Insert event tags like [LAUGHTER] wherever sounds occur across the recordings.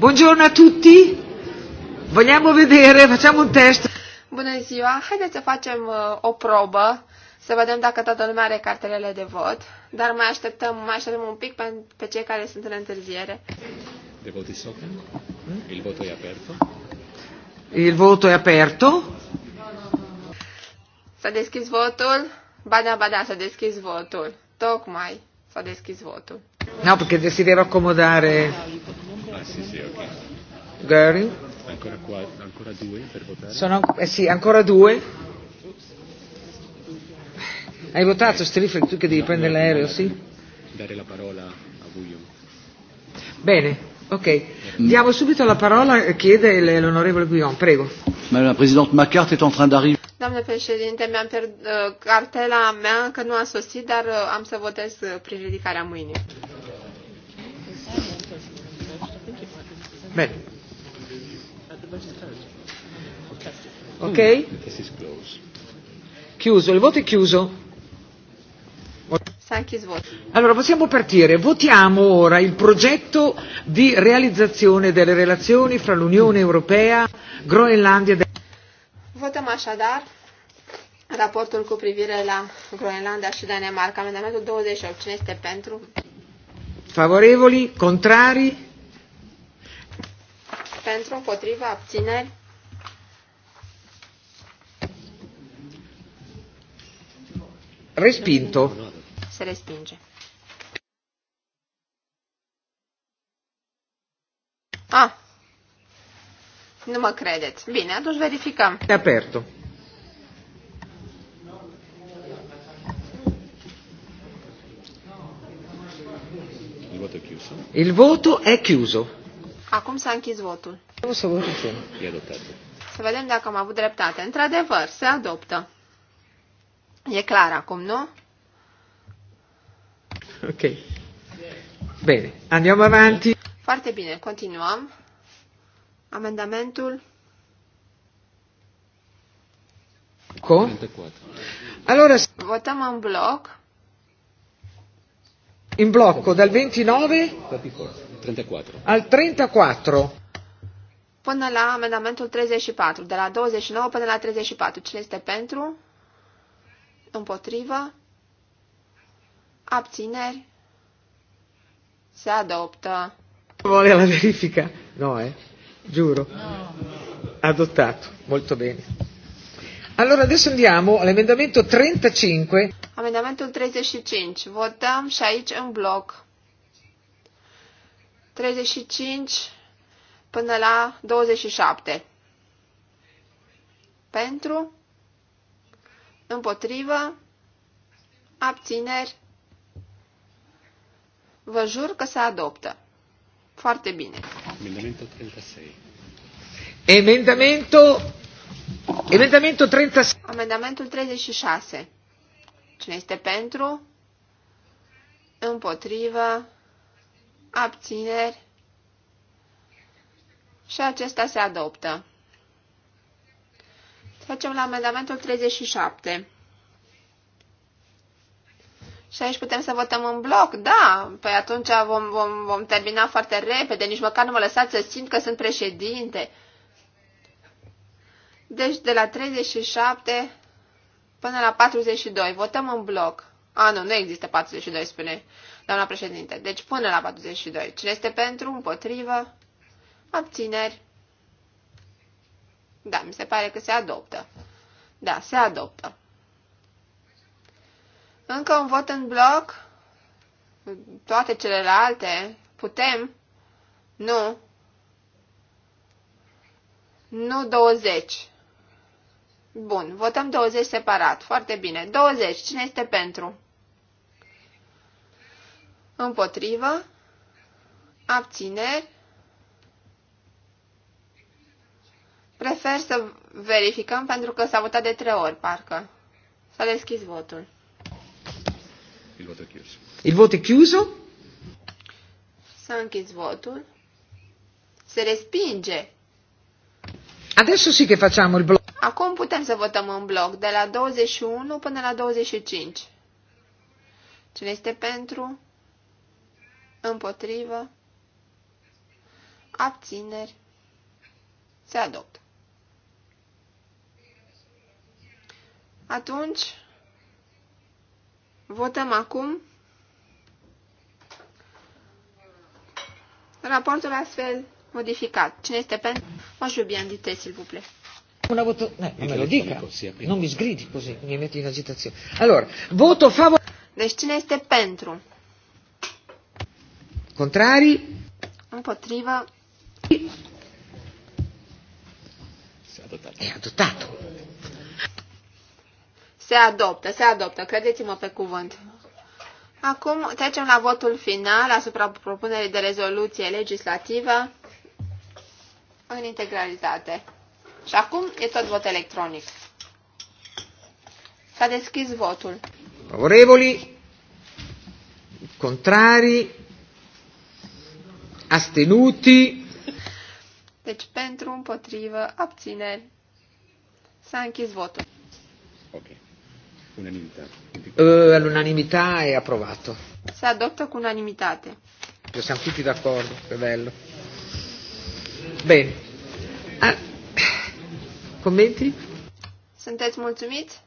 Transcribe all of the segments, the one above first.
Buongiorno a tutti. Vogliamo vedere, facciamo un test. Bună ziua! Haideți să facem uh, o probă, să vedem dacă toată lumea are cartelele de vot, dar mai așteptăm, mai așteptăm un pic pe, pe cei care sunt în întârziere. De voti open? Il voto e aperto? Il voto è aperto? S-a deschis votul? Ba da, ba da, s-a deschis votul. Tocmai s-a deschis votul. No, perché desidero accomodare... Ah, sì, sì, ok. Gary? Ancora, qua, ancora due per votare? Sono, eh sì, ancora due. Hai votato, Strifel, tu che devi no, prendere l'aereo, no, sì? Dare la parola a Buio. Bene, ok. Diamo subito la parola, eh, chiede l'onorevole Guillaume, prego. Madame la Presidente, ma carte est en train d'arriver. Doamnă președinte, mi-am pierdut uh, cartela mea, că nu a sosit, dar uh, am să votez uh, prin ridicarea mâinii. Smith. Ok? Mm. Chiuso, il voto è chiuso. Allora possiamo partire. Votiamo ora il progetto di realizzazione delle relazioni fra l'Unione Europea, Groenlandia e... Votăm așadar raportul cu privire la Groenlanda și Danemarca. Amendamentul 28. Cine este pentru? Favorevoli? Contrari? pentru, împotriva, abțineri. Respinto. Se respinge. A. Ah. Nu mă credeți. Bine, atunci verificăm. E aperto. Il voto è chiuso. Acum s-a închis votul. Nu să votăm. E adoptat. Să vedem dacă am avut dreptate. Într-adevăr, se adoptă. E clar acum, nu? Ok. Bine. Andiamo avanti. Foarte bine. Continuăm. Amendamentul. Co? Allora... Votăm în bloc. În bloc, dal 29 34. Al 34. Până la amendamentul 34, de la 29 până la 34. Cine este pentru? Împotrivă? Abțineri? Se adoptă. Vole la verifica? No, eh? Giuro. No. Adottato. Molto bene. Allora adesso andiamo all'emendamento 35. Amendamentul 35. Votăm și aici în bloc. 35 până la 27. Pentru, împotrivă, abțineri, vă jur că se adoptă. Foarte bine. Amendamentul 36. Emendamentul, emendamentul 36. Amendamentul 36. Cine este pentru? Împotrivă, abțineri și acesta se adoptă. Facem la amendamentul 37. Și aici putem să votăm în bloc, da, păi atunci vom, vom, vom termina foarte repede, nici măcar nu mă lăsați să simt că sunt președinte. Deci de la 37 până la 42, votăm în bloc. A, nu, nu există 42, spune doamna președinte. Deci până la 42. Cine este pentru, împotrivă, abțineri. Da, mi se pare că se adoptă. Da, se adoptă. Încă un vot în bloc? Toate celelalte? Putem? Nu. Nu 20. Bun, votăm 20 separat. Foarte bine. 20. Cine este pentru? Împotrivă. Abțineri. Prefer să verificăm pentru că s-a votat de trei ori, parcă. S-a deschis votul. Il voto chiuso. Il voto chiuso? S-a închis votul. Se respinge. Adesso sì che facciamo il blocco. Acum putem să votăm în bloc, de la 21 până la 25. Cine este pentru? Împotrivă? Abțineri? Se adoptă. Atunci, votăm acum raportul astfel modificat. Cine este pentru? Mă jubian, dite, s'il vous plaît. Una voto... Eh, non me lo dica, non mi sgridi così, mi metti in agitazione. Allora, voto favorevole. Deci cine este pentru? Contrari? Împotrivă. Se adoptat. E adoptat. Se adoptă, se adoptă, credeți-mă pe cuvânt. Acum trecem la votul final asupra propunerii de rezoluție legislativă în integralitate. Și acum e tot vot electronic. S-a deschis votul. Favorevoli, contrari, astenuti. Deci pentru, împotrivă, abține. S-a închis votul. Ok. Unanimità. Uh, ă, L'unanimità è approvato. Si adotta con unanimitate. Siamo tutti d'accordo, che bello. Bene. Ah. Comenti? Sunteți mulțumiți?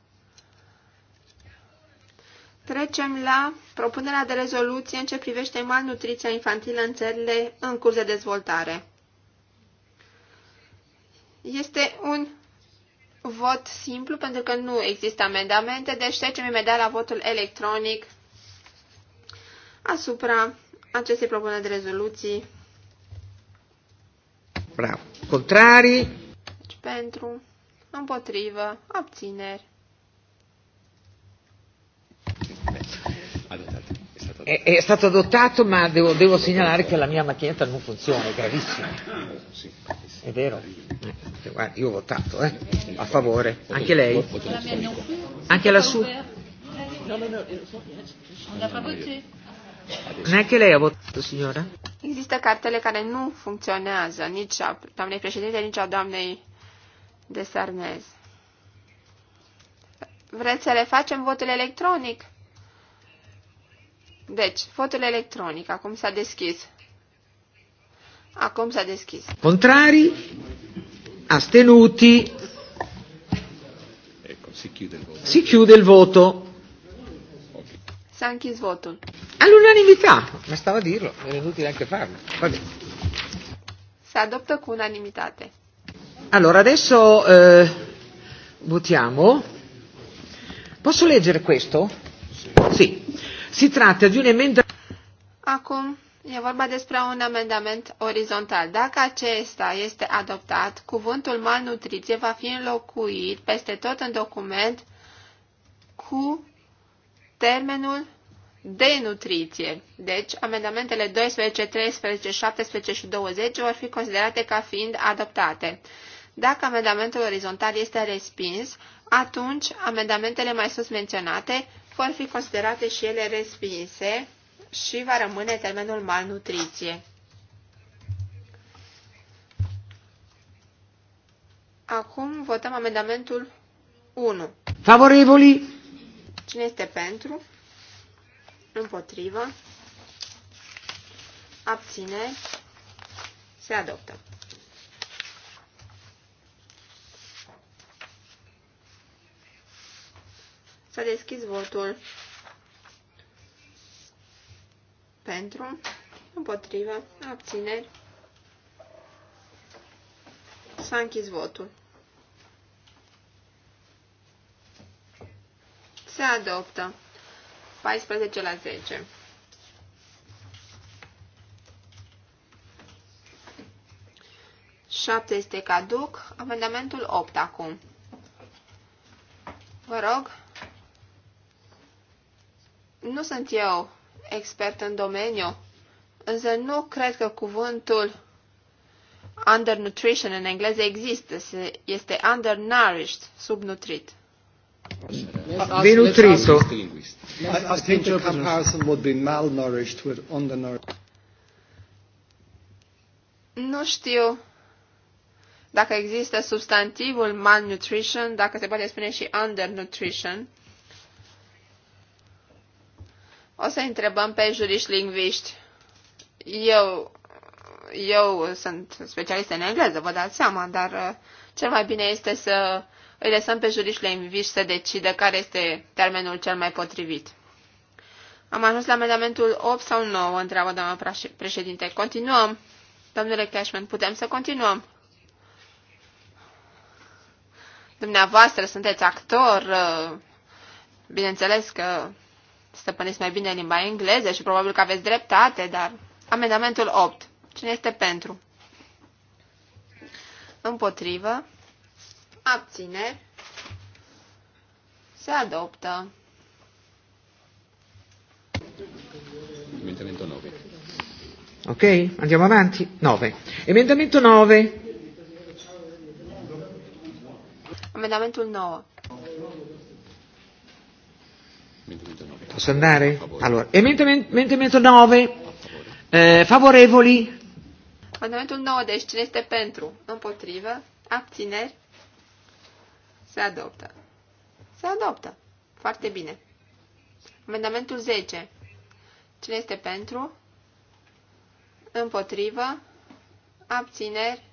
Trecem la propunerea de rezoluție în ce privește malnutriția infantilă în țările în curs de dezvoltare. Este un vot simplu pentru că nu există amendamente, deci trecem imediat la votul electronic asupra acestei propuneri de rezoluții. Bravo. Contrarii? pentru, împotrivă, abțineri. È, è stato adottato ma devo, devo segnalare che la mia macchinetta non funziona, è gravissima. È vero? Eh, guarda, io ho votato eh, a favore, anche lei? Anche la sua? Neanche lei ha votato, signora? Există cartele care nu funcționează, nici a doamnei președinte, nici a doamnei de Sarnez. Vreți să le facem votul electronic? Deci, votul electronic. Acum s-a deschis. Acum s-a deschis. Contrari? Astenuti? si chiude il voto. Si chiude S-a închis votul. All'unanimità. Ma stava a dirlo, era inutile anche farlo. bene. Se adoptă cu unanimitate. Allora, adesso eh, votiamo. Posso leggere questo? Sì. Si tratta di un emendamento. Acum e vorba despre un amendament orizontal. Dacă acesta este adoptat, cuvântul malnutriție va fi înlocuit peste tot în document cu termenul nutriție. Deci, amendamentele 12, 13, 17 și 20 vor fi considerate ca fiind adoptate. Dacă amendamentul orizontal este respins, atunci amendamentele mai sus menționate vor fi considerate și ele respinse și va rămâne termenul malnutriție. Acum votăm amendamentul 1. Favorevoli! Cine este pentru? Împotrivă? Abține? Se adoptă. S-a deschis votul pentru, împotrivă, abțineri. S-a închis votul. Se adoptă 14 la 10. Șapte este caduc. Amendamentul 8 acum. Vă rog. Nu sunt eu expert în domeniu, însă nu cred că cuvântul undernutrition în engleză există. Este undernourished, subnutrit. Nu știu dacă există substantivul malnutrition, dacă se poate spune și undernutrition. O să întrebăm pe juriști lingviști. Eu, eu sunt specialist în engleză, vă dați seama, dar uh, cel mai bine este să îi lăsăm pe juriști lingviști să decidă care este termenul cel mai potrivit. Am ajuns la amendamentul 8 sau 9, întreabă doamna președinte. Continuăm. Domnule Cashman, putem să continuăm? Dumneavoastră sunteți actor, uh, bineînțeles că stăpâniți mai bine limba engleză și probabil că aveți dreptate, dar amendamentul 8. Cine este pentru? Împotrivă. Abține. Se adoptă. Emendamento 9. Ok, andiamo avanti. 9. Emendamento 9. Amendamentul 9. Posso andare? Allora, emendamento 9, eh, favorevoli? Emendamento 9, deci cine este pentru? Împotrivă? Abțineri? Se adoptă. Se adoptă. Foarte bine. Amendamentul 10. Cine este pentru? Împotrivă? Abțineri?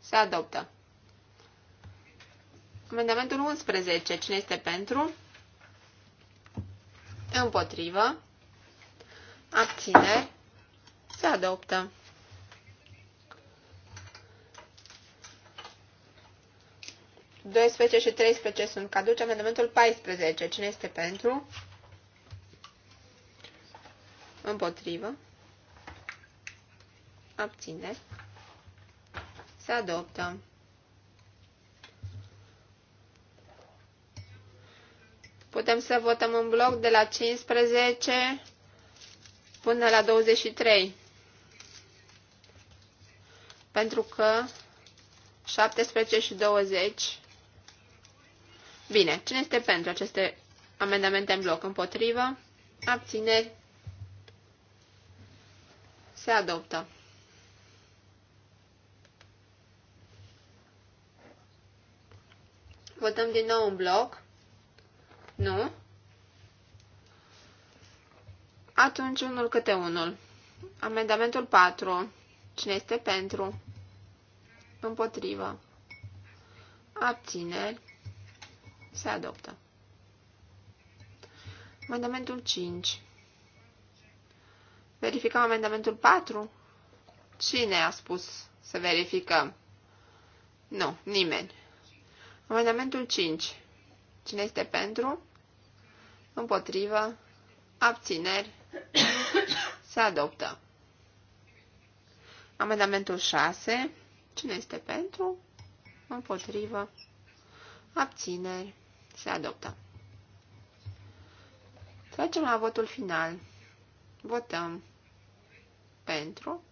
Se adoptă. Amendamentul 11. Cine este pentru? împotrivă, abțineri, se adoptă. Doisprezece și 13 sunt caduce. Amendamentul 14. Cine este pentru? Împotrivă. Abțineri. Se adoptă. Putem să votăm în bloc de la 15 până la 23. Pentru că 17 și 20. Bine, cine este pentru aceste amendamente în bloc? Împotrivă? Abțineri? Se adoptă. Votăm din nou în bloc. Nu? Atunci unul câte unul. Amendamentul 4. Cine este pentru? Împotrivă. Abțineri. Se adoptă. Amendamentul 5. Verificăm amendamentul 4? Cine a spus să verificăm? Nu, nimeni. Amendamentul 5. Cine este pentru? Împotrivă. Abțineri. [COUGHS] Se adoptă. Amendamentul 6. Cine este pentru? Împotrivă. Abțineri. Se adoptă. Trecem la votul final. Votăm pentru.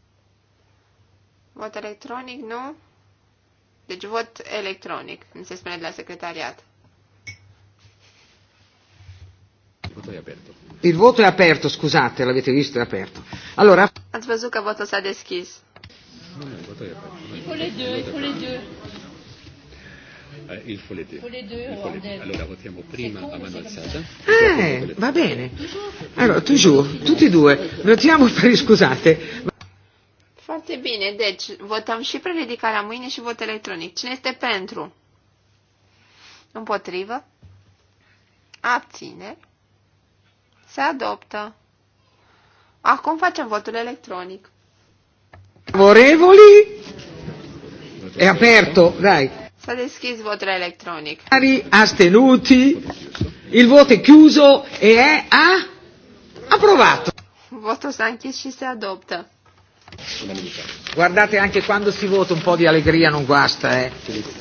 Vot electronic, nu? Deci vot electronic, nu se spune de la secretariat. voto è aperto. Il voto è aperto, scusate, l'avete visto, è aperto. Allora... Ați văzut că votul s-a deschis. Nu, nu, Il faut les deux, il faut eh, les deux. Il faut les deux. Il faut Allora votiamo prima a mano alzata. Eh, va bene. Allora, tu giù, tutti e due. Votiamo per, scusate. Foarte bine, deci votăm și preridicarea mâine și vot electronic. Cine este pentru? Împotrivă? Abțineri? Se adoptă. Acum facem votul electronic. Favorevoli? E aperto, dai. S-a deschis votul electronic. Astenuti. Il voto è chiuso e è a... approvato. Votul s-a închis și se adoptă. Guardate anche quando si vota un po' di allegria non guasta, eh.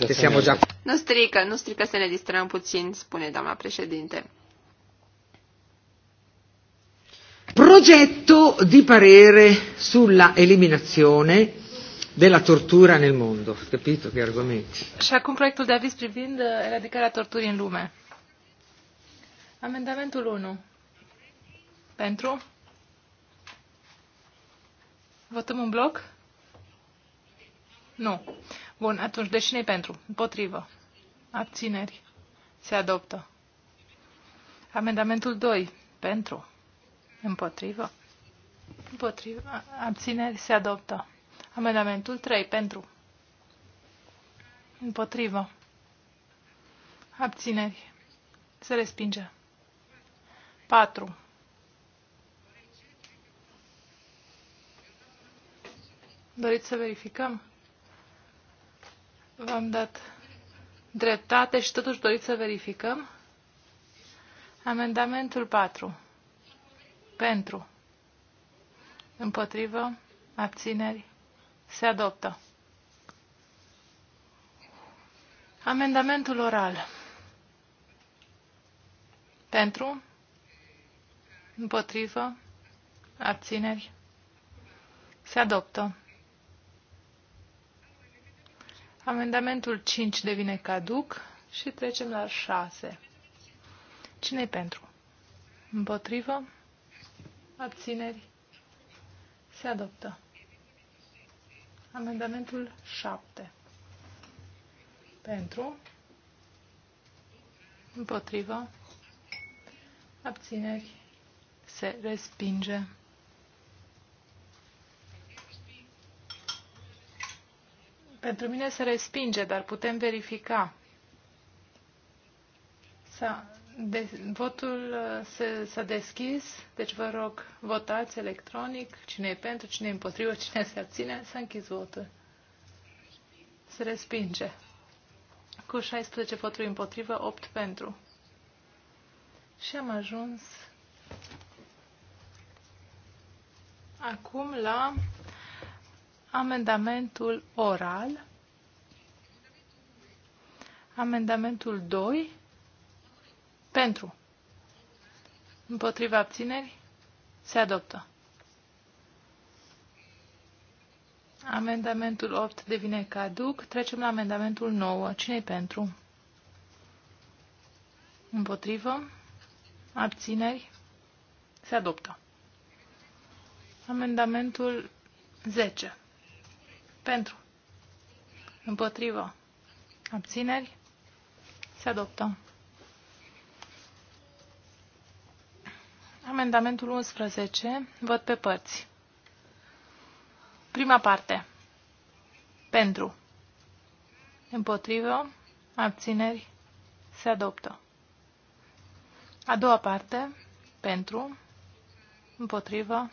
Che siamo già... Nu strică, nu strică să ne distrăm puțin, spune doamna președinte. progetto di parere sulla eliminazione della tortura nel mondo. Capito che argomenti? Și acum proiectul de avis privind uh, eradicarea torturii în lume. Amendamentul 1. Pentru? Votăm un bloc? Nu. Bun, atunci, deși cine pentru? Împotrivă. Abțineri. Se adoptă. Amendamentul 2. Pentru. Împotrivă. Împotrivă. Abțineri se adoptă. Amendamentul 3 pentru. Împotrivă. Abțineri. Se respinge. 4. Doriți să verificăm? V-am dat dreptate și totuși doriți să verificăm? Amendamentul 4. Pentru. Împotrivă. Abțineri. Se adoptă. Amendamentul oral. Pentru. Împotrivă. Abțineri. Se adoptă. Amendamentul 5 devine caduc și trecem la 6. cine e pentru? Împotrivă? abțineri, se adoptă. Amendamentul 7. Pentru, împotrivă, abțineri, se respinge. Pentru mine se respinge, dar putem verifica. S-a de, votul uh, s-a deschis, deci vă rog, votați electronic, cine e pentru, cine e împotrivă, cine se abține, s-a închis votul. Se respinge. Cu 16 voturi împotrivă, 8 pentru. Și am ajuns acum la amendamentul oral. Amendamentul 2 pentru. Împotriva abținerii. Se adoptă. Amendamentul 8 devine caduc. Trecem la amendamentul 9. cine pentru? Împotrivă. Abțineri. Se adoptă. Amendamentul 10. Pentru. Împotrivă. Abțineri. Se adoptă. Amendamentul 11. Văd pe părți. Prima parte. Pentru. Împotrivă. Abțineri. Se adoptă. A doua parte. Pentru. Împotrivă.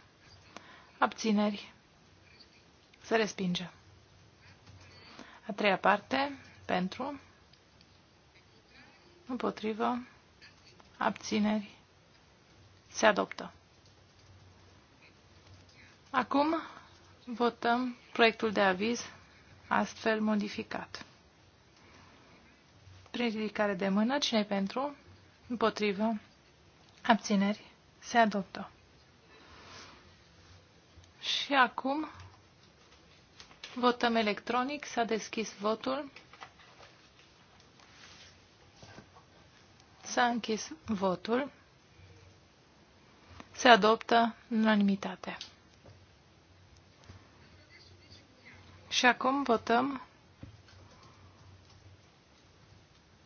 Abțineri. Se respinge. A treia parte. Pentru. Împotrivă. Abțineri. Se adoptă. Acum votăm proiectul de aviz astfel modificat. Prin ridicare de mână, cine pentru? Împotrivă. Abțineri. Se adoptă. Și acum votăm electronic. S-a deschis votul. S-a închis votul se adoptă în unanimitate. Și acum votăm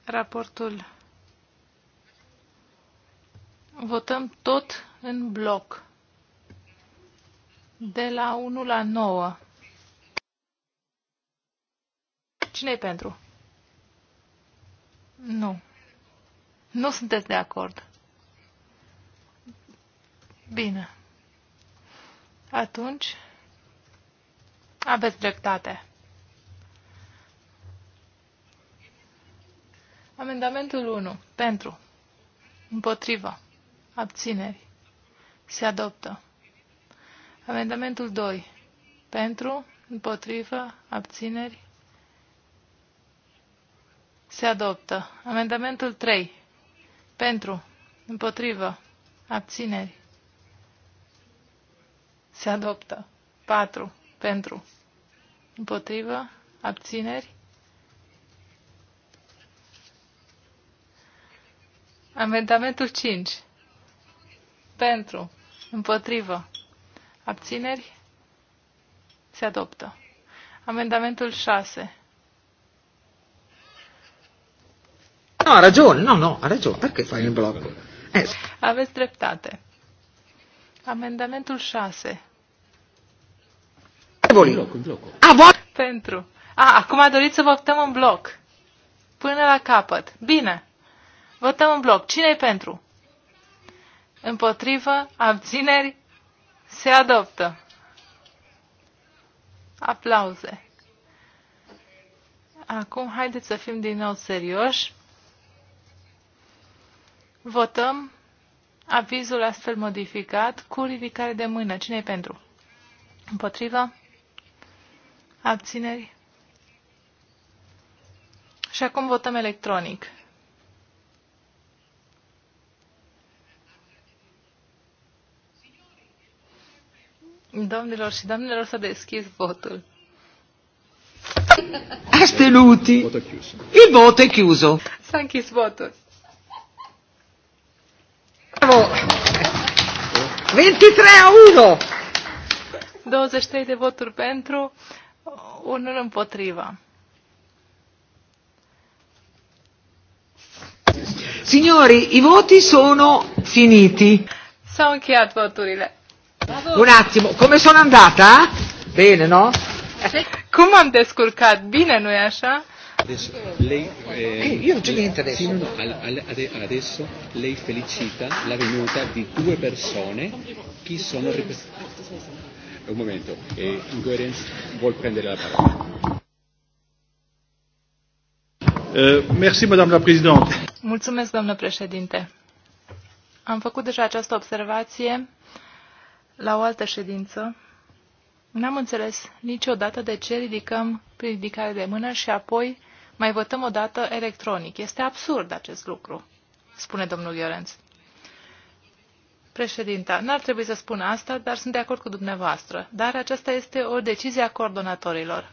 raportul. Votăm tot în bloc. De la 1 la 9. Cine-i pentru? Nu. Nu sunteți de acord. Bine. Atunci, aveți dreptate. Amendamentul 1. Pentru. Împotrivă. Abțineri. Se adoptă. Amendamentul 2. Pentru. Împotrivă. Abțineri. Se adoptă. Amendamentul 3. Pentru. Împotrivă. Abțineri. Se adoptă. 4. Pentru. Împotrivă. Abțineri. Amendamentul 5. Pentru. Împotrivă. Abțineri. Se adoptă. Amendamentul 6. No, ha ragione, no, no, ha ragione, perché fai un blocco? Eh. Aveți dreptate. Amendamentul 6. A, vot. Pentru. A, acum doriți să votăm în bloc. Până la capăt. Bine. Votăm în bloc. cine e pentru? Împotrivă, abțineri, se adoptă. Aplauze. Acum haideți să fim din nou serioși. Votăm Avizul astfel modificat cu ridicare de mână. cine e pentru? Împotrivă? Abțineri? Și acum votăm electronic. Domnilor și domnilor, să deschis votul. Astenuti. Il voto è chiuso. S-a închis votul. Bravo! 23 a 1! 23 de voturi pentru, unul împotriva. Signori, i voti sono finiti. S-au încheiat voturile. Bravo. Un attimo, come sono andata? Bene, no? Cum am descurcat? Bine, nu-i așa? Adesso lei, eh, Io non c'è niente adesso Sino al, al, adesso lei felicita la venuta di due persone che sono rappresentate. Un momento, eh, Goerens vuol prendere la parola. Uh, merci, la Mulțumesc, doamnă președinte. Am făcut deja această observație la o altă ședință. N-am înțeles niciodată de ce ridicăm ridicare de mână și apoi mai votăm o dată electronic. Este absurd acest lucru, spune domnul Iorenț. Președinta, n-ar trebui să spun asta, dar sunt de acord cu dumneavoastră. Dar aceasta este o decizie a coordonatorilor.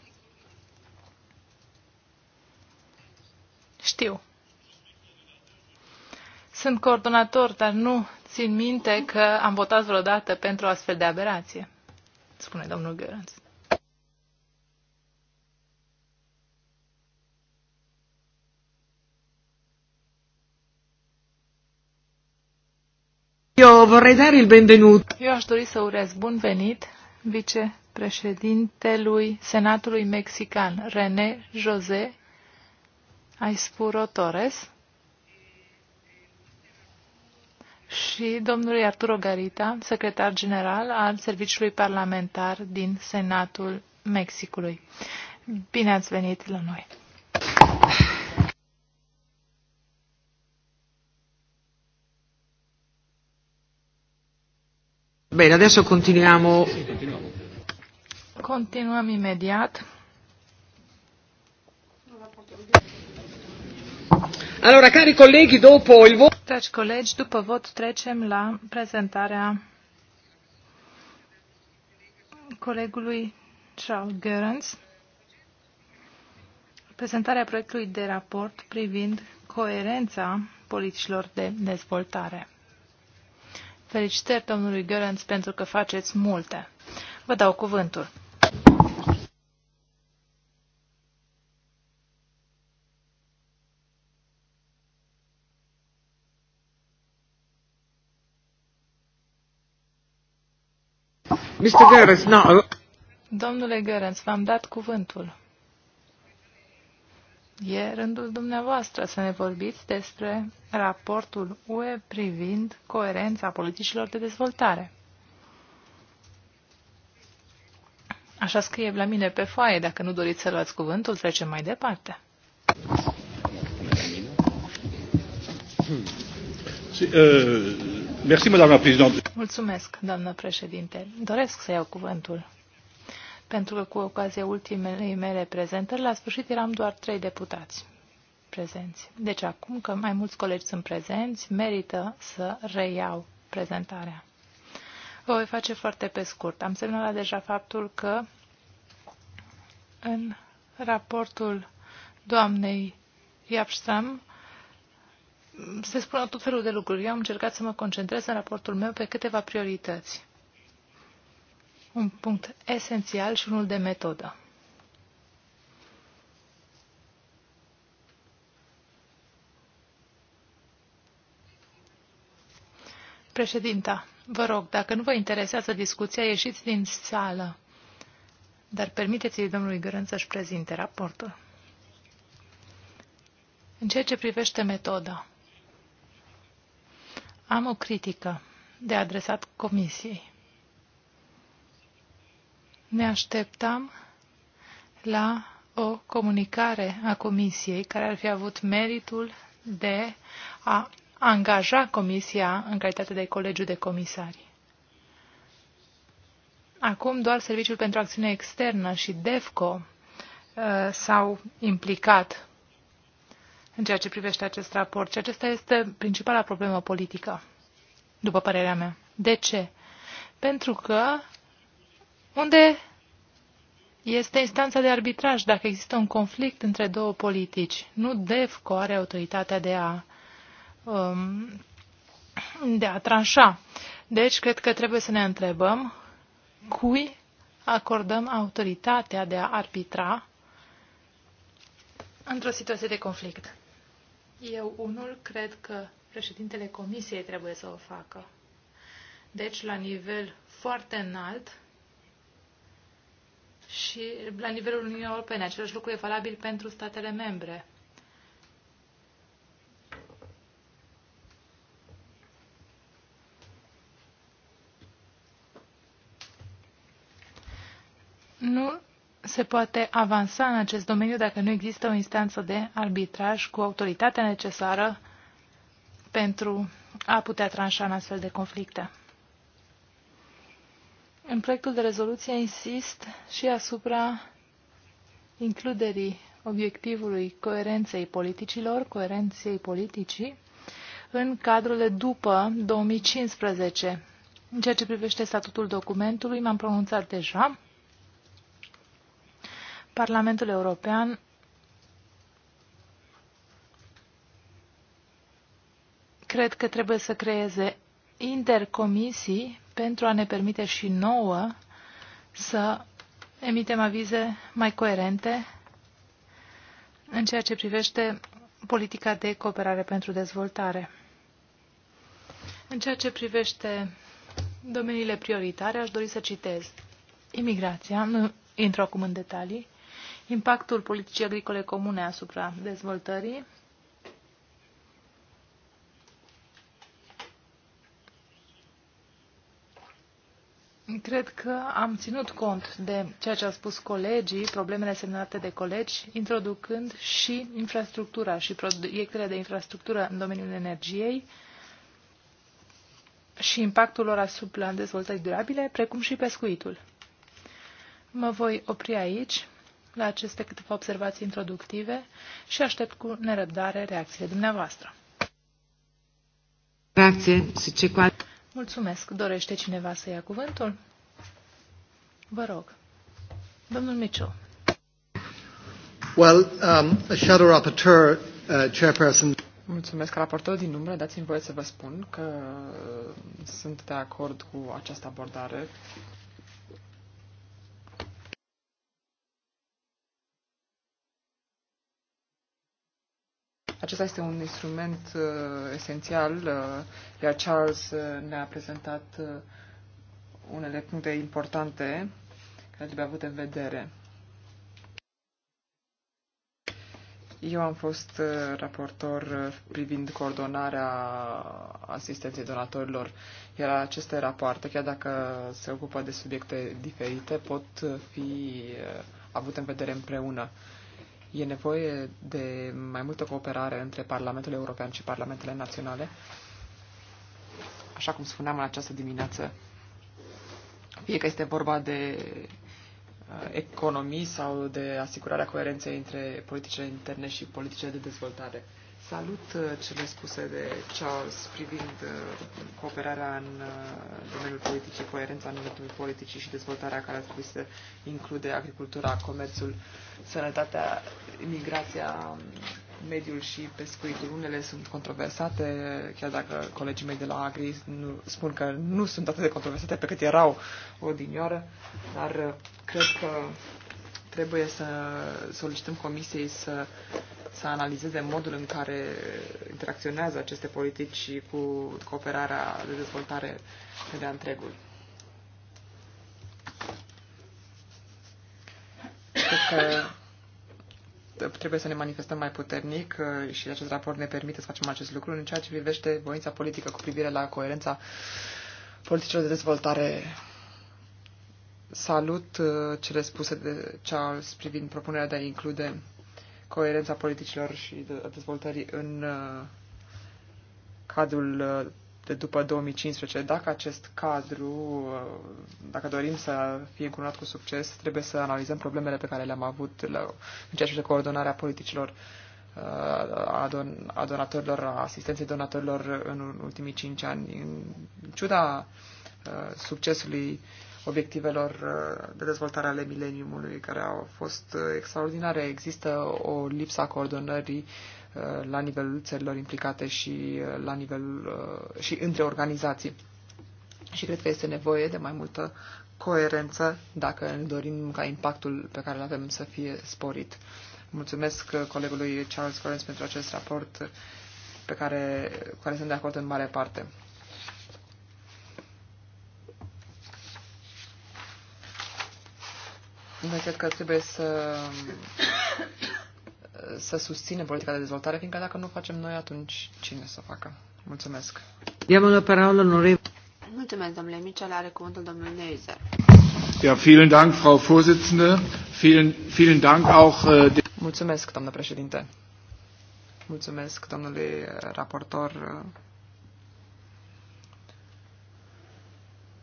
Știu. Sunt coordonator, dar nu țin minte că am votat vreodată pentru o astfel de aberație, spune domnul Gărânț. Eu vorrei dare il benvenut. Eu aș dori să urez bun venit vicepreședintelui Senatului Mexican, René José Aispuro Torres și domnului Arturo Garita, secretar general al Serviciului Parlamentar din Senatul Mexicului. Bine ați venit la noi! Bene, adesso continuiamo. Continuiamo imediat. Allora, cari colleghi, dopo il voto... colleghi, colegi, il vot trecem la prezentarea colegului Charles Gerens, prezentarea proiectului de raport privind coerența politicilor de dezvoltare. Felicitări domnului Gheorens pentru că faceți multe. Vă dau cuvântul. Mr. Gerens, no. Domnule Gerens, v-am dat cuvântul e rândul dumneavoastră să ne vorbiți despre raportul UE privind coerența politicilor de dezvoltare. Așa scrie la mine pe foaie. Dacă nu doriți să luați cuvântul, trecem mai departe. Euh, Mulțumesc, doamnă președinte. Doresc să iau cuvântul pentru că cu ocazia ultimei mele prezentări, la sfârșit eram doar trei deputați prezenți. Deci acum că mai mulți colegi sunt prezenți, merită să reiau prezentarea. O voi face foarte pe scurt. Am semnalat deja faptul că în raportul doamnei Iapstram se spun tot felul de lucruri. Eu am încercat să mă concentrez în raportul meu pe câteva priorități un punct esențial și unul de metodă. Președinta, vă rog, dacă nu vă interesează discuția, ieșiți din sală. Dar permiteți-i domnului Gărân să-și prezinte raportul. În ceea ce privește metoda, am o critică de adresat comisiei. Ne așteptam la o comunicare a Comisiei care ar fi avut meritul de a angaja Comisia în calitate de colegiu de comisari. Acum doar Serviciul pentru Acțiune Externă și DEFCO uh, s-au implicat în ceea ce privește acest raport și acesta este principala problemă politică, după părerea mea. De ce? Pentru că unde este instanța de arbitraj dacă există un conflict între două politici. Nu DEFCO are autoritatea de a, um, de a tranșa. Deci, cred că trebuie să ne întrebăm cui acordăm autoritatea de a arbitra într-o situație de conflict. Eu, unul, cred că președintele comisiei trebuie să o facă. Deci, la nivel foarte înalt, și la nivelul Uniunii Europene. Același lucru e valabil pentru statele membre. Nu se poate avansa în acest domeniu dacă nu există o instanță de arbitraj cu autoritatea necesară pentru a putea tranșa în astfel de conflicte. În proiectul de rezoluție insist și asupra includerii obiectivului coerenței politicilor, coerenței politicii, în cadrul de după 2015. În ceea ce privește statutul documentului, m-am pronunțat deja. Parlamentul European cred că trebuie să creeze intercomisii pentru a ne permite și nouă să emitem avize mai coerente în ceea ce privește politica de cooperare pentru dezvoltare. În ceea ce privește domeniile prioritare, aș dori să citez. Imigrația, nu intru acum în detalii, impactul politicii agricole comune asupra dezvoltării, Cred că am ținut cont de ceea ce au spus colegii, problemele semnate de colegi, introducând și infrastructura și proiectele de infrastructură în domeniul energiei și impactul lor asupra dezvoltării durabile, precum și pescuitul. Mă voi opri aici, la aceste câteva observații introductive și aștept cu nerăbdare reacțiile dumneavoastră. Grazie. Mulțumesc. Dorește cineva să ia cuvântul? Vă rog. Domnul Miciu. Well, um, shadow rapporteur, uh, chairperson. Mulțumesc, raportor din umbră. Dați-mi voie să vă spun că sunt de acord cu această abordare Acesta este un instrument uh, esențial, uh, iar Charles uh, ne-a prezentat uh, unele puncte importante care trebuie avute în vedere. Eu am fost uh, raportor uh, privind coordonarea asistenței donatorilor, iar aceste rapoarte, chiar dacă se ocupă de subiecte diferite, pot fi uh, avute în vedere împreună. E nevoie de mai multă cooperare între Parlamentul European și Parlamentele Naționale. Așa cum spuneam în această dimineață, fie că este vorba de uh, economii sau de asigurarea coerenței între politicile interne și politicile de dezvoltare. Salut uh, cele spuse de Charles privind uh, cooperarea în uh, domeniul politicii, coerența în domeniul politicii și dezvoltarea care ar trebui să include agricultura, comerțul, sănătatea, migrația, mediul și pescuitul. Unele sunt controversate, chiar dacă colegii mei de la Agri nu, spun că nu sunt atât de controversate pe cât erau odinioară, dar cred că trebuie să solicităm comisiei să să analizeze modul în care interacționează aceste politici cu cooperarea de dezvoltare pe de-a întregul. Cred că trebuie să ne manifestăm mai puternic uh, și acest raport ne permite să facem acest lucru în ceea ce privește voința politică cu privire la coerența politicilor de dezvoltare salut uh, cele spuse de Charles privind propunerea de a include coerența politicilor și dezvoltării în uh, cadrul uh, de după 2015. Dacă acest cadru, uh, dacă dorim să fie încununat cu succes, trebuie să analizăm problemele pe care le-am avut la, în ceea ce de coordonarea politicilor a, don, a donatorilor, a asistenței donatorilor în ultimii cinci ani. În ciuda succesului obiectivelor uh, de dezvoltare ale mileniumului, care au fost uh, extraordinare. Există o lipsă a coordonării uh, la nivelul țărilor implicate și, la nivel, și între organizații. Și cred că este nevoie de mai multă coerență dacă ne dorim ca impactul pe care îl avem să fie sporit. Mulțumesc colegului Charles Collins pentru acest raport pe care, cu care sunt de acord în mare parte. Noi cred că trebuie să, să susținem politica de dezvoltare, fiindcă dacă nu facem noi, atunci cine să o facă? Mulțumesc. Diamo la parola onorevole. Mulțumesc, domnule Michel, are cuvântul domnul Neuser. Ja, vielen Dank, Frau Vorsitzende. Vielen, vielen Dank auch. Äh, Mulțumesc, domnule președinte. Mulțumesc, domnule äh, raportor.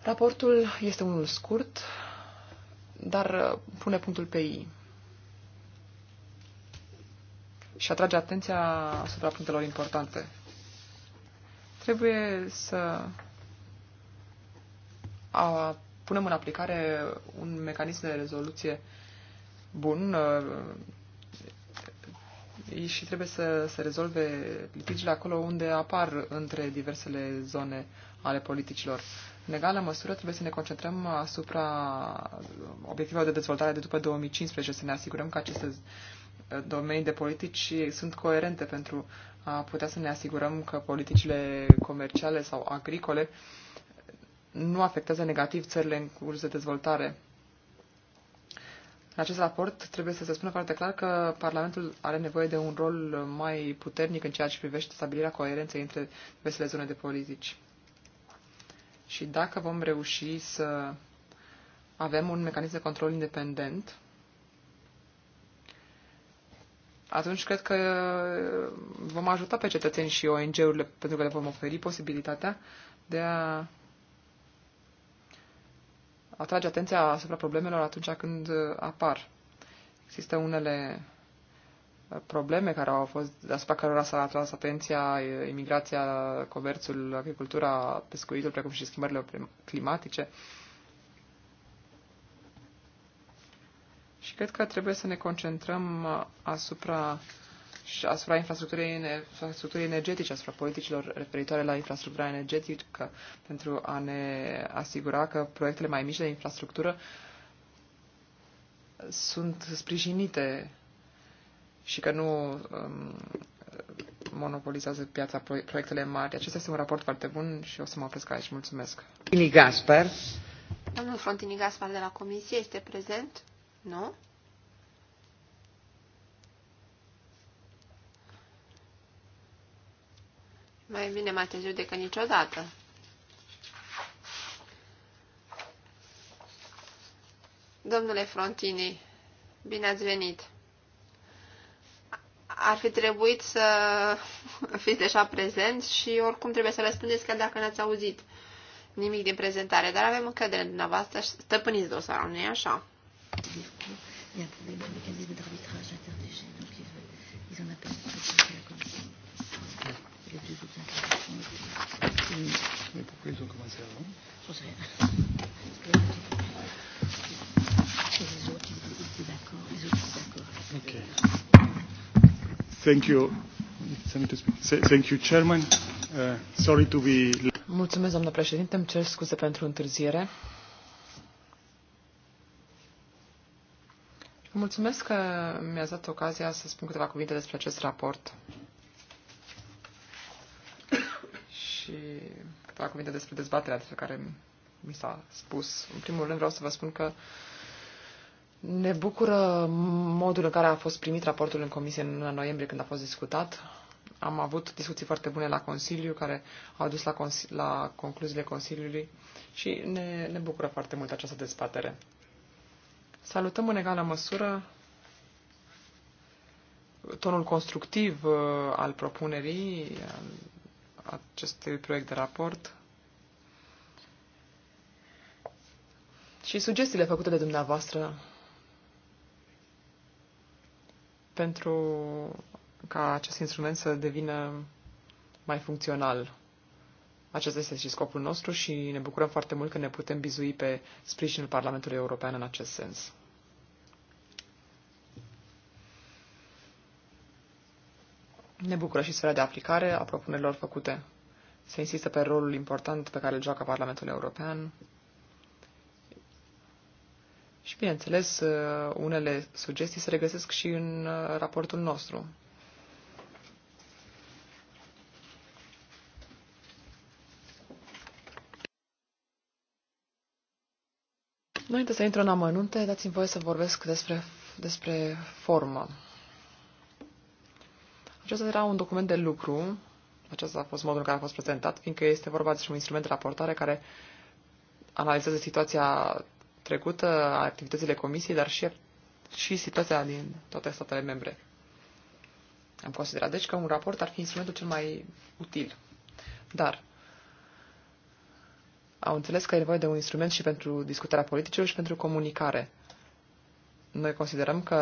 Raportul este unul scurt, dar uh, pune punctul pe I. Și atrage atenția asupra punctelor importante. Trebuie să a, punem în aplicare un mecanism de rezoluție bun uh, și trebuie să se rezolve litigiile acolo unde apar între diversele zone ale politicilor. În egală măsură trebuie să ne concentrăm asupra obiectivelor de dezvoltare de după 2015, să ne asigurăm că aceste uh, domenii de politici sunt coerente pentru a putea să ne asigurăm că politicile comerciale sau agricole nu afectează negativ țările în curs de dezvoltare. În acest raport trebuie să se spună foarte clar că Parlamentul are nevoie de un rol mai puternic în ceea ce privește stabilirea coerenței între diversele zone de politici și dacă vom reuși să avem un mecanism de control independent, atunci cred că vom ajuta pe cetățeni și ONG-urile pentru că le vom oferi posibilitatea de a atrage atenția asupra problemelor atunci când apar. Există unele probleme care au fost, asupra cărora s-a atras atenția, imigrația, comerțul, agricultura, pescuitul, precum și schimbările climatice. Și cred că trebuie să ne concentrăm uh, asupra și asupra infrastructurii, infrastructurii energetice, asupra politicilor referitoare la infrastructura energetică, pentru a ne asigura că proiectele mai mici de infrastructură sunt sprijinite și că nu um, monopolizează piața proiectele mari. Acesta este un raport foarte bun și o să mă opresc aici. Mulțumesc. Frontini Gaspar. Domnul Frontini Gaspar de la Comisie este prezent? Nu? Mai bine mai târziu decât niciodată. Domnule Frontini, bine ați venit! ar fi trebuit să [LAUGHS] fiți deja prezenți și oricum trebuie să răspundeți chiar dacă n-ați auzit nimic din prezentare, dar avem încredere în dumneavoastră și stăpâniți dosarul, nu-i așa? pourquoi ils ont commencé avant J'en sais rien. Thank you. Thank you, Chairman. Uh, sorry to be... Mulțumesc, doamnă președinte. Îmi cer scuze pentru întârziere. Mulțumesc că mi-ați dat ocazia să spun câteva cuvinte despre acest raport. și câteva cuvinte despre dezbaterea despre care mi s-a spus. În primul rând vreau să vă spun că ne bucură modul în care a fost primit raportul în comisie în luna noiembrie când a fost discutat. Am avut discuții foarte bune la Consiliu, care au dus la, cons- la concluziile Consiliului și ne, ne bucură foarte mult această dezbatere. Salutăm în egală măsură tonul constructiv uh, al propunerii al acestui proiect de raport și sugestiile făcute de dumneavoastră pentru ca acest instrument să devină mai funcțional. Acesta este și scopul nostru și ne bucurăm foarte mult că ne putem bizui pe sprijinul Parlamentului European în acest sens. Ne bucură și sfera de aplicare a propunerilor făcute. Se insistă pe rolul important pe care îl joacă Parlamentul European și, bineînțeles, uh, unele sugestii se regăsesc și în uh, raportul nostru. Înainte să intru în amănunte, dați-mi voie să vorbesc despre, despre formă. Acesta era un document de lucru, acesta a fost modul în care a fost prezentat, fiindcă este vorba despre un instrument de raportare care analizează situația trecută, activitățile comisiei, dar și, și situația din toate statele membre. Am considerat, deci, că un raport ar fi instrumentul cel mai util. Dar au înțeles că e nevoie de un instrument și pentru discutarea politicilor și pentru comunicare. Noi considerăm că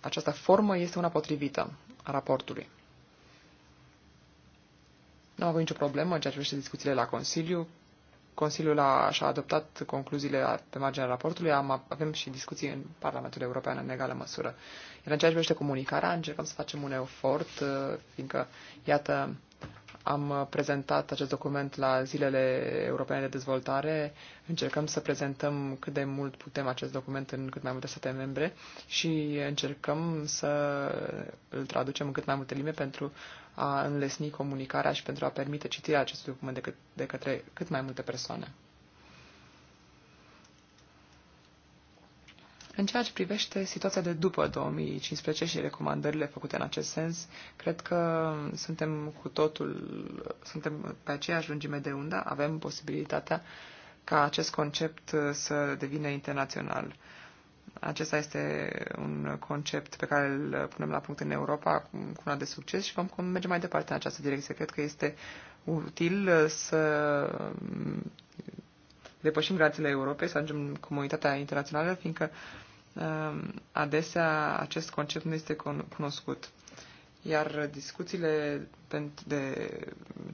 această formă este una potrivită a raportului. Nu am avut nicio problemă în ceea ce privește discuțiile la Consiliu Consiliul a, și-a adoptat concluziile pe marginea raportului, am, avem și discuții în Parlamentul European în egală măsură. Iar în ceea ce privește comunicarea, încercăm să facem un efort, uh, fiindcă, iată, am uh, prezentat acest document la Zilele Europene de Dezvoltare. Încercăm să prezentăm cât de mult putem acest document în cât mai multe state membre și încercăm să îl traducem în cât mai multe limbi pentru a înlesni comunicarea și pentru a permite citirea acestui document de, cât, de către cât mai multe persoane. În ceea ce privește situația de după 2015 și recomandările făcute în acest sens, cred că suntem cu totul, suntem pe aceeași lungime de undă, avem posibilitatea ca acest concept uh, să devină internațional. Acesta este un concept pe care îl punem la punct în Europa cu una de succes și vom merge mai departe în această direcție. Cred că este util uh, să mm, depășim granițele Europei, să ajungem în comunitatea internațională, fiindcă Ehm, adesea acest concept nu este cunoscut. Iar discuțiile de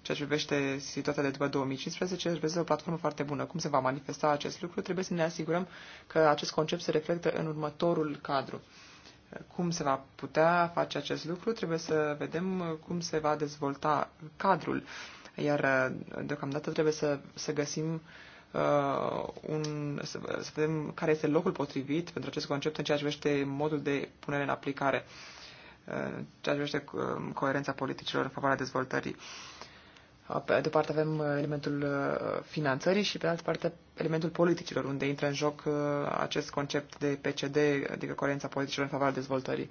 ceea ce privește situația de după 2015 reprezintă o platformă foarte bună. Cum se va manifesta acest lucru? Trebuie să ne asigurăm că acest concept se reflectă în următorul cadru. Cum se va putea face acest lucru? Trebuie să vedem cum se va dezvolta cadrul. Iar deocamdată trebuie să, să găsim uh, Uh, un, să, să vedem care este locul potrivit pentru acest concept în ceea ce privește modul de punere în aplicare, uh, în ceea ce privește um, coerența politicilor în favoarea dezvoltării. Uh, pe de o parte avem elementul finanțării și pe altă parte elementul politicilor, unde intră în joc acest concept de PCD, adică coerența politicilor în favoarea dezvoltării.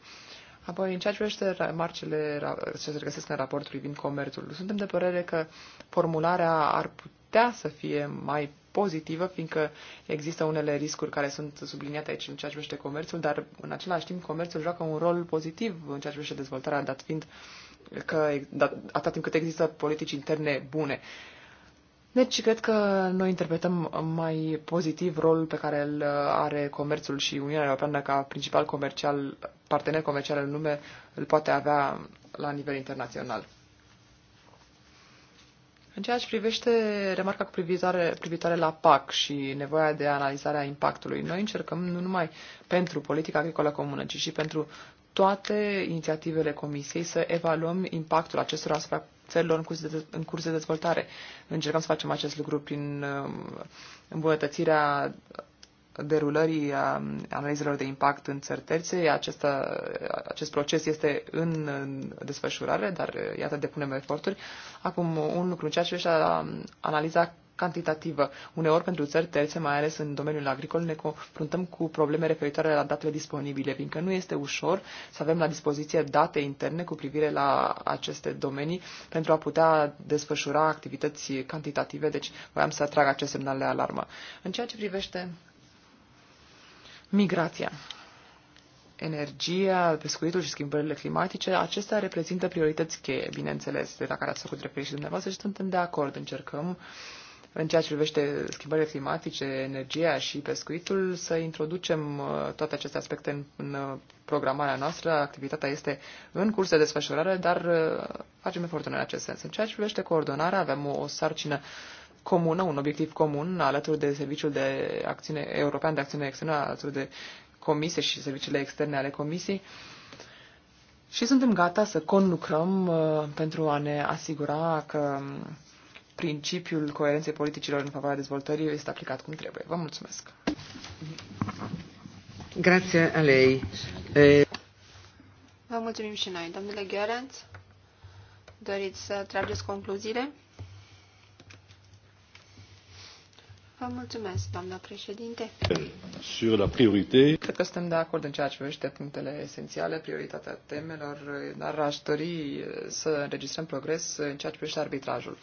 Apoi, în ceea ce privește marcele ce se regăsesc în raportul privind comerțul, suntem de părere că formularea ar, putea putea să fie mai pozitivă, fiindcă există unele riscuri care sunt subliniate aici în ceea ce privește comerțul, dar în același timp comerțul joacă un rol pozitiv în ceea ce privește dezvoltarea, dat fiind că dat, atâta timp cât există politici interne bune. Deci, cred că noi interpretăm mai pozitiv rolul pe care îl uh, are comerțul și Uniunea Europeană ca principal comercial, partener comercial în lume, îl poate avea la nivel internațional. În ceea ce privește remarca cu privitoare, privitoare la PAC și nevoia de analizare a impactului, noi încercăm nu numai pentru politica agricolă comună, ci și pentru toate inițiativele Comisiei să evaluăm impactul acestora asupra țărilor în curs, de, în curs de dezvoltare. Încercăm să facem acest lucru prin uh, îmbunătățirea derulării analizelor de impact în țări terțe. Acesta, acest proces este în desfășurare, dar iată, depunem eforturi. Acum, un lucru în ceea ce a analiza cantitativă. Uneori, pentru țări terțe, mai ales în domeniul agricol, ne confruntăm cu probleme referitoare la datele disponibile, fiindcă nu este ușor să avem la dispoziție date interne cu privire la aceste domenii pentru a putea desfășura activități cantitative. Deci, voiam să atrag acest semnal de alarmă. În ceea ce privește Migrația. Energia, pescuitul și schimbările climatice, acestea reprezintă priorități cheie, bineînțeles, de la care ați făcut referire și dumneavoastră și suntem de acord. Încercăm, în ceea ce privește schimbările climatice, energia și pescuitul, să introducem uh, toate aceste aspecte în, în uh, programarea noastră. Activitatea este în curs de desfășurare, dar uh, facem efortul în acest sens. În ceea ce privește coordonarea, avem o, o sarcină uh, comună, un obiectiv comun alături de Serviciul de Acțiune European de Acțiune Externă, alături de Comisie și serviciile externe ale Comisiei. Și suntem gata să conlucrăm uh, pentru a ne asigura că um, principiul coerenței politicilor în favoarea dezvoltării este aplicat cum trebuie. Vă mulțumesc. Grazie a lei. E... Vă mulțumim și noi. Domnule Gheorenț, doriți să trageți concluziile? Vă mulțumesc, doamna președinte. Sur la priorité. Cred că suntem de acord în ceea ce privește punctele esențiale, prioritatea temelor, dar aș dori eh, să înregistrăm progres în ceea ce privește arbitrajul.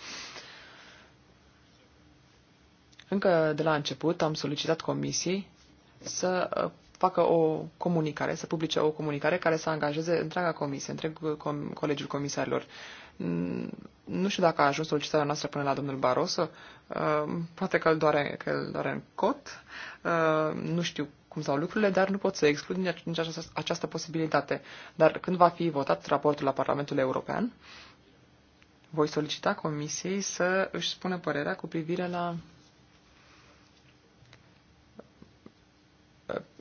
Încă de la început am solicitat comisiei să eh, facă o comunicare, să publice o comunicare care să angajeze întreaga comisie, întreg colegiul comisarilor nu știu dacă a ajuns solicitarea noastră până la domnul Barosă. Uh, poate că îl doare, că îl doare în cot. Uh, nu știu cum stau lucrurile, dar nu pot să exclud nici această, această posibilitate. Dar când va fi votat raportul la Parlamentul European, voi solicita Comisiei să își spună părerea cu privire la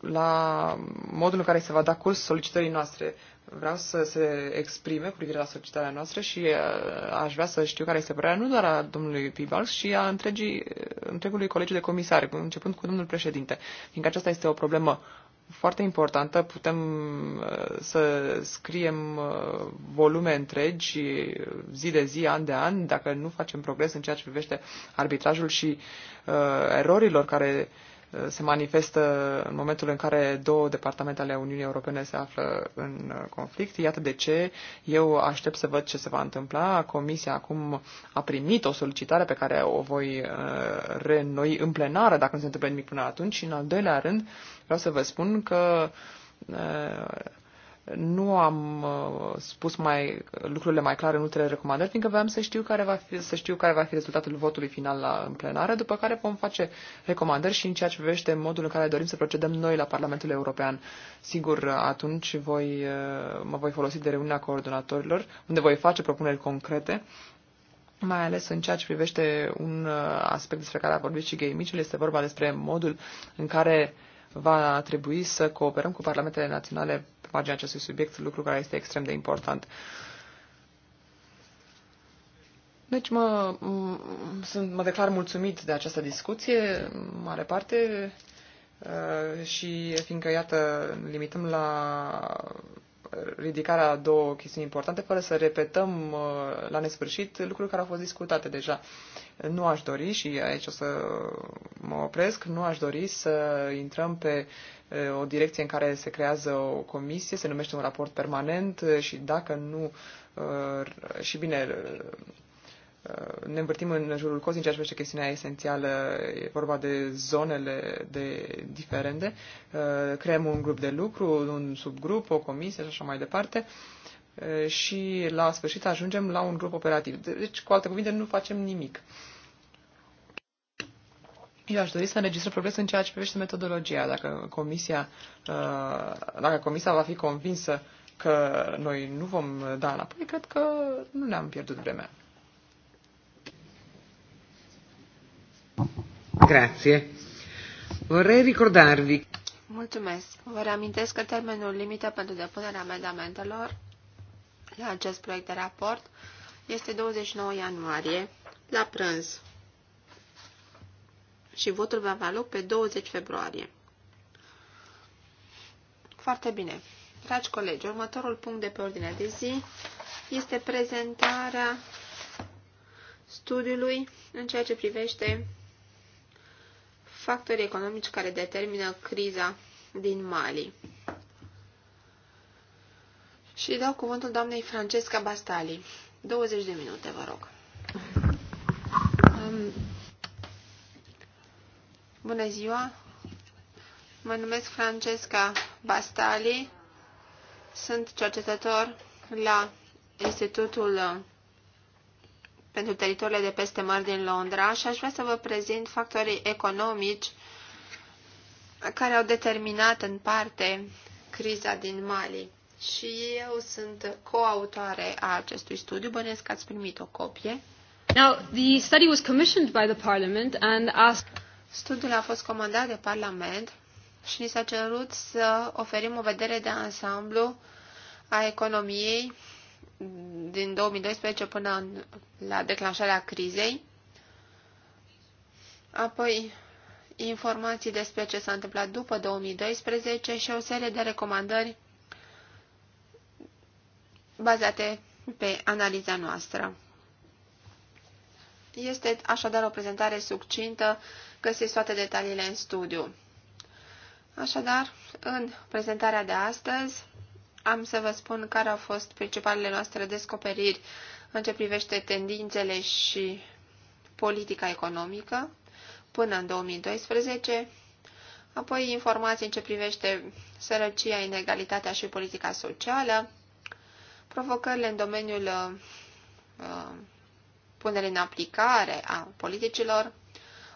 la modul în care se va da curs solicitării noastre vreau să se exprime cu privire la societatea noastră și uh, aș vrea să știu care este părerea nu doar a domnului Pibalx, și a întregii, întregului colegiu de comisari, începând cu domnul președinte, fiindcă aceasta este o problemă foarte importantă, putem uh, să scriem uh, volume întregi zi de zi, an de an, dacă nu facem progres în ceea ce privește arbitrajul și uh, erorilor care uh, se manifestă în momentul în care două departamente ale Uniunii Europene se află în conflict. Iată de ce eu aștept să văd ce se va întâmpla. Comisia acum a primit o solicitare pe care o voi uh, renoi în plenară dacă nu se întâmplă nimic până atunci. Și în al doilea rând vreau să vă spun că uh, nu am uh, spus mai lucrurile mai clare în ultimele recomandări, fiindcă voiam să știu care va fi, să știu care va fi rezultatul votului final la, în plenară, după care vom face recomandări și în ceea ce privește modul în care dorim să procedăm noi la Parlamentul European. Sigur, atunci voi, uh, mă voi folosi de reuniunea coordonatorilor, unde voi face propuneri concrete, mai ales în ceea ce privește un uh, aspect despre care a vorbit și Gay Mitchell, este vorba despre modul în care uh, va trebui să cooperăm cu parlamentele naționale pe marginea acestui subiect, lucru care este extrem de important. Deci mă, sunt, mă declar mulțumit de această discuție, mare parte, uh, și fiindcă, iată, limităm la ridicarea a două chestiuni importante, fără să repetăm uh, la nesfârșit lucruri care au fost discutate deja. Nu aș dori, și aici o să mă opresc, nu aș dori să intrăm pe o direcție în care se creează o comisie, se numește un raport permanent și dacă nu, și bine, ne învârtim în jurul cozii în ceea ce privește chestiunea esențială, e vorba de zonele de diferende. Creăm un grup de lucru, un subgrup, o comisie și așa mai departe. Eh, și la sfârșit ajungem la un grup operativ. Deci, cu alte cuvinte, nu facem nimic. Eu aș dori să înregistrăm progres în ceea ce privește metodologia. Dacă comisia, eh, dacă comisia va fi convinsă că noi nu vom da înapoi, cred că nu ne-am pierdut vremea. Grazie. Vorrei ricordarvi. Mulțumesc. Vă reamintesc că termenul limită pentru depunerea amendamentelor la acest proiect de raport este 29 ianuarie, la prânz. Și votul va avea loc pe 20 februarie. Foarte bine. Dragi colegi, următorul punct de pe ordinea de zi este prezentarea studiului în ceea ce privește factorii economici care determină criza din Mali. Și dau cuvântul doamnei Francesca Bastali. 20 de minute, vă rog. Um, bună ziua! Mă numesc Francesca Bastali. Sunt cercetător la Institutul uh, pentru teritoriile de peste mări din Londra și aș vrea să vă prezint factorii economici care au determinat în parte criza din Mali și eu sunt coautoare a acestui studiu. Bănesc că ați primit o copie. Now, the study was commissioned by the Parliament and asked... Studiul a fost comandat de Parlament și ni s-a cerut să oferim o vedere de ansamblu a economiei din 2012 până la declanșarea crizei, apoi informații despre ce s-a întâmplat după 2012 și o serie de recomandări bazate pe analiza noastră. Este așadar o prezentare succintă, găsiți toate detaliile în studiu. Așadar, în prezentarea de astăzi am să vă spun care au fost principalele noastre descoperiri în ce privește tendințele și politica economică până în 2012, apoi informații în ce privește sărăcia, inegalitatea și politica socială, provocările în domeniul uh, uh, punerii în aplicare a politicilor,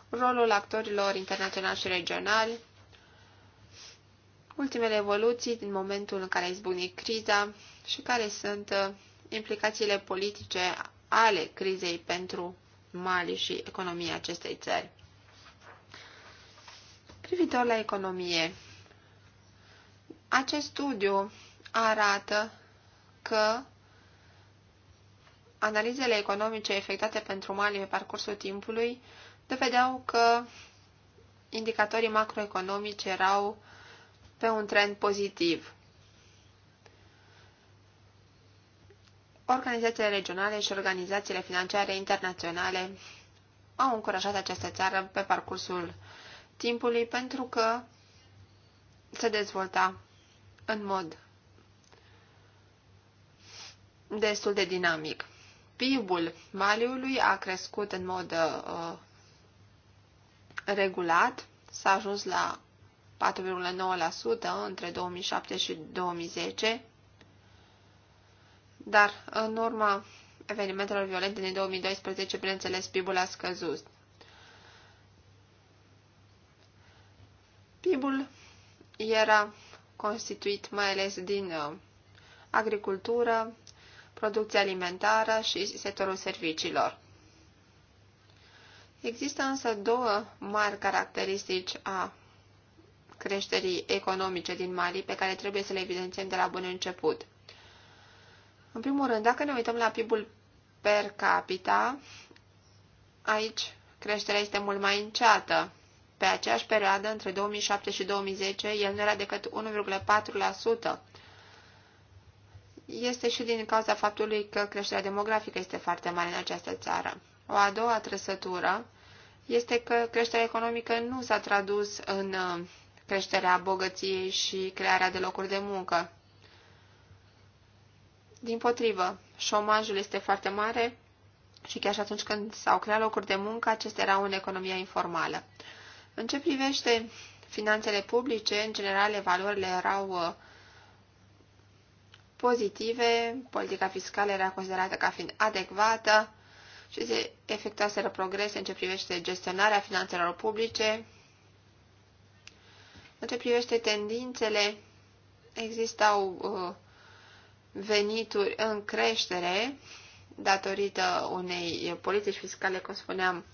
rolul actorilor internaționali și regionali, ultimele evoluții din momentul în care a izbunit criza și care sunt uh, implicațiile politice ale crizei pentru Mali și economia acestei țări. Privitor la economie, acest studiu arată că analizele economice efectuate pentru Mali pe parcursul timpului dovedeau că indicatorii macroeconomici erau pe un trend pozitiv. Organizațiile regionale și organizațiile financiare internaționale au încurajat această țară pe parcursul timpului pentru că se dezvolta în mod destul de dinamic. PIB-ul Maliului a crescut în mod uh, regulat, s-a ajuns la 4,9% între 2007 și 2010, dar în urma evenimentelor violente din 2012, bineînțeles, PIB-ul a scăzut. PIB-ul era constituit mai ales din uh, agricultură, producția alimentară și sectorul serviciilor. Există însă două mari caracteristici a creșterii economice din Mali pe care trebuie să le evidențiem de la bun început. În primul rând, dacă ne uităm la PIB-ul per capita, aici creșterea este mult mai înceată. Pe aceeași perioadă, între 2007 și 2010, el nu era decât 1,4%, este și din cauza faptului că creșterea demografică este foarte mare în această țară. O a doua trăsătură este că creșterea economică nu s-a tradus în uh, creșterea bogăției și crearea de locuri de muncă. Din potrivă, șomajul este foarte mare și chiar și atunci când s-au creat locuri de muncă, acestea erau în economia informală. În ce privește finanțele publice, în general, valorile erau uh, pozitive, politica fiscală era considerată ca fiind adecvată și se efectuaseră progrese în ce privește gestionarea finanțelor publice. În ce privește tendințele, existau uh, venituri în creștere datorită unei politici fiscale, cum spuneam,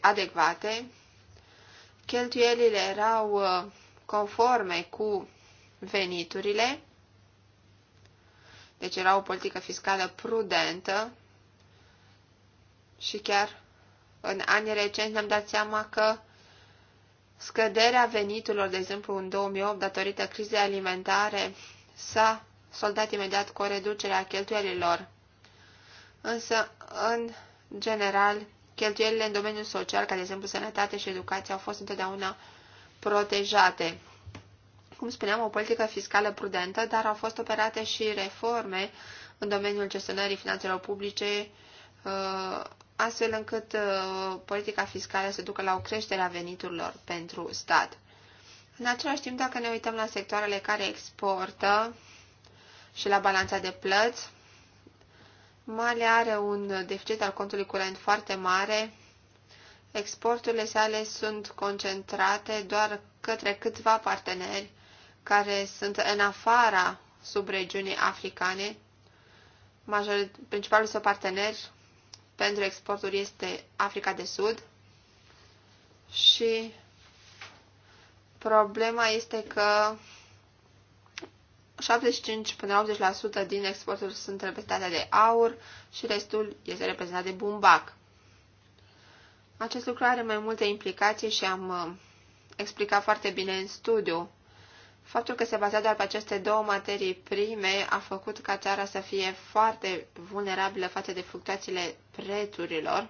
adecvate. Cheltuielile erau uh, conforme cu veniturile deci era o politică fiscală prudentă și chiar în anii recenți ne-am dat seama că scăderea veniturilor, de exemplu în 2008, datorită crizei alimentare, s-a soldat imediat cu o reducere a cheltuielilor. Însă, în general, cheltuielile în domeniul social, ca de exemplu sănătate și educație, au fost întotdeauna protejate cum spuneam, o politică fiscală prudentă, dar au fost operate și reforme în domeniul gestionării finanțelor publice, uh, astfel încât uh, politica fiscală să ducă la o creștere a veniturilor pentru stat. În același timp, dacă ne uităm la sectoarele care exportă și la balanța de plăți, Male are un deficit al contului curent foarte mare. Exporturile sale sunt concentrate doar către câțiva parteneri care sunt în afara subregiunii africane. Major, principalul său partener pentru exporturi este Africa de Sud și problema este că 75 până la 80% din exporturi sunt reprezentate de aur și restul este reprezentat de bumbac. Acest lucru are mai multe implicații și am uh, explicat foarte bine în studiu Faptul că se baza doar pe aceste două materii prime a făcut ca țara să fie foarte vulnerabilă față de fluctuațiile prețurilor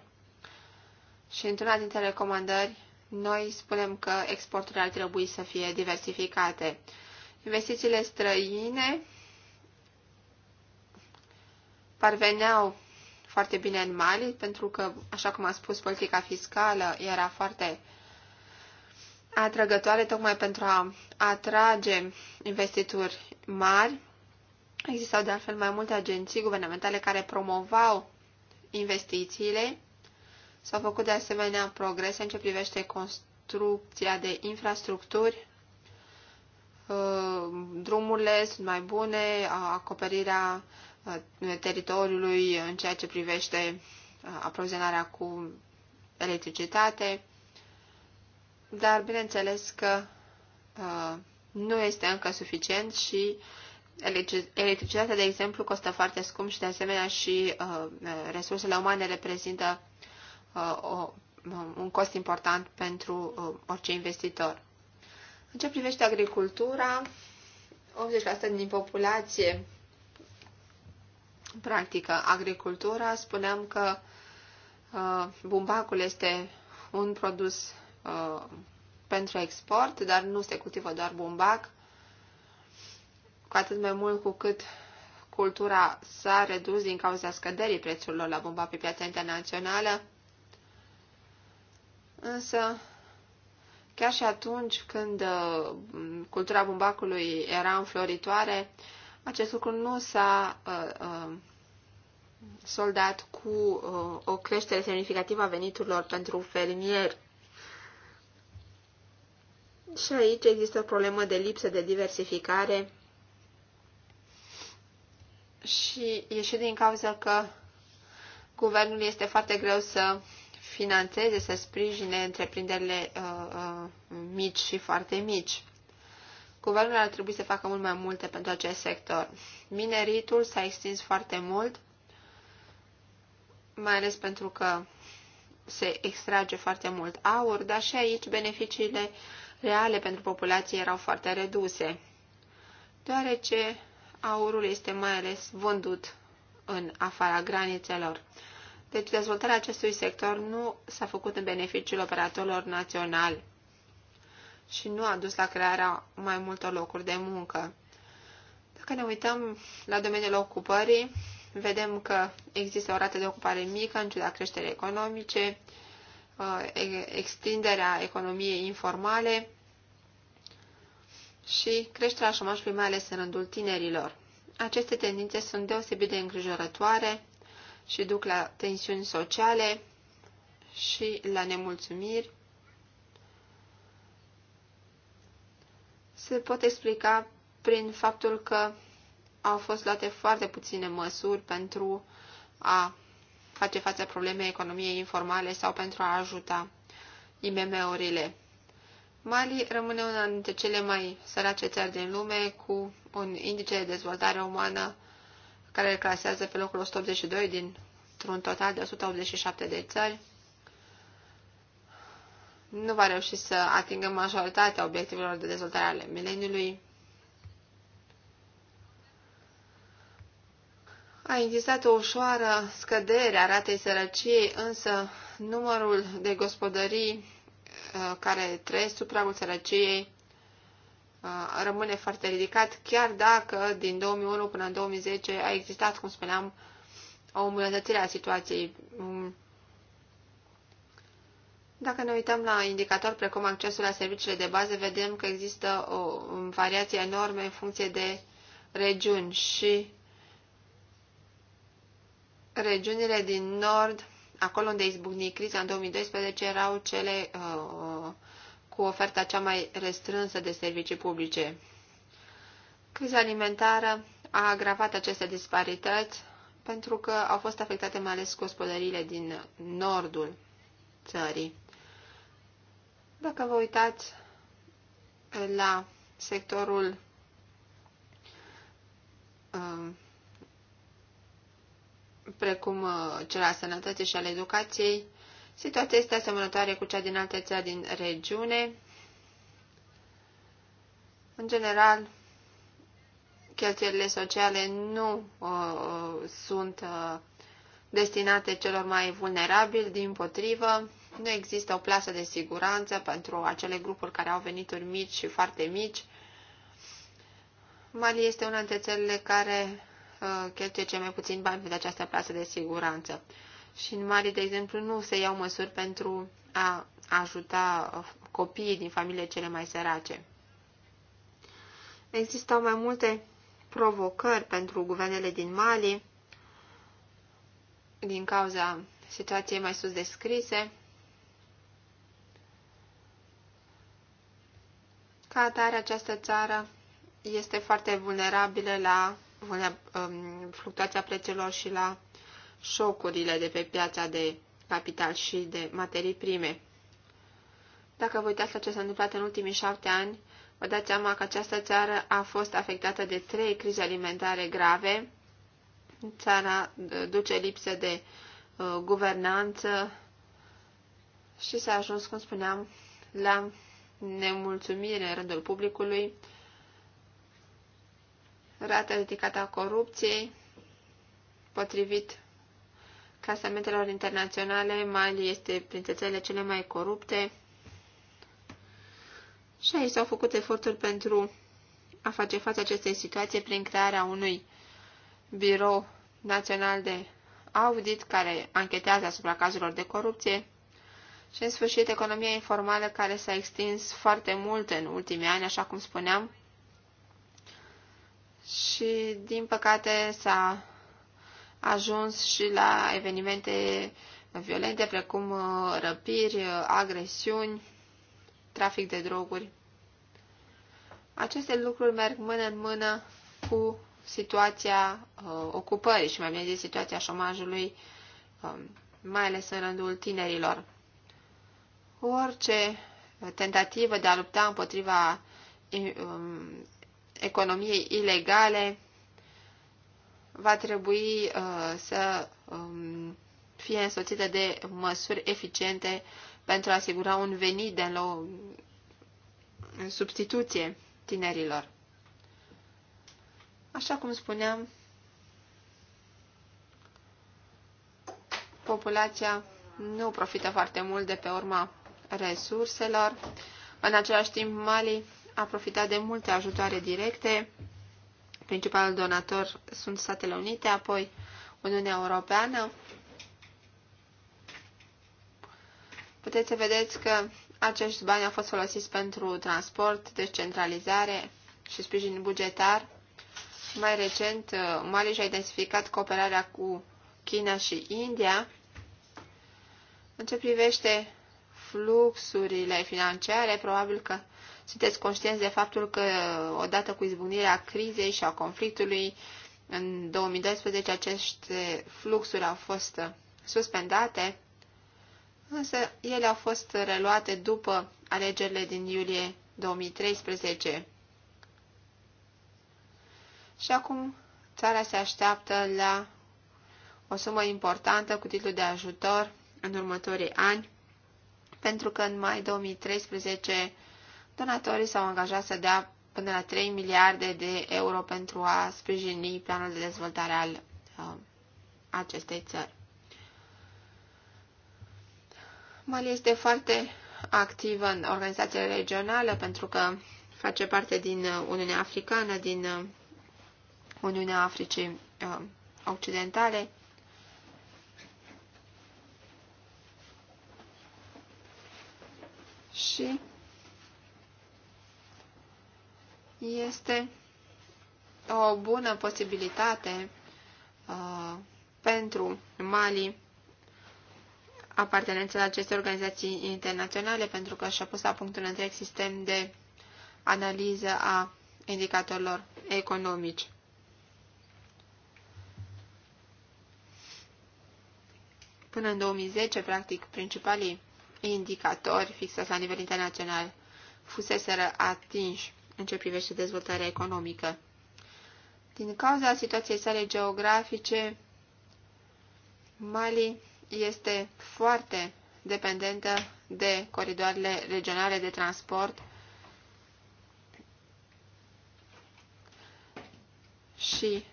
și într-una dintre recomandări noi spunem că exporturile ar trebui să fie diversificate. Investițiile străine parveneau foarte bine în Mali, pentru că, așa cum am spus, politica fiscală era foarte uh, atrăgătoare tocmai pentru a atrage investituri mari. Existau de altfel mai multe agenții guvernamentale care promovau investițiile. S-au făcut de asemenea progrese în ce privește construcția de infrastructuri. Uh, drumurile sunt mai bune, acoperirea uh, teritoriului în ceea ce privește uh, aprovizionarea cu electricitate dar bineînțeles că uh, nu este încă suficient și electricitatea, de exemplu, costă foarte scump și de asemenea și uh, resursele umane reprezintă uh, o, un cost important pentru uh, orice investitor. În ce privește agricultura, 80% din populație practică agricultura. Spuneam că uh, bumbacul este un produs Uh, pentru export, dar nu se cultivă doar bumbac, cu atât mai mult cu cât cultura s-a redus din cauza scăderii prețurilor la bumbac pe piața internațională. Însă, chiar și atunci când uh, cultura bumbacului era înfloritoare, acest lucru nu s-a uh, uh, soldat cu uh, o creștere semnificativă a veniturilor pentru fermieri. Și aici există o problemă de lipsă de diversificare și e și din cauza că guvernul este foarte greu să financeze, să sprijine întreprinderile uh, uh, mici și foarte mici. Guvernul ar trebui să facă mult mai multe pentru acest sector. Mineritul s-a extins foarte mult, mai ales pentru că se extrage foarte mult aur, dar și aici beneficiile uh, reale pentru populație erau foarte reduse, deoarece aurul este mai ales vândut în afara granițelor. Deci dezvoltarea acestui sector nu s-a făcut în beneficiul operatorilor naționali și nu a dus la crearea mai multor locuri de muncă. Dacă ne uităm la domeniul ocupării, vedem că există o rată de ocupare mică în ciuda creșterii economice, Uh, extinderea economiei informale și creșterea șomajului, mai ales în rândul tinerilor. Aceste tendințe sunt deosebit de îngrijorătoare și duc la tensiuni sociale și la nemulțumiri. Se pot explica prin faptul că au fost luate foarte puține măsuri pentru a face față problemei economiei informale sau pentru a ajuta IMM-urile. Mali rămâne una dintre cele mai sărace țări din lume, cu un indice de dezvoltare umană care îl clasează pe locul 182 dintr-un total de 187 de țări. Nu va reuși să atingă majoritatea obiectivelor de dezvoltare ale mileniului, A existat o ușoară scădere a ratei sărăciei, însă numărul de gospodării uh, care trăiesc sub pragul sărăciei uh, rămâne foarte ridicat, chiar dacă din 2001 până în 2010 a existat, cum spuneam, o îmbunătățire a situației. Mm. Dacă ne uităm la indicatori precum accesul la serviciile de bază, vedem că există o um, variație enormă în funcție de regiuni și regiunile din nord, acolo unde izbucni criza în 2012, erau cele uh, uh, cu oferta cea mai restrânsă de servicii publice. Criza alimentară a agravat aceste disparități pentru că au fost afectate mai ales gospodăriile din nordul țării. Dacă vă uitați la sectorul uh, precum uh, cel al sănătății și al educației. Situația este asemănătoare cu cea din alte țări din regiune. În general, cheltuielile sociale nu uh, sunt uh, destinate celor mai vulnerabili, din potrivă, nu există o plasă de siguranță pentru acele grupuri care au venituri mici și foarte mici. Mali este una dintre țările care Uh, cheltuie cei mai puțin bani pentru această plasă de siguranță. Și în Mali, de exemplu, nu se iau măsuri pentru a ajuta uh, copiii din familiile cele mai sărace. Existau mai multe provocări pentru guvernele din Mali din cauza situației mai sus descrise. Ca atare, această țară este foarte vulnerabilă la la um, fluctuația prețelor și la șocurile de pe piața de capital și de materii prime. Dacă vă uitați la ce s-a întâmplat în ultimii șapte ani, vă dați seama că această țară a fost afectată de trei crize alimentare grave. Țara uh, duce lipsă de uh, guvernanță și s-a ajuns, cum spuneam, la nemulțumire în rândul publicului rată ridicată a corupției, potrivit clasamentelor internaționale, Mali este printre țările cele mai corupte. Și aici s-au făcut eforturi pentru a face față acestei situații prin crearea unui birou național de audit care anchetează asupra cazurilor de corupție și, în sfârșit, economia informală care s-a extins foarte mult în ultimii ani, așa cum spuneam, și, din păcate, s-a ajuns și la evenimente violente precum uh, răpiri, uh, agresiuni, trafic de droguri. Aceste lucruri merg mână în mână cu situația uh, ocupării și mai bine zis situația șomajului, um, mai ales în rândul tinerilor. Orice tentativă de a lupta împotriva um, economiei ilegale va trebui uh, să um, fie însoțită de măsuri eficiente pentru a asigura un venit de înlo- în substituție tinerilor. Așa cum spuneam, populația nu profită foarte mult de pe urma resurselor. În același timp, Mali a profitat de multe ajutoare directe. Principalul donator sunt Statele Unite, apoi Uniunea Europeană. Puteți să vedeți că acești bani au fost folosiți pentru transport, descentralizare și sprijin bugetar. Mai recent, uh, Mali și-a intensificat cooperarea cu China și India. În ce privește fluxurile financiare, probabil că sunteți conștienți de faptul că uh, odată cu izbucnirea crizei și a conflictului în 2012 aceste fluxuri au fost uh, suspendate, însă ele au fost reluate după alegerile din iulie 2013. Și acum țara se așteaptă la o sumă importantă cu titlul de ajutor în următorii ani, pentru că în mai 2013 Donatorii s-au angajat să dea până la 3 miliarde de euro pentru a sprijini planul de dezvoltare al uh, acestei țări. Mali este foarte activă în organizațiile regionale pentru că face parte din uh, Uniunea Africană, din uh, Uniunea Africii uh, Occidentale. Și este o bună posibilitate uh, pentru Mali apartenența aceste organizații internaționale, pentru că și-a pus la punct un întreg sistem de analiză a indicatorilor economici. Până în 2010, practic, principalii indicatori fixați la nivel internațional fuseseră atinși în ce privește dezvoltarea economică. Din cauza situației sale geografice, Mali este foarte dependentă de coridoarele regionale de transport și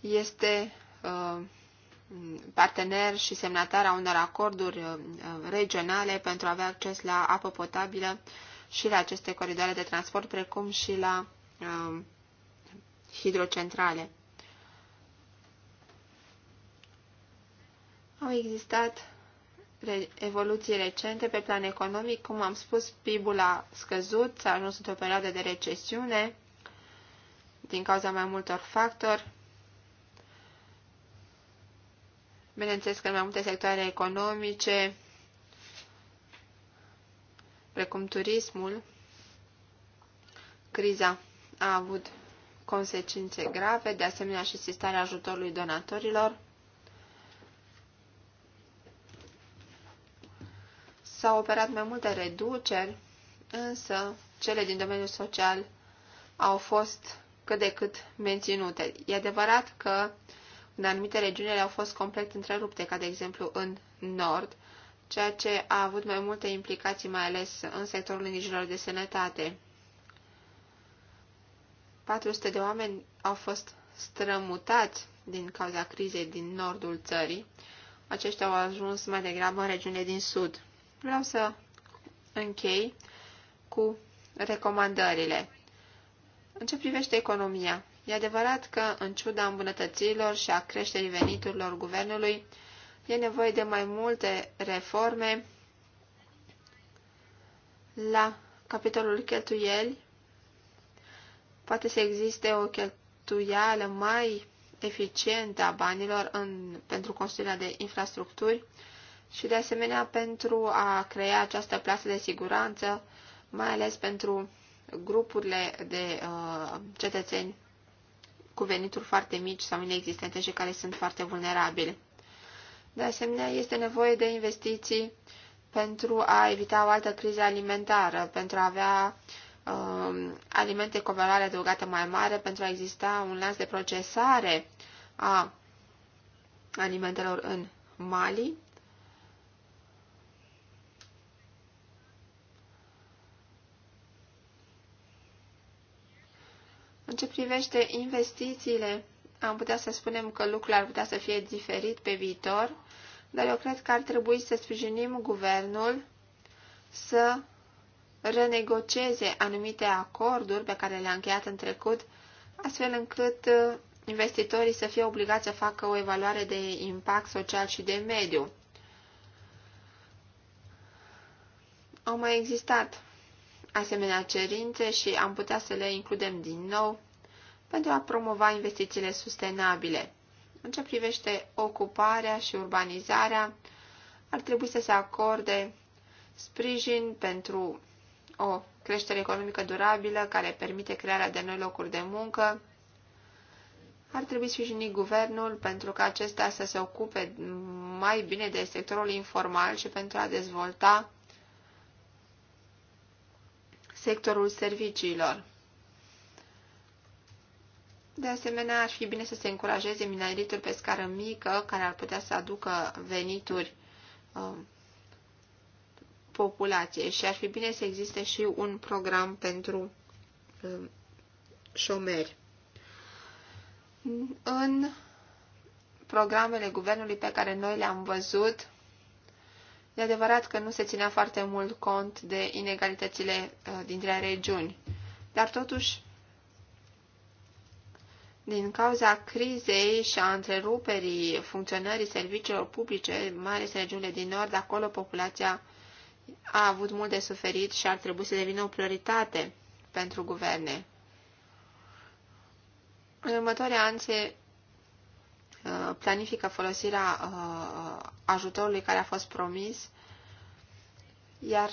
este uh, partener și semnatar a unor acorduri uh, regionale pentru a avea acces la apă potabilă și la aceste coridoare de transport, precum și la uh, hidrocentrale. Au existat evoluții recente pe plan economic, cum am spus, PIB-ul a scăzut, s-a ajuns într-o perioadă de recesiune din cauza mai multor factori. Bineînțeles că în mai multe sectoare economice precum turismul, criza a avut consecințe grave, de asemenea și sistarea ajutorului donatorilor. S-au operat mai multe reduceri, însă cele din domeniul social au fost cât de cât menținute. E adevărat că în anumite regiuni au fost complet întrerupte, ca de exemplu în nord, ceea ce a avut mai multe implicații, mai ales în sectorul îngrijilor de sănătate. 400 de oameni au fost strămutați din cauza crizei din nordul țării. Aceștia au ajuns mai degrabă în regiunile din sud. Vreau să închei cu recomandările. În ce privește economia, e adevărat că, în ciuda îmbunătățirilor și a creșterii veniturilor guvernului, E nevoie de mai multe reforme la capitolul cheltuieli. Poate să existe o cheltuială mai eficientă a banilor în, pentru construirea de infrastructuri și de asemenea pentru a crea această plasă de siguranță, mai ales pentru grupurile de uh, cetățeni cu venituri foarte mici sau inexistente și care sunt foarte vulnerabili. De asemenea, este nevoie de investiții pentru a evita o altă criză alimentară, pentru a avea um, alimente cu o valoare adăugată mai mare, pentru a exista un lanț de procesare a alimentelor în Mali. În ce privește investițiile, am putea să spunem că lucrurile ar putea să fie diferit pe viitor dar eu cred că ar trebui să sprijinim guvernul să renegocieze anumite acorduri pe care le-a încheiat în trecut, astfel încât uh, investitorii să fie obligați să facă o evaluare de impact social și de mediu. Au mai existat asemenea cerințe și am putea să le includem din nou pentru a promova investițiile sustenabile. În ce privește ocuparea și urbanizarea, ar trebui să se acorde sprijin pentru o creștere economică durabilă care permite crearea de noi locuri de muncă. Ar trebui sprijinit guvernul pentru ca acesta să se ocupe mai bine de sectorul informal și pentru a dezvolta sectorul serviciilor. De asemenea, ar fi bine să se încurajeze mineritul pe scară mică, care ar putea să aducă venituri um, populației și ar fi bine să existe și un program pentru um, șomeri. În programele guvernului pe care noi le-am văzut, e adevărat că nu se ținea foarte mult cont de inegalitățile uh, dintre regiuni, dar totuși din cauza crizei și a întreruperii funcționării serviciilor publice, mai ales regiunile din nord, acolo populația a avut mult de suferit și ar trebui să devină o prioritate pentru guverne. În următoarea ani se uh, planifică folosirea uh, ajutorului care a fost promis, iar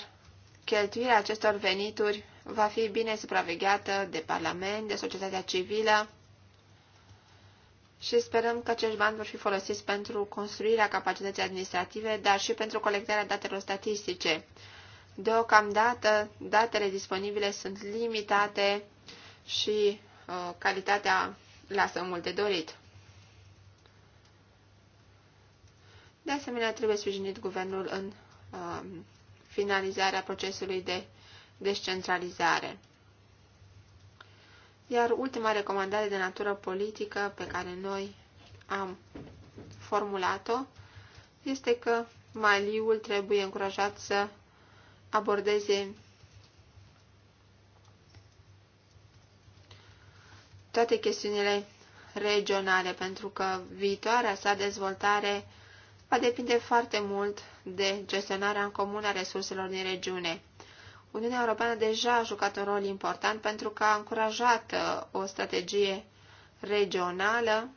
cheltuirea acestor venituri va fi bine supravegheată de Parlament, de societatea civilă, și sperăm că acești bani vor fi folosiți pentru construirea capacității administrative, dar și pentru colectarea datelor statistice. Deocamdată, datele disponibile sunt limitate și uh, calitatea lasă mult de dorit. De asemenea, trebuie sprijinit guvernul în uh, finalizarea procesului de descentralizare. Iar ultima recomandare de natură politică pe care noi am formulat-o este că Maliul trebuie încurajat să abordeze toate chestiunile regionale, pentru că viitoarea sa dezvoltare va depinde foarte mult de gestionarea în comun a resurselor din regiune. Uniunea Europeană deja a jucat un rol important pentru că a încurajat uh, o strategie regională,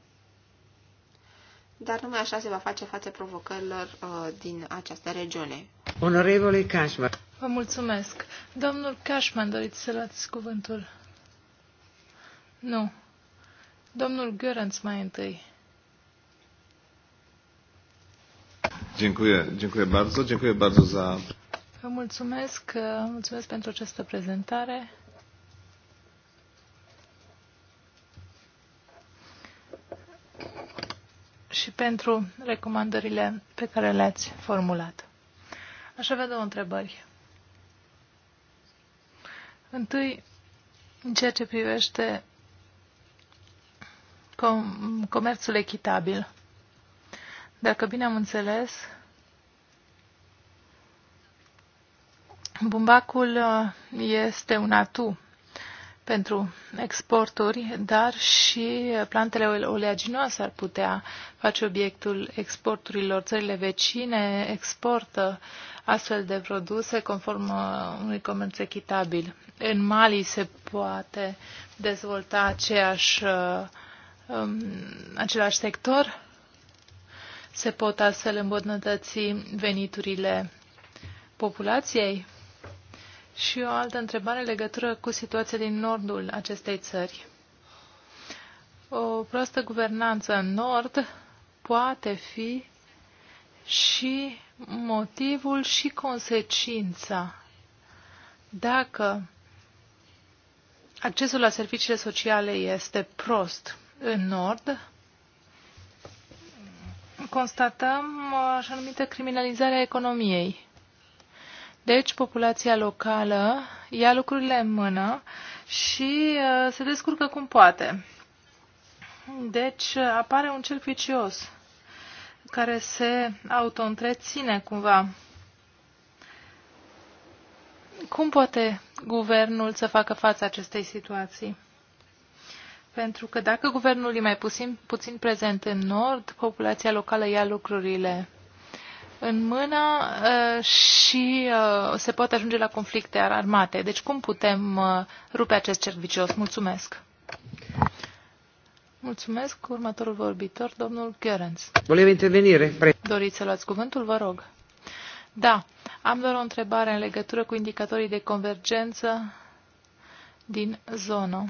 dar numai așa se va face față provocărilor uh, din această regiune. Onorevole Cashman. Vă mulțumesc. Domnul Cashman, doriți să luați cuvântul? Nu. Domnul Görans mai întâi. Dziękuję, dziękuję bardzo, dziękuję bardzo za... Vă mulțumesc, uh, mulțumesc pentru această prezentare. și pentru recomandările pe care le-ați formulat. Aș avea două întrebări. Întâi, în ceea ce privește com comerțul echitabil. Dacă bine am înțeles, Bumbacul uh, este un atu pentru exporturi, dar și plantele oleaginoase ar putea face obiectul exporturilor. Țările vecine exportă astfel de produse conform uh, unui comerț echitabil. În Mali se poate dezvolta aceeași, uh, um, același sector. Se pot astfel îmbunătăți veniturile populației și o altă întrebare în legătură cu situația din nordul acestei țări. O proastă guvernanță în nord poate fi și motivul și consecința. Dacă accesul la serviciile sociale este prost în nord, constatăm așa numită criminalizare a economiei. Deci, populația locală ia lucrurile în mână și uh, se descurcă cum poate. Deci, uh, apare un cel vicios care se auto-întreține cumva. Cum poate guvernul să facă față acestei situații? Pentru că dacă guvernul e mai puțin, puțin prezent în nord, populația locală ia lucrurile în mână uh, și uh, se poate ajunge la conflicte armate. Deci cum putem uh, rupe acest cerc vicios? Mulțumesc! Mulțumesc. Următorul vorbitor, domnul Gerenț. Volevi intervenire? Pre. Doriți să luați cuvântul? Vă rog. Da, am doar o întrebare în legătură cu indicatorii de convergență din zonă.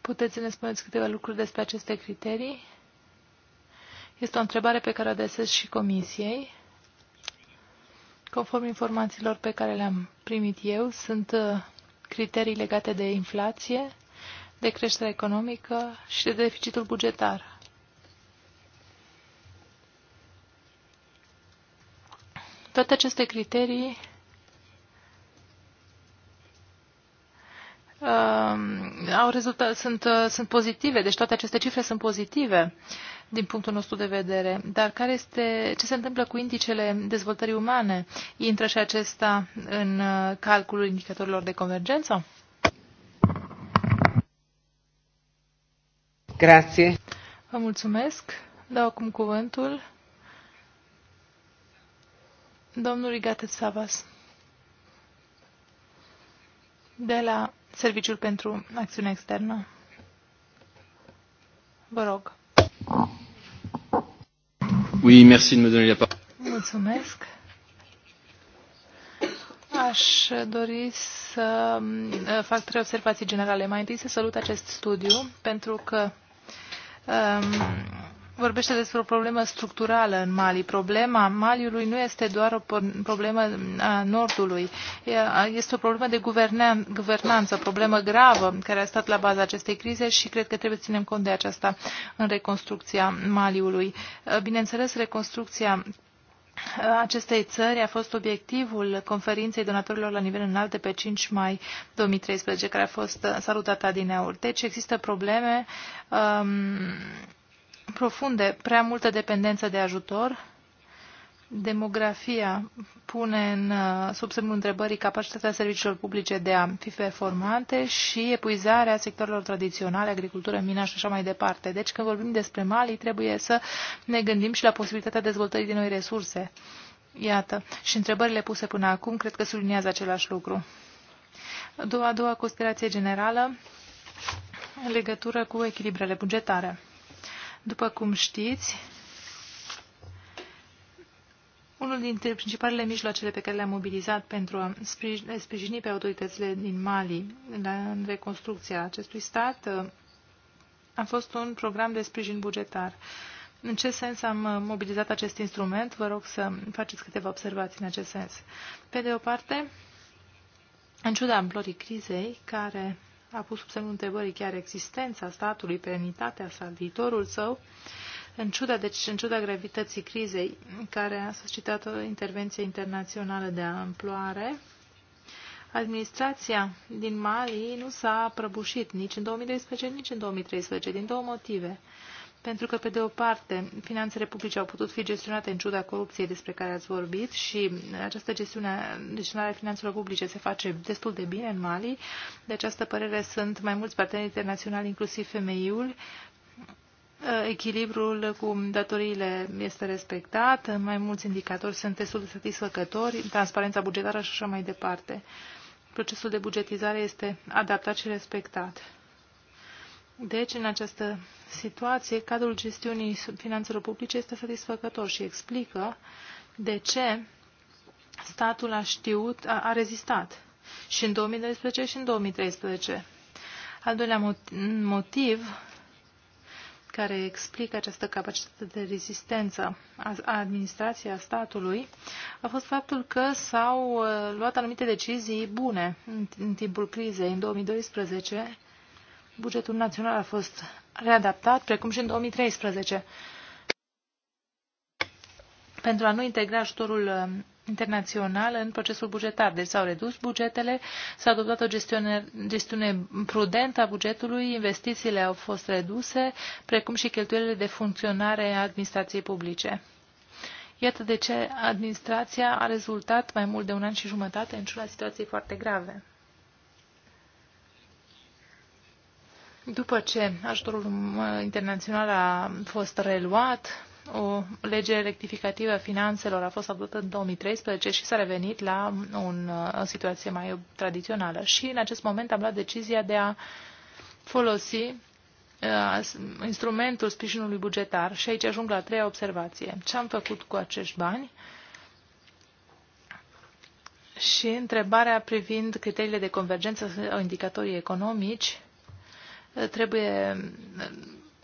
Puteți să ne spuneți câteva lucruri despre aceste criterii? Este o întrebare pe care o adresez și Comisiei. Conform informațiilor pe care le-am primit eu, sunt uh, criterii legate de inflație, de creștere economică și de deficitul bugetar. Toate aceste criterii uh, au rezultat, sunt, uh, sunt pozitive, deci toate aceste cifre sunt pozitive. Uh, din punctul nostru de vedere. Dar care este, ce se întâmplă cu indicele dezvoltării umane? Intră și acesta în uh, calculul indicatorilor de convergență? Grație. Vă mulțumesc. Dau acum cuvântul domnului Gatet Savas de la Serviciul pentru Acțiune Externă. Vă rog. Oui, merci de me donner la parole. Mulțumesc. Aș dori să uh, fac trei observații generale. Mai întâi să salut acest studiu, pentru că um, vorbește despre o problemă structurală în Mali. Problema Maliului nu este doar o problemă a Nordului, este o problemă de guvernanță, o problemă gravă care a stat la baza acestei crize și cred că trebuie să ținem cont de aceasta în reconstrucția Maliului. Bineînțeles, reconstrucția acestei țări a fost obiectivul conferinței donatorilor la nivel înalt de pe 5 mai 2013, care a fost salutată din aur. Deci există probleme um, profunde, prea multă dependență de ajutor, demografia pune în uh, sub semnul întrebării capacitatea serviciilor publice de a fi performante și epuizarea sectorilor tradiționale, agricultură, mina și așa mai departe. Deci când vorbim despre Mali, trebuie să ne gândim și la posibilitatea dezvoltării de noi resurse. Iată, și întrebările puse până acum cred că subliniază același lucru. A doua, a doua considerație generală în legătură cu echilibrele bugetare. După cum știți, unul dintre principalele mijloacele pe care le-am mobilizat pentru a sprijini pe autoritățile din Mali în reconstrucția acestui stat uh, a fost un program de sprijin bugetar. În ce sens am uh, mobilizat acest instrument? Vă rog să faceți câteva observații în acest sens. Pe de o parte, în ciuda amplorii crizei, care a pus sub semnul întrebării chiar existența statului, perenitatea sa, viitorul său, în ciuda, deci, în ciuda gravității crizei care a suscitat o intervenție internațională de amploare, administrația din Mali nu s-a prăbușit nici în 2012, nici în 2013, din două motive pentru că, pe de o parte, finanțele publice au putut fi gestionate în ciuda corupției despre care ați vorbit și această gestiune, gestionare a finanțelor publice se face destul de bine în Mali. De această părere sunt mai mulți parteneri internaționali, inclusiv femeiul. Uh, echilibrul cu datoriile este respectat, mai mulți indicatori sunt destul de satisfăcători, transparența bugetară și așa mai departe. Procesul de bugetizare este adaptat și respectat. Deci, în această situație, cadrul gestiunii finanțelor publice este satisfăcător și explică de ce statul a știut, a, a rezistat și în 2012 și în 2013. Al doilea motiv care explică această capacitate de rezistență a administrației a statului a fost faptul că s-au uh, luat anumite decizii bune în, timpul crizei. În 2012 bugetul național a fost readaptat, precum și în 2013. Pentru a nu integra ajutorul uh, internațional în procesul bugetar. Deci s-au redus bugetele, s-a adoptat o gestiune, gestiune prudentă a bugetului, investițiile au fost reduse, precum și cheltuielile de funcționare a administrației publice. Iată de ce administrația a rezultat mai mult de un an și jumătate în ciuda situației foarte grave. După ce ajutorul uh, internațional a fost reluat, o lege rectificativă a finanțelor a fost adoptată în 2013 și s-a revenit la un, uh, o situație mai tradițională. Și în acest moment am luat decizia de a folosi uh, instrumentul sprijinului bugetar și aici ajung la a treia observație. Ce am făcut cu acești bani? Și întrebarea privind criteriile de convergență sau indicatorii economici trebuie uh,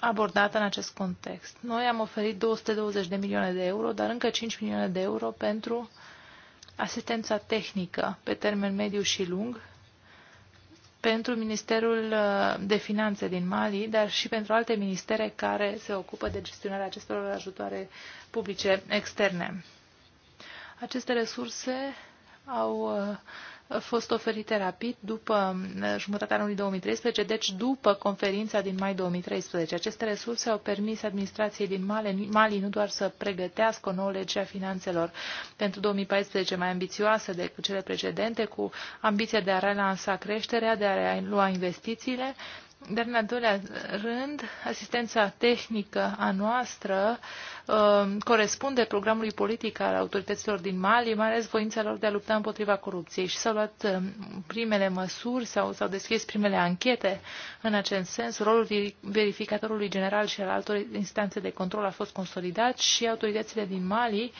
abordată în acest context. Noi am oferit 220 de milioane de euro, dar încă 5 milioane de euro pentru asistența tehnică pe termen mediu și lung pentru Ministerul uh, de Finanțe din Mali, dar și pentru alte ministere care se ocupă de gestionarea acestor ajutoare publice externe. Aceste resurse au uh, fost oferite rapid după uh, jumătatea anului 2013, deci după conferința din mai 2013. Aceste resurse au permis administrației din Mali, nu doar să pregătească o nouă lege a finanțelor pentru 2014 mai ambițioasă decât cele precedente, cu ambiția de a relansa creșterea, de a lua investițiile, dar, în al doilea rând, asistența tehnică a noastră uh, corespunde programului politic al autorităților din Mali, mai ales voința lor de a lupta împotriva corupției. Și s-au luat um, primele măsuri sau s-au deschis primele anchete în acest sens. Rolul verificatorului general și al altor instanțe de control a fost consolidat și autoritățile din Mali uh,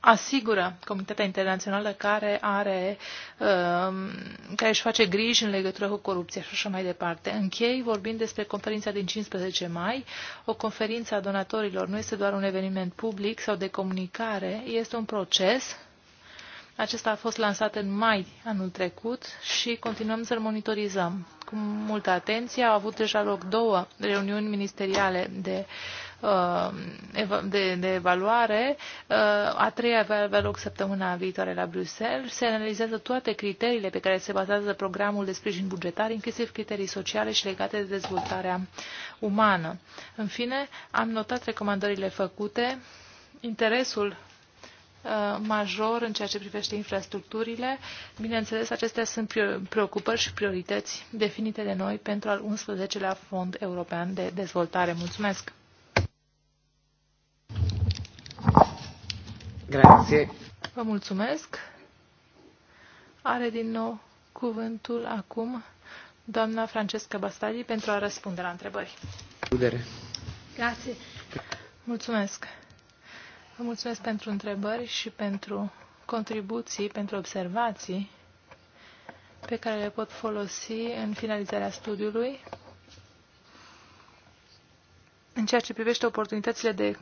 asigură Comitetea Internațională care are, um, care își face griji în legătură cu corupția și așa mai departe. Închei vorbind despre conferința din 15 mai. O conferință a donatorilor nu este doar un eveniment public sau de comunicare, este un proces. Acesta a fost lansat în mai anul trecut și continuăm să-l monitorizăm cu multă atenție. Au avut deja loc două reuniuni ministeriale de uh, Uh, de, de evaluare. Uh, a treia va avea loc săptămâna viitoare la Bruxelles. Se analizează toate criteriile pe care se bazează programul de sprijin bugetar, inclusiv criterii sociale și legate de dezvoltarea umană. În fine, am notat recomandările făcute, interesul uh, major în ceea ce privește infrastructurile. Bineînțeles, acestea sunt preocupări și priorități definite de noi pentru al 11-lea Fond European de Dezvoltare. Mulțumesc! Grazie. Vă mulțumesc. Are din nou cuvântul acum doamna Francesca Bastagli pentru a răspunde la întrebări. Udere. Grazie. Mulțumesc. Vă mulțumesc pentru întrebări și pentru contribuții, pentru observații pe care le pot folosi în finalizarea studiului. În ceea ce privește oportunitățile de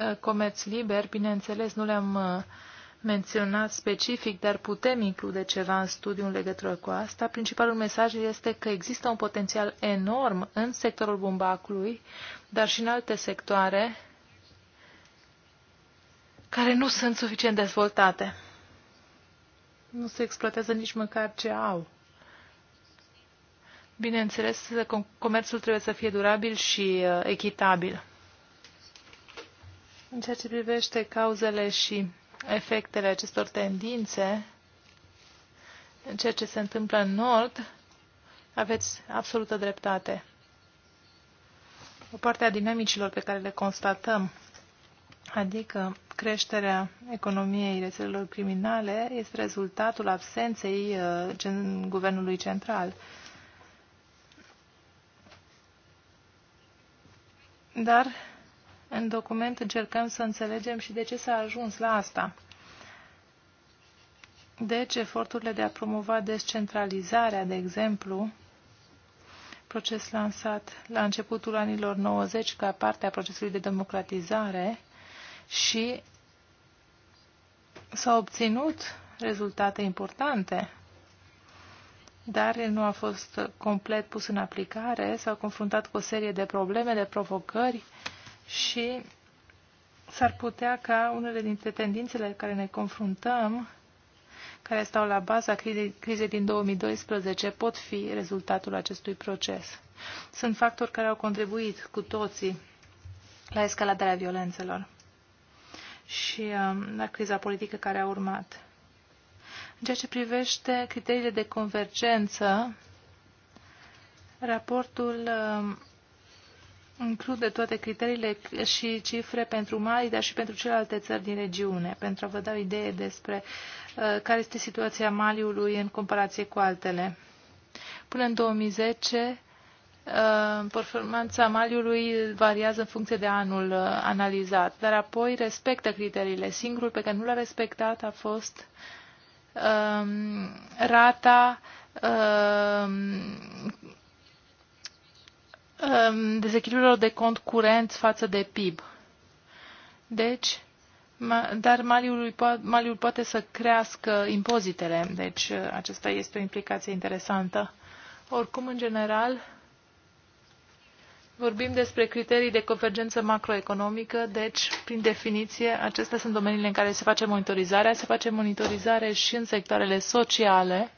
Uh, comerț liber, bineînțeles, nu le-am uh, menționat specific, dar putem include ceva în studiu în legătură cu asta. Principalul mesaj este că există un potențial enorm în sectorul bumbacului, dar și în alte sectoare care nu sunt suficient dezvoltate. Nu se exploatează nici măcar ce au. Bineînțeles, comerțul trebuie să fie durabil și uh, echitabil. În ceea ce privește cauzele și efectele acestor tendințe, în ceea ce se întâmplă în Nord, aveți absolută dreptate. O parte a dinamicilor pe care le constatăm, adică creșterea economiei rețelelor criminale, este rezultatul absenței uh, guvernului central. Dar în document încercăm să înțelegem și de ce s-a ajuns la asta. Deci, eforturile de a promova descentralizarea, de exemplu, proces lansat la începutul anilor 90 ca parte a procesului de democratizare și s-au obținut rezultate importante, dar el nu a fost complet pus în aplicare, s-au confruntat cu o serie de probleme, de provocări și s-ar putea ca unele dintre tendințele care ne confruntăm, care stau la baza crizei din 2012, pot fi rezultatul acestui proces. Sunt factori care au contribuit cu toții la escaladarea violențelor și um, la criza politică care a urmat. În ceea ce privește criteriile de convergență, raportul um, include toate criteriile și cifre pentru Mali, dar și pentru celelalte țări din regiune, pentru a vă da o idee despre uh, care este situația Maliului în comparație cu altele. Până în 2010, uh, performanța Maliului variază în funcție de anul uh, analizat, dar apoi respectă criteriile. Singurul pe care nu l-a respectat a fost um, rata um, Um, dezechilibrelor de cont curent față de PIB. Deci, dar Maliul, Maliul poate să crească impozitele, deci uh, aceasta este o implicație interesantă. Oricum, în general, vorbim despre criterii de convergență macroeconomică, deci, prin definiție, acestea sunt domeniile în care se face monitorizarea. Se face monitorizare și în sectoarele sociale,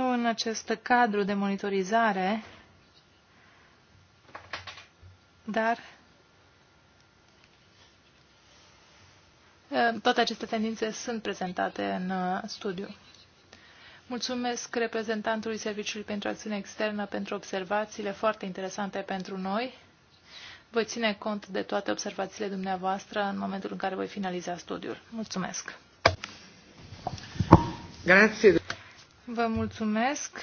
în acest cadru de monitorizare, dar eh, toate aceste tendințe sunt prezentate în eh, studiu. Mulțumesc reprezentantului Serviciului pentru Acțiune Externă pentru observațiile foarte interesante pentru noi. Voi ține cont de toate observațiile dumneavoastră în momentul în care voi finaliza studiul. Mulțumesc! Grazie. Vă mulțumesc.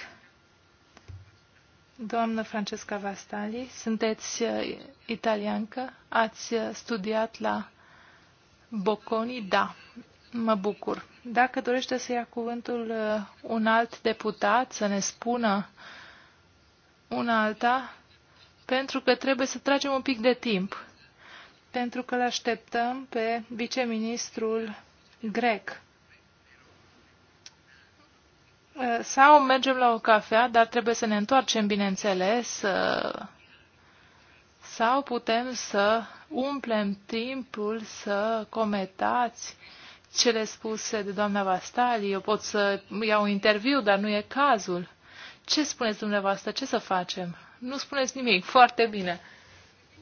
Doamnă Francesca Vastali, sunteți uh, italiancă? Ați uh, studiat la Bocconi? Da, mă bucur. Dacă dorește să ia cuvântul uh, un alt deputat, să ne spună una alta, pentru că trebuie să tragem un pic de timp, pentru că îl așteptăm pe viceministrul grec Eh, sau mergem la o cafea, dar trebuie să ne întoarcem, bineînțeles, eh, sau putem să umplem timpul să cometați cele spuse de doamna Vastali. Eu pot să iau un interviu, dar nu e cazul. Ce spuneți dumneavoastră? Ce să facem? Nu spuneți nimic. Foarte bine.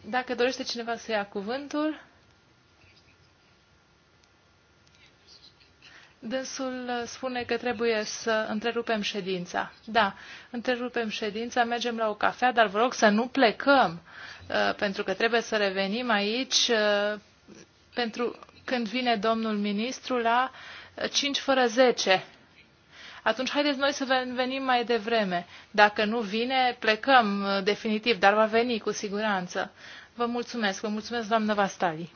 Dacă dorește cineva să ia cuvântul, Dânsul uh, spune că trebuie să întrerupem ședința. Da, întrerupem ședința, mergem la o cafea, dar vă rog să nu plecăm, uh, pentru că trebuie să revenim aici uh, pentru când vine domnul ministru la 5 fără 10. Atunci haideți noi să venim mai devreme. Dacă nu vine, plecăm definitiv, dar va veni cu siguranță. Vă mulțumesc, vă mulțumesc, doamnă Vastali.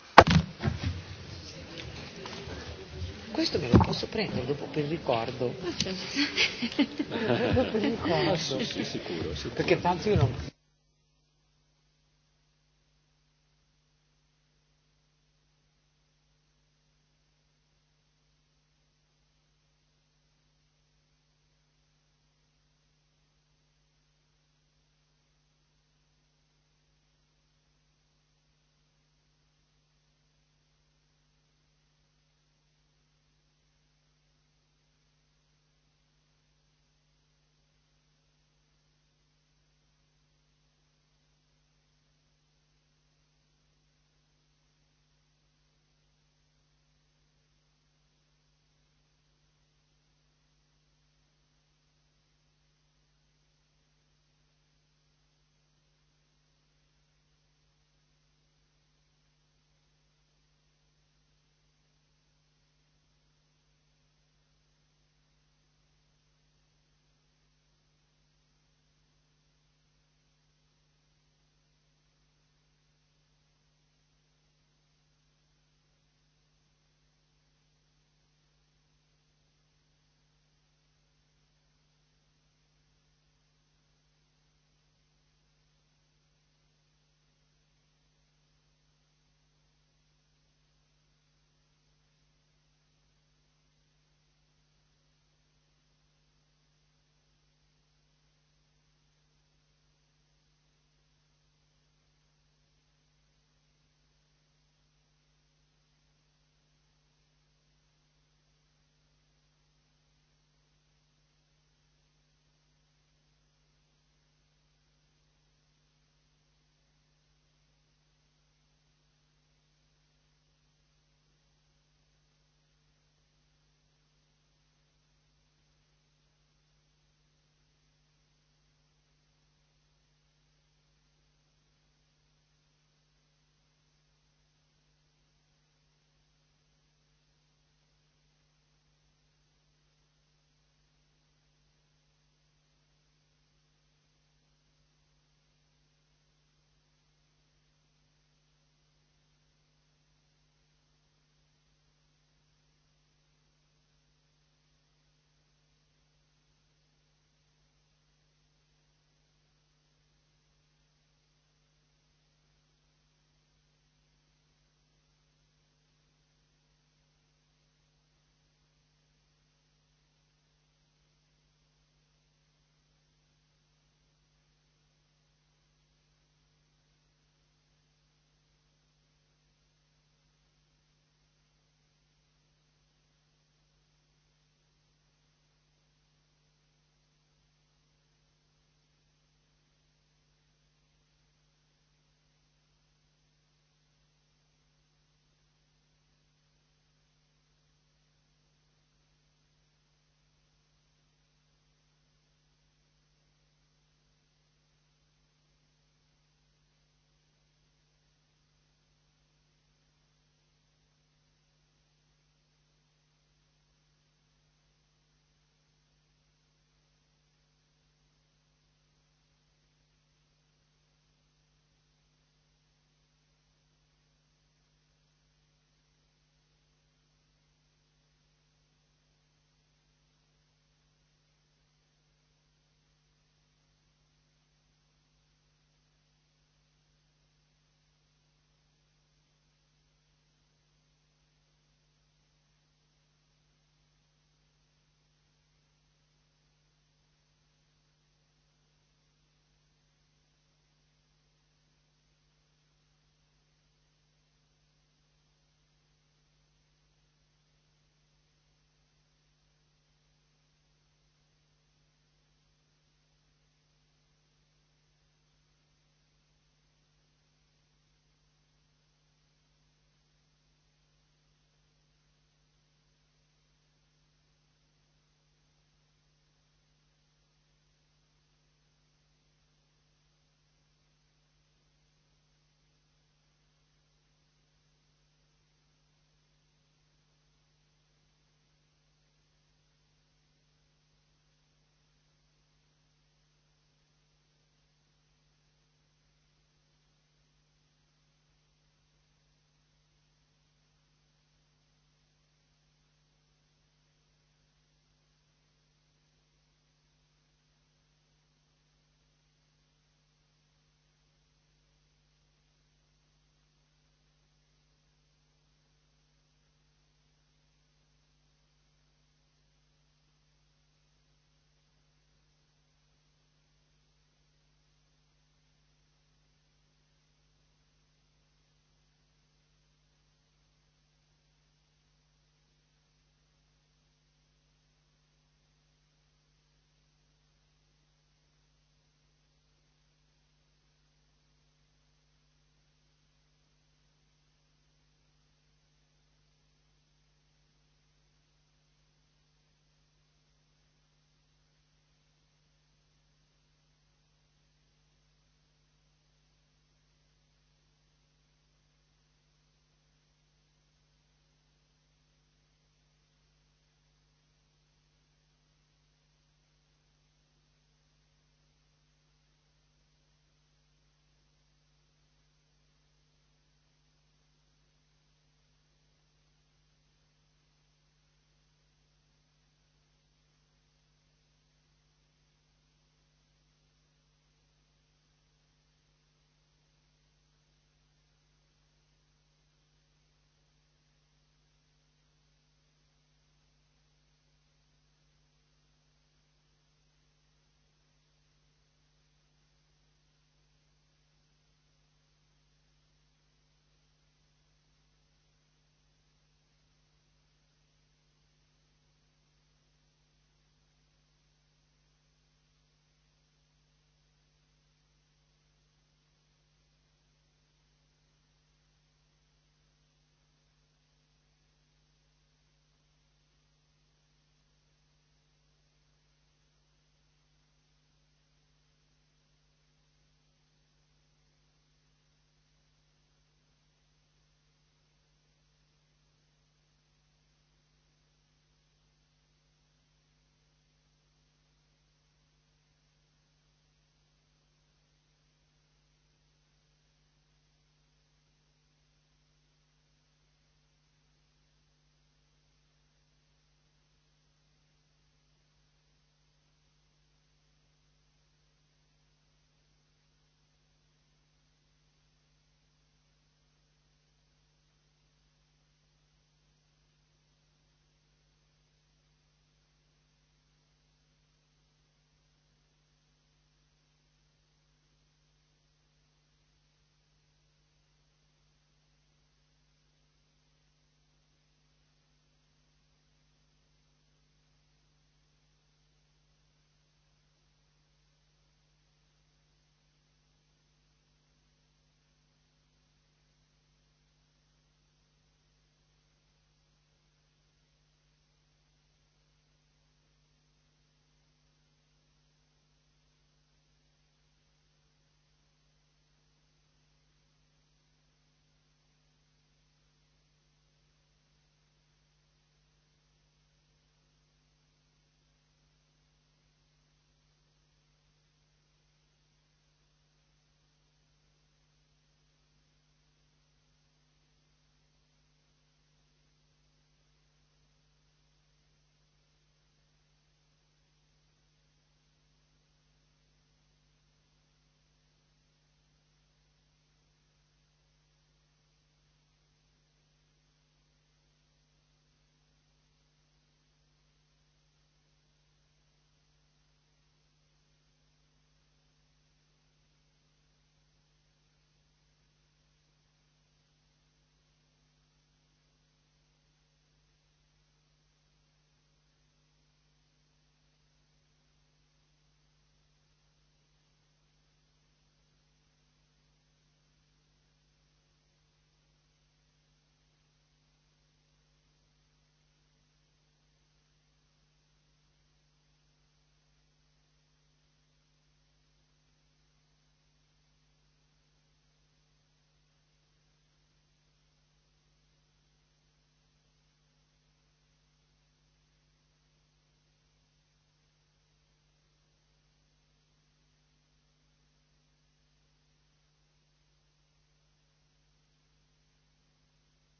questo me lo posso prendere dopo per ricordo. dopo per ricordo. Sì, sicuro, sicuro. Perché tanto io non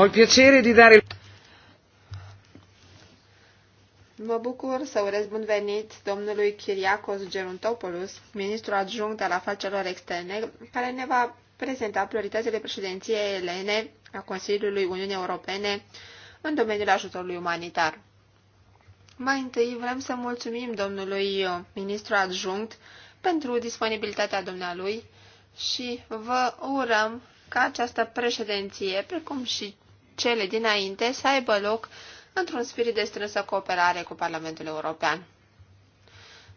Ho il piacere di dare... Mă bucur să urez bun venit domnului Chiriacos Gerontopoulos, ministru adjunct al afacerilor externe, care ne va prezenta prioritățile președinției elene a Consiliului Uniunii Europene în domeniul ajutorului umanitar. Mai întâi vrem să mulțumim domnului ministru adjunct pentru disponibilitatea dumnealui și vă urăm ca această președinție, precum și cele dinainte să aibă loc într-un spirit de strânsă cooperare cu Parlamentul European.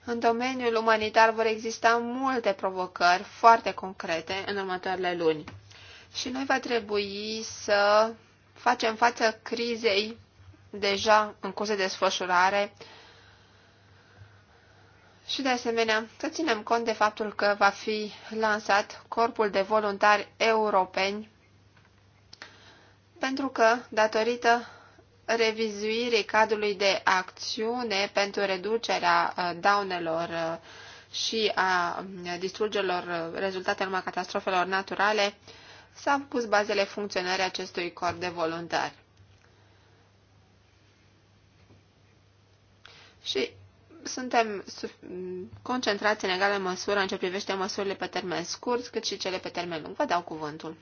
În domeniul umanitar vor exista multe provocări foarte concrete în următoarele luni și noi va trebui să facem față crizei deja în curs de desfășurare și de asemenea să ținem cont de faptul că va fi lansat Corpul de Voluntari Europeni pentru că, datorită revizuirii cadrului de acțiune pentru reducerea uh, daunelor uh, și a mm, distrugerilor uh, rezultate urma catastrofelor naturale, s-au pus bazele funcționării acestui corp de voluntari. Și suntem mm, concentrați în egală măsură în ce privește măsurile pe termen scurt, cât și cele pe termen lung. Vă dau cuvântul.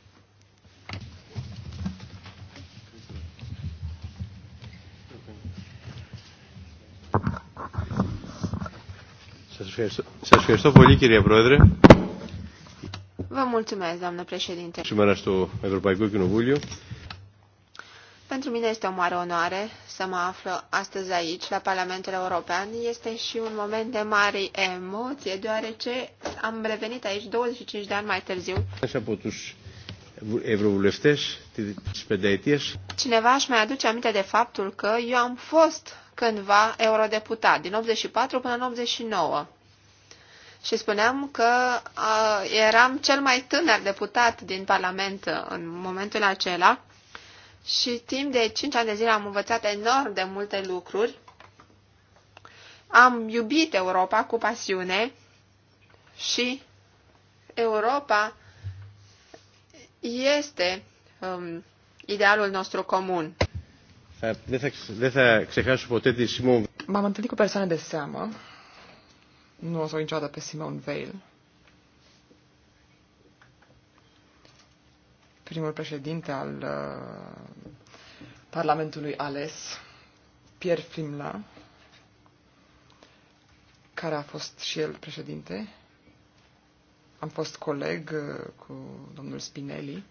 Σας ευχαριστώ, πολύ κύριε Πρόεδρε. Vă mulțumesc, doamnă președinte. Σήμερα στο Ευρωπαϊκό Κοινοβούλιο. Pentru mine este o mare onoare să mă aflu astăzi aici, la Parlamentul European. Este și un moment de mare emoție, deoarece am revenit aici 25 de ani mai târziu. Așa potuși eurovulevtești, Cineva își mai aduce aminte de faptul că eu am fost cândva eurodeputat, din 84 până în 89. Și spuneam că a, eram cel mai tânăr deputat din Parlament în momentul acela și timp de 5 ani de zile am învățat enorm de multe lucruri. Am iubit Europa cu pasiune și Europa este um, idealul nostru comun. M-am întâlnit cu persoane de seamă. Nu o să o niciodată pe Simone Veil. Primul președinte al uh, Parlamentului ales, Pierre Frimla, care a fost și el președinte. Am fost coleg uh, cu domnul Spinelli.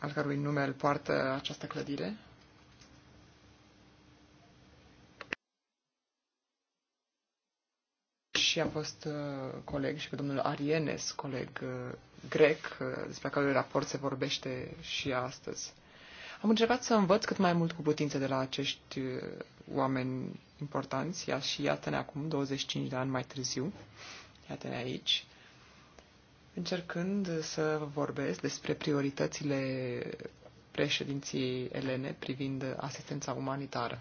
al cărui nume îl poartă această clădire. Și am fost uh, coleg și cu domnul Arienes, coleg uh, grec, uh, despre care raport se vorbește și astăzi. Am încercat să învăț cât mai mult cu putință de la acești oameni importanți, ia și iată-ne acum, 25 de ani mai târziu, iată-ne aici încercând să vorbesc despre prioritățile președinției elene privind asistența umanitară.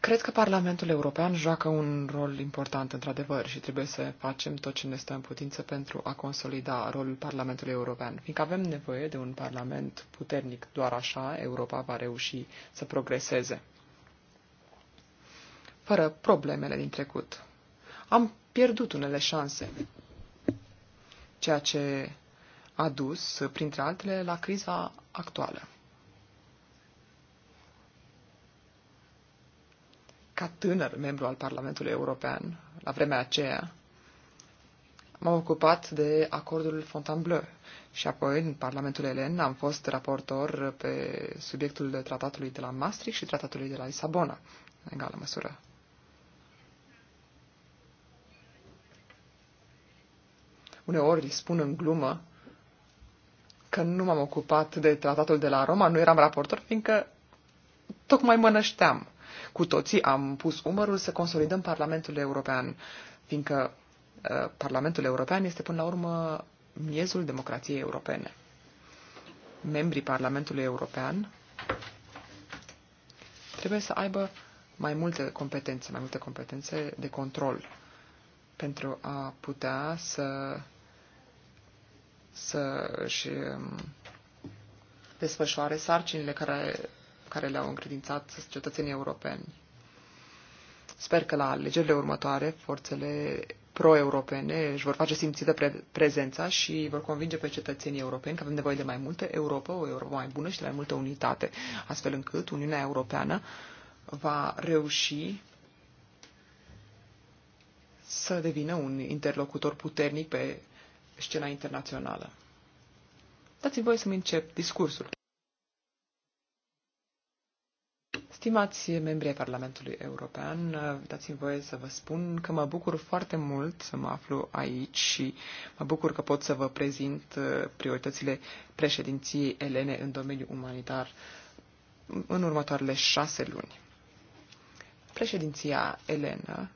Cred că Parlamentul European joacă un rol important, într-adevăr, și trebuie să facem tot ce ne stă în putință pentru a consolida rolul Parlamentului European, fiindcă avem nevoie de un Parlament puternic. Doar așa Europa va reuși să progreseze. Fără problemele din trecut. Am pierdut unele șanse ceea ce a dus, printre altele, la criza actuală. Ca tânăr membru al Parlamentului European, la vremea aceea, m-am ocupat de acordul Fontainebleau și apoi în Parlamentul Elen am fost raportor pe subiectul tratatului de la Maastricht și tratatului de la Lisabona, în egală măsură. uneori îi spun în glumă că nu m-am ocupat de tratatul de la Roma, nu eram raportor, fiindcă tocmai mă nășteam. Cu toții am pus umărul să consolidăm Parlamentul European, fiindcă uh, Parlamentul European este până la urmă miezul democrației europene. Membrii Parlamentului European trebuie să aibă mai multe competențe, mai multe competențe de control pentru a putea să, să își um, desfășoare sarcinile care, care le-au încredințat cetățenii europeni. Sper că la alegerile următoare forțele pro-europene își vor face simțită pre- prezența și vor convinge pe cetățenii europeni că avem nevoie de mai multă Europa, o Europa mai bună și de mai multă unitate, astfel încât Uniunea Europeană va reuși să devină un interlocutor puternic pe scena internațională. Dați-mi voie să-mi încep discursul. Stimați membri ai Parlamentului European, dați-mi voie să vă spun că mă bucur foarte mult să mă aflu aici și mă bucur că pot să vă prezint uh, prioritățile președinției elene în domeniul umanitar în următoarele șase luni. Președinția elenă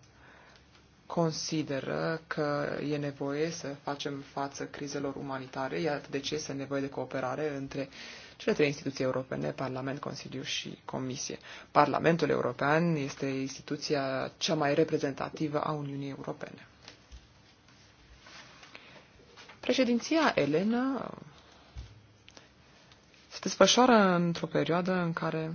consideră că e nevoie să facem față crizelor umanitare, iată de ce este nevoie de cooperare între cele trei instituții europene, Parlament, Consiliu și Comisie. Parlamentul European este instituția cea mai reprezentativă a Uniunii Europene. Președinția Elena se desfășoară într-o perioadă în care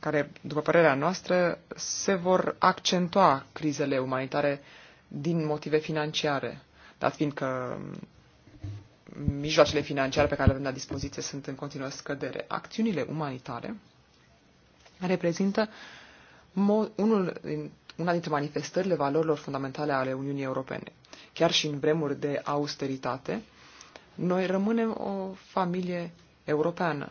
care, după părerea noastră, se vor accentua crizele umanitare din motive financiare, dat fiind că mijloacele financiare pe care le avem la dispoziție sunt în continuă scădere. Acțiunile umanitare reprezintă unul, una dintre manifestările valorilor fundamentale ale Uniunii Europene. Chiar și în vremuri de austeritate, noi rămânem o familie europeană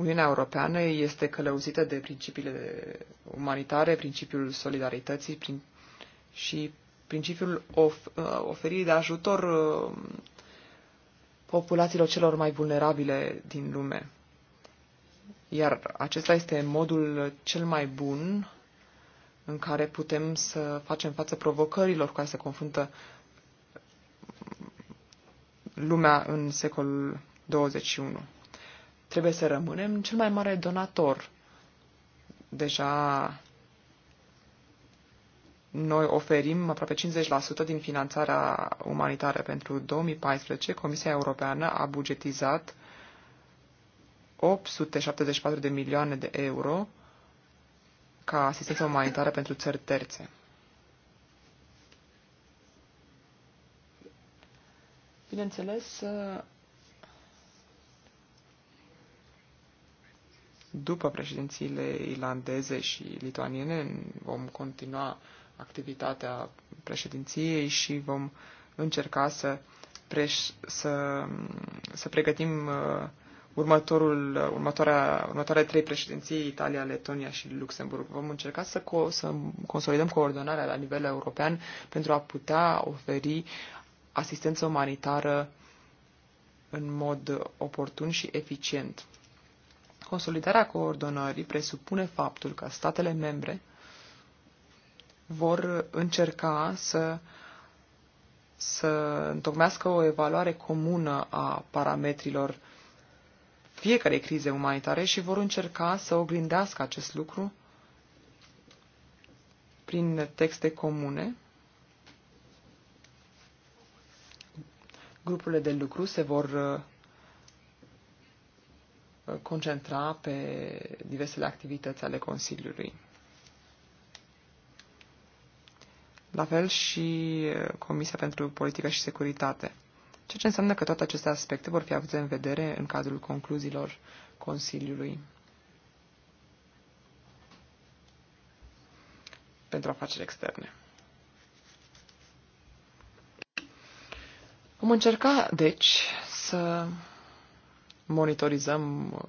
Uniunea Europeană este călăuzită de principiile umanitare, principiul solidarității prin, și principiul of, oferirii de ajutor uh, populațiilor celor mai vulnerabile din lume. Iar acesta este modul cel mai bun în care putem să facem față provocărilor cu care se confruntă lumea în secolul 21. Trebuie să rămânem cel mai mare donator. Deja noi oferim aproape 50% din finanțarea umanitară pentru 2014. Comisia Europeană a bugetizat 874 de milioane de euro ca asistență umanitară pentru țări terțe. Bineînțeles, După președințiile irlandeze și lituaniene vom continua activitatea președinției și vom încerca să, preș, să, să pregătim uh, următorul, uh, următoarea, următoarea trei președinții, Italia, Letonia și Luxemburg. Vom încerca să, co- să consolidăm coordonarea la nivel european pentru a putea oferi asistență umanitară în mod oportun și eficient. Consolidarea coordonării presupune faptul că statele membre vor încerca să, să întocmească o evaluare comună a parametrilor fiecare crize umanitare și vor încerca să oglindească acest lucru prin texte comune. Grupurile de lucru se vor concentra pe diversele activități ale Consiliului. La fel și uh, Comisia pentru Politică și Securitate, ceea ce înseamnă că toate aceste aspecte vor fi avute în vedere în cadrul concluziilor Consiliului. pentru afaceri externe. Vom încerca, deci, să monitorizăm uh,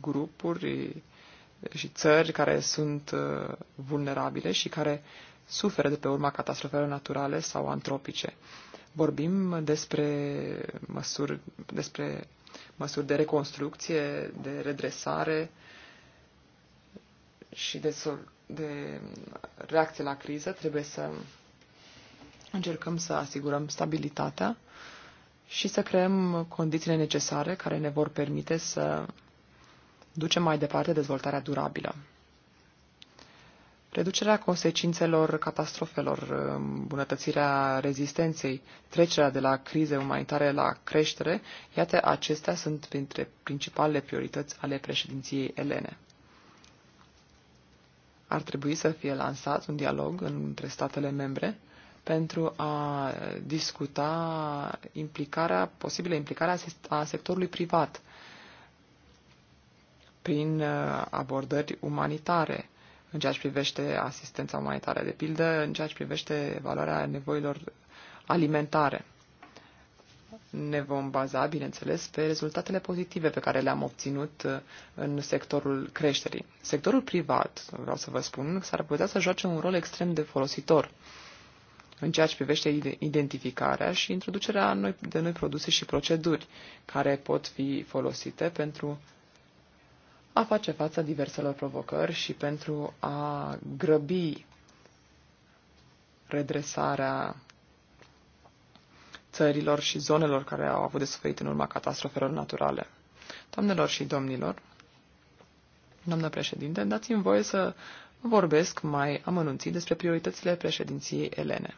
grupuri uh, și țări care sunt uh, vulnerabile și care suferă de pe urma catastrofelor naturale sau antropice. Vorbim despre măsuri, despre măsuri de reconstrucție, de redresare și de, de reacție la criză. Trebuie să încercăm să asigurăm stabilitatea și să creăm condițiile necesare care ne vor permite să ducem mai departe dezvoltarea durabilă. Reducerea consecințelor catastrofelor, îmbunătățirea rezistenței, trecerea de la crize umanitare la creștere, iată, acestea sunt printre principalele priorități ale președinției elene. Ar trebui să fie lansat un dialog între statele membre pentru a discuta implicarea, posibilă implicarea a sectorului privat prin uh, abordări umanitare în ceea ce privește asistența umanitară, de pildă în ceea ce privește valoarea nevoilor alimentare. Ne vom baza, bineînțeles, pe rezultatele pozitive pe care le-am obținut uh, în sectorul creșterii. Sectorul privat, vreau să vă spun, s-ar putea să joace un rol extrem de folositor în ceea ce privește identificarea și introducerea noi, de noi produse și proceduri care pot fi folosite pentru a face față diverselor provocări și pentru a grăbi redresarea țărilor și zonelor care au avut de suferit în urma catastrofelor naturale. Doamnelor și domnilor, doamnă președinte, dați-mi voie să vorbesc mai amănunțit despre prioritățile președinției elene.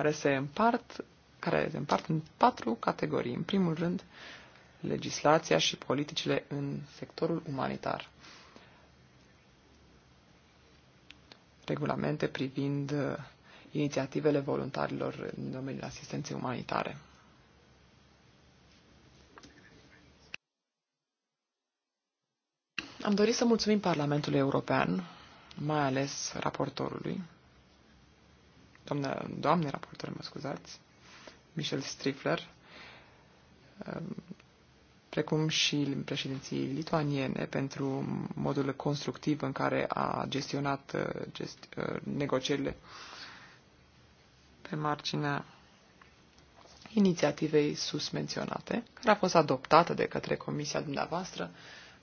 care se împart, care se împart în patru categorii. În primul rând, legislația și politicile în sectorul umanitar. Regulamente privind uh, inițiativele voluntarilor în domeniul asistenței umanitare. Am dorit să mulțumim Parlamentului European, mai ales raportorului, doamne, doamne raportor, mă scuzați, Michel Strifler, um, precum și președinții lituaniene pentru modul constructiv în care a gestionat uh, gest, uh, negocierile pe marginea inițiativei susmenționate, care a fost adoptată de către Comisia dumneavoastră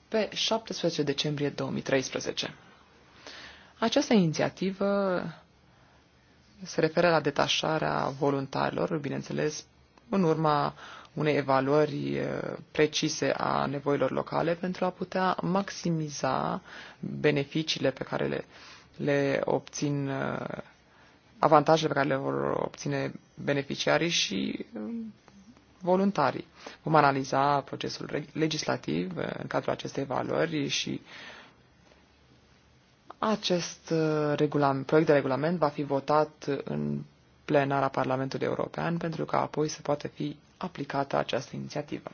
pe 17 decembrie 2013. Această inițiativă se referă la detașarea voluntarilor, bineînțeles, în urma unei evaluări eh, precise a nevoilor locale pentru a putea maximiza beneficiile pe care le, le obțin, eh, avantajele pe care le vor obține beneficiarii și mm, voluntarii. Vom analiza procesul legislativ eh, în cadrul acestei evaluări și acest uh, regulament, proiect de regulament va fi votat în plenara Parlamentului European pentru ca apoi să poată fi aplicată această inițiativă.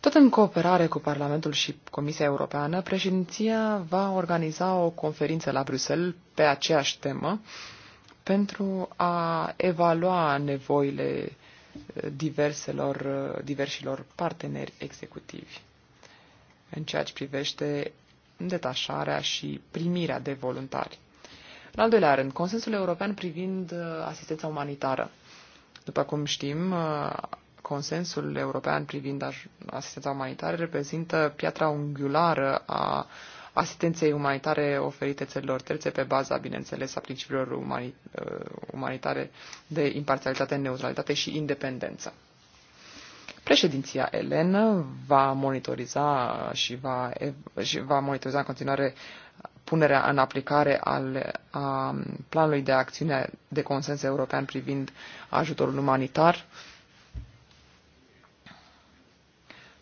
Tot în cooperare cu Parlamentul și Comisia Europeană, președinția va organiza o conferință la Bruxelles pe aceeași temă pentru a evalua nevoile uh, diverselor, uh, diversilor parteneri executivi în ceea ce privește detașarea și primirea de voluntari. În al doilea rând, consensul european privind uh, asistența umanitară. După cum știm, uh, consensul european privind asistența umanitară reprezintă piatra unghiulară a asistenței umanitare oferite țărilor terțe pe baza, bineînțeles, a principiilor uh, umanitare de imparțialitate, neutralitate și independență. Președinția Elen va monitoriza și va, și va monitoriza în continuare punerea în aplicare al, a planului de acțiune de consens european privind ajutorul umanitar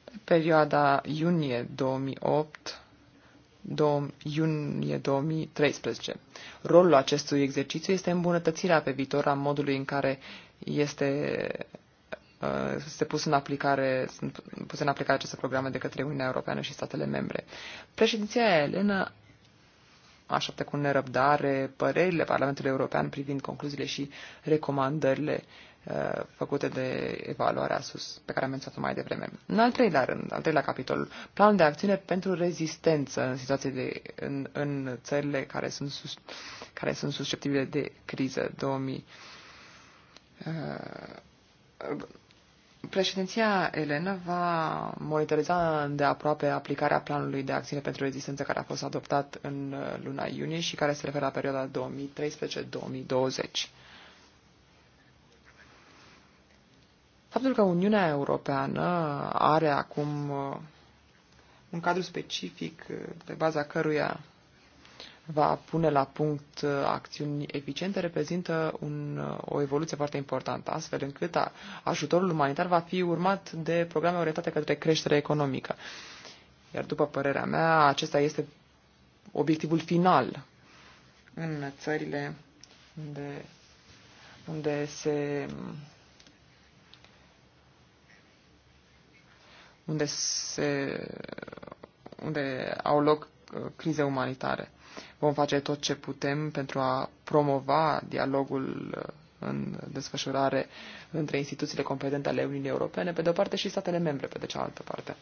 pe perioada iunie 2008 iunie 2013. Rolul acestui exercițiu este îmbunătățirea pe viitor a modului în care este să uh, se pus în aplicare, sunt puse în aplicare aceste programe de către Uniunea Europeană și statele membre. Președinția Elenă așteaptă cu nerăbdare părerile Parlamentului European privind concluziile și recomandările uh, făcute de evaluarea sus, pe care am menționat-o mai devreme. În al treilea rând, al treilea capitol, plan de acțiune pentru rezistență în situații de, în, în țările care sunt, sus, care sunt susceptibile de criză 2000. Uh, Președinția Elena va monitoriza de aproape aplicarea planului de acțiune pentru rezistență care a fost adoptat în uh, luna iunie și care se referă la perioada 2013-2020. Faptul că Uniunea Europeană are acum uh, un cadru specific uh, pe baza căruia va pune la punct uh, acțiuni eficiente reprezintă un, uh, o evoluție foarte importantă, astfel încât a, ajutorul umanitar va fi urmat de programe orientate către creștere economică. Iar după părerea mea, acesta este obiectivul final în țările unde, unde se unde se unde au loc uh, crize umanitare. Vom face tot ce putem pentru a promova dialogul uh, în desfășurare între instituțiile competente ale Uniunii Europene, pe de-o parte, și statele membre, pe de cealaltă parte.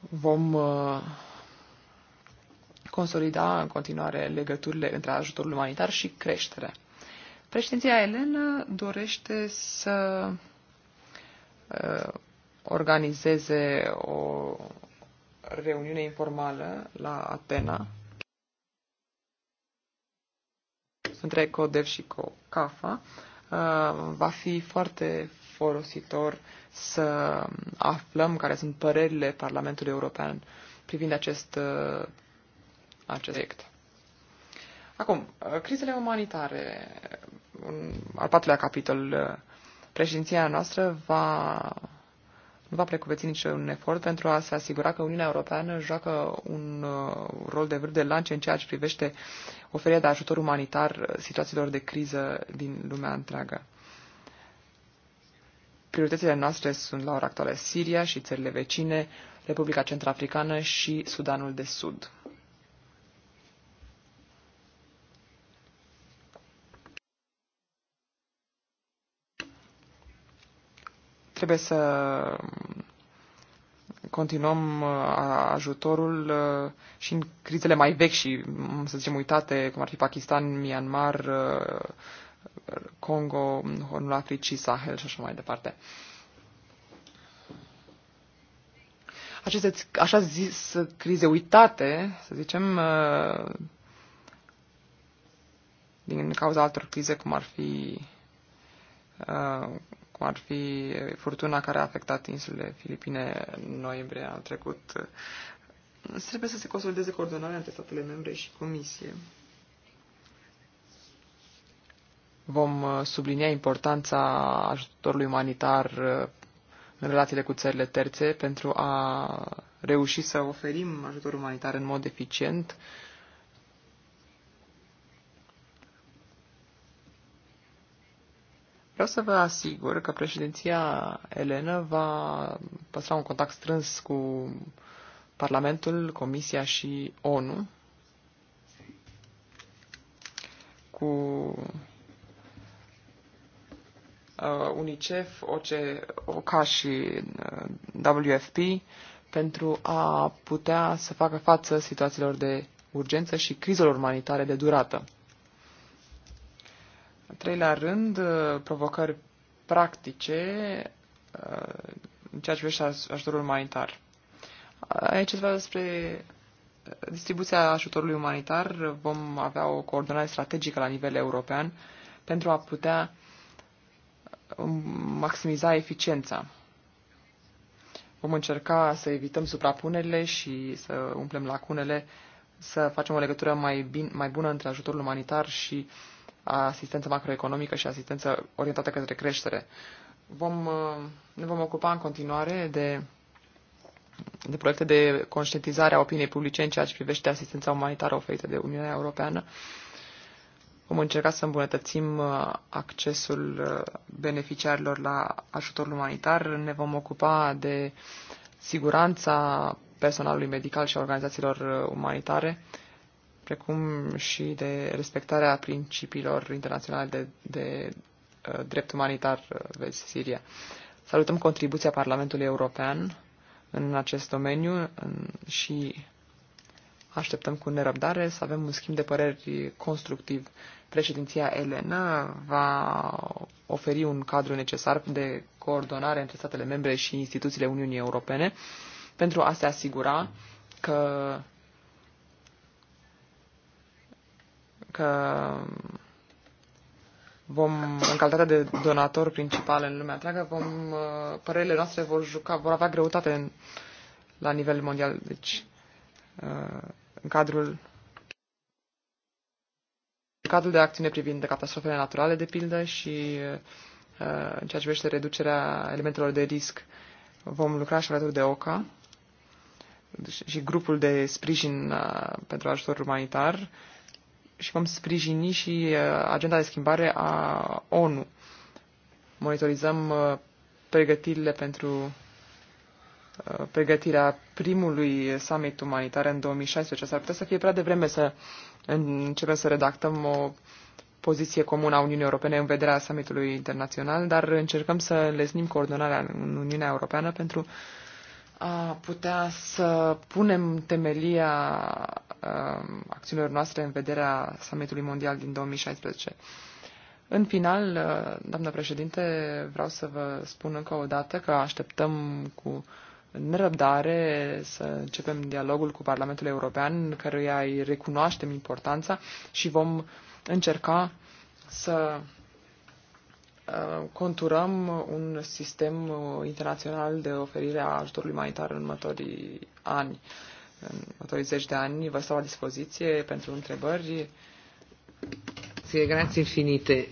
Vom uh, consolida în continuare legăturile între ajutorul umanitar și creștere. Președinția Elena dorește să uh, organizeze o reuniune informală la Atena între CODEV și CAFA uh, va fi foarte folositor să aflăm care sunt părerile Parlamentului European privind acest, uh, acest proiect. Acum, uh, crizele umanitare, un, al patrulea capitol, președinția noastră va nu va precuveți niciun efort pentru a se asigura că Uniunea Europeană joacă un uh, rol de vârf de lance în ceea ce privește oferirea de ajutor umanitar situațiilor de criză din lumea întreagă. Prioritățile noastre sunt la ora actuală Siria și țările vecine, Republica Centrafricană și Sudanul de Sud. Trebuie să continuăm uh, ajutorul uh, și în crizele mai vechi și, mm, să zicem, uitate, cum ar fi Pakistan, Myanmar, uh, Congo, Hornul Africii, Sahel și așa mai departe. Aceste, așa zis, crize uitate, să zicem, din cauza altor crize, cum ar fi cum ar fi furtuna care a afectat insulele Filipine în noiembrie anul trecut. Trebuie să se consolideze coordonarea între statele membre și Comisie. Vom uh, sublinia importanța ajutorului umanitar uh, în relațiile cu țările terțe pentru a reuși să oferim ajutor umanitar în mod eficient Vreau să vă asigur că președinția elenă va păstra un contact strâns cu Parlamentul, Comisia și ONU cu uh, UNICEF, OCA și uh, WFP pentru a putea să facă față situațiilor de urgență și crizelor umanitare de durată. Al treilea rând, uh, provocări practice uh, în ceea ce privește ajutorul umanitar. Aici ceva despre uh, distribuția ajutorului umanitar. Vom avea o coordonare strategică la nivel european pentru a putea um, maximiza eficiența. Vom încerca să evităm suprapunerile și să umplem lacunele, să facem o legătură mai, bin, mai bună între ajutorul umanitar și uh, asistență macroeconomică și asistență orientată către creștere. Vom, uh, ne vom ocupa în continuare de, de proiecte de conștientizare a opiniei publice în ceea ce privește asistența umanitară oferită de Uniunea Europeană. Vom încerca să îmbunătățim uh, accesul uh, beneficiarilor la ajutorul umanitar. Ne vom ocupa de siguranța personalului medical și a organizațiilor umanitare precum și de respectarea principiilor internaționale de, de uh, drept umanitar, uh, vezi, Siria. Salutăm contribuția Parlamentului European în acest domeniu și așteptăm cu nerăbdare să avem un schimb de păreri constructiv. Președinția Elena va oferi un cadru necesar de coordonare între statele membre și instituțiile Uniunii Europene pentru a se asigura că că vom, în calitate de donator principal în lumea întreagă, vom, uh, părerile noastre vor juca, vor avea greutate în, la nivel mondial. Deci, uh, în cadrul în cadrul de acțiune privind catastrofele naturale, de pildă, și uh, în ceea ce privește reducerea elementelor de risc, vom lucra și alături de OCA și grupul de sprijin pentru ajutor umanitar și vom sprijini și uh, agenda de schimbare a ONU. Monitorizăm uh, pregătirile pentru uh, pregătirea primului summit umanitar în 2016. S-ar putea să fie prea devreme să începem să redactăm o poziție comună a Uniunii Europene în vederea summitului internațional, dar încercăm să leznim coordonarea în Uniunea Europeană pentru a putea să punem temelia Um, acțiunilor noastre în vederea summitului mondial din 2016. În final, uh, doamnă președinte, vreau să vă spun încă o dată că așteptăm cu nerăbdare să începem dialogul cu Parlamentul European, căruia îi recunoaștem importanța și vom încerca să uh, conturăm un sistem internațional de oferire a ajutorului umanitar în următorii ani în 30 de ani. Vă stau la dispoziție pentru întrebări. Ție, grații infinite.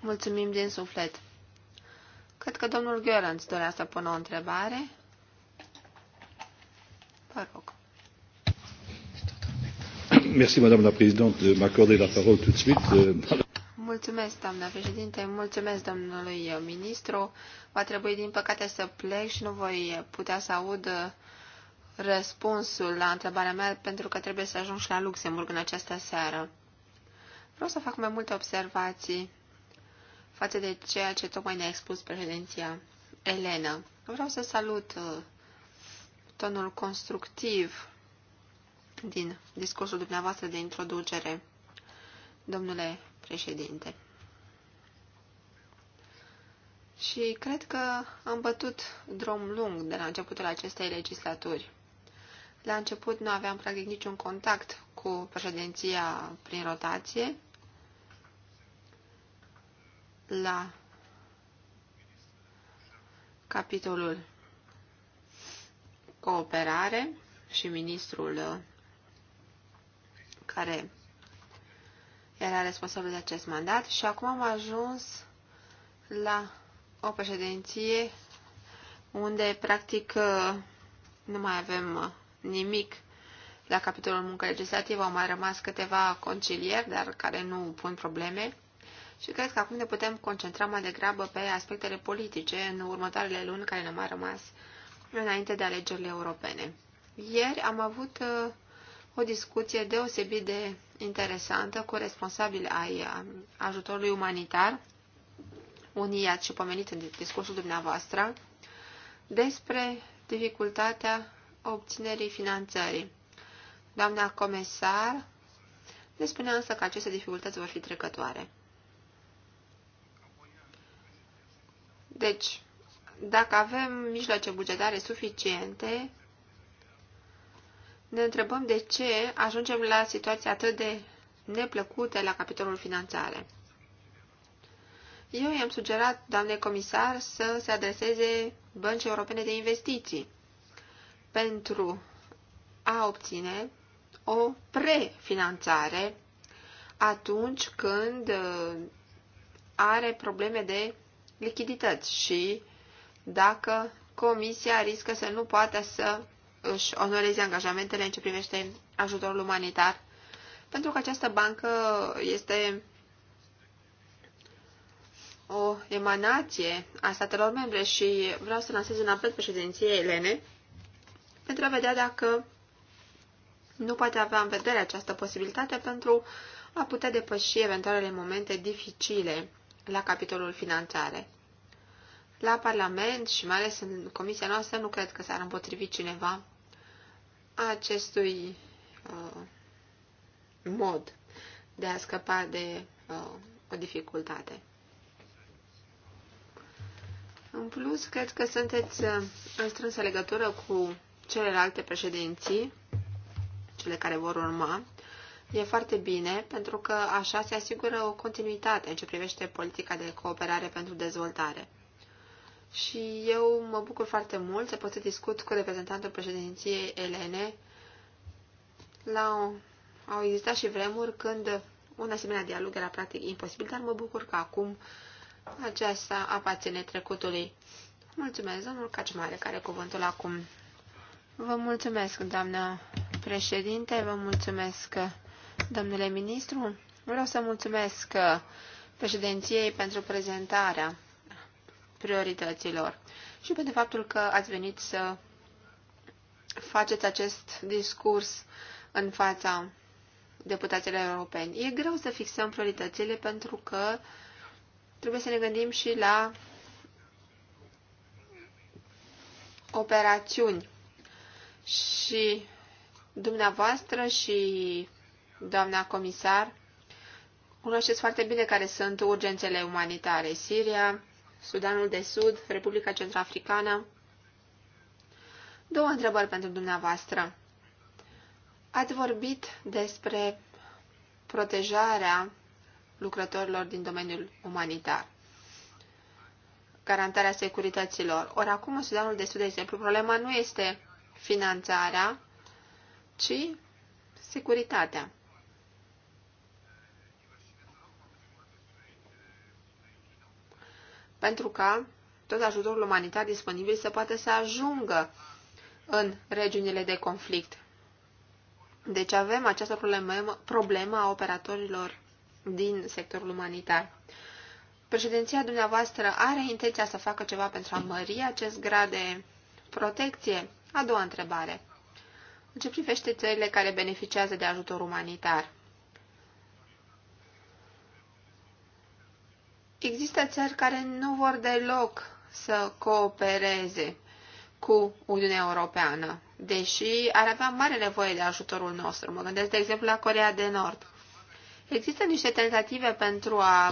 Mulțumim din suflet. Cred că domnul Gheorans dorea să pună o întrebare. Vă rog. Merci, Madame la Présidente, de m'accorder la parole tout de suite. Mulțumesc, doamna președinte, mulțumesc domnului ministru. Va trebui, din păcate, să plec și nu voi putea să aud răspunsul la întrebarea mea pentru că trebuie să ajung și la Luxemburg în această seară. Vreau să fac mai multe observații față de ceea ce tocmai ne-a expus președinția Elena. Vreau să salut uh, tonul constructiv din discursul dumneavoastră de introducere, domnule președinte. Și cred că am bătut drum lung de la începutul acestei legislaturi. La început nu aveam practic niciun contact cu președinția prin rotație. La capitolul cooperare și ministrul uh, care era responsabil de acest mandat și acum am ajuns la o președinție unde practic uh, nu mai avem uh, nimic la capitolul muncă legislativă. Au mai rămas câteva concilieri, dar care nu pun probleme. Și cred că acum ne putem concentra mai degrabă pe aspectele politice în următoarele luni care ne-au mai rămas înainte de alegerile europene. Ieri am avut uh, o discuție deosebit de interesantă cu responsabili ai um, ajutorului umanitar, unii ați și pomenit în discursul dumneavoastră, despre dificultatea obținerii finanțării. Doamna comisar ne spunea însă că aceste dificultăți vor fi trecătoare. Deci, dacă avem mijloace bugetare suficiente, ne întrebăm de ce ajungem la situații atât de neplăcute la capitolul finanțare. Eu i-am sugerat, doamne comisar, să se adreseze băncii europene de investiții pentru a obține o prefinanțare atunci când uh, are probleme de lichidități și dacă comisia riscă să nu poată să își onoreze angajamentele în ce privește ajutorul umanitar, pentru că această bancă este o emanație a statelor membre și vreau să lansez în apel președinției Elene pentru a vedea dacă nu poate avea în vedere această posibilitate pentru a putea depăși eventualele momente dificile la capitolul finanțare. La Parlament și mai ales în comisia noastră nu cred că s-ar împotrivi cineva acestui uh, mod de a scăpa de uh, o dificultate. În plus, cred că sunteți uh, în strânsă legătură cu celelalte președinții, cele care vor urma, e foarte bine pentru că așa se asigură o continuitate în ce privește politica de cooperare pentru dezvoltare. Și eu mă bucur foarte mult să pot să discut cu reprezentantul președinției Elene. La o... Au existat și vremuri când un asemenea dialog era practic imposibil, dar mă bucur că acum aceasta aparține trecutului. Mulțumesc, domnul Cacimare, care cuvântul acum. Vă mulțumesc, doamnă președinte, vă mulțumesc, domnule ministru. Vreau să mulțumesc președinției pentru prezentarea priorităților și pentru faptul că ați venit să faceți acest discurs în fața deputaților europeni. E greu să fixăm prioritățile pentru că trebuie să ne gândim și la operațiuni și dumneavoastră și doamna comisar cunoașteți foarte bine care sunt urgențele umanitare. Siria, Sudanul de Sud, Republica Centrafricană. Două întrebări pentru dumneavoastră. Ați vorbit despre protejarea lucrătorilor din domeniul umanitar, garantarea securităților. Ori acum în Sudanul de Sud, de exemplu, problema nu este finanțarea, ci securitatea. Pentru ca tot ajutorul umanitar disponibil să poată să ajungă în regiunile de conflict. Deci avem această problemă, problemă a operatorilor din sectorul umanitar. Președinția dumneavoastră are intenția să facă ceva pentru a mări acest grad de protecție a doua întrebare. În ce privește țările care beneficiază de ajutor umanitar? Există țări care nu vor deloc să coopereze cu Uniunea Europeană, deși ar avea mare nevoie de ajutorul nostru. Mă gândesc, de exemplu, la Corea de Nord. Există niște tentative pentru a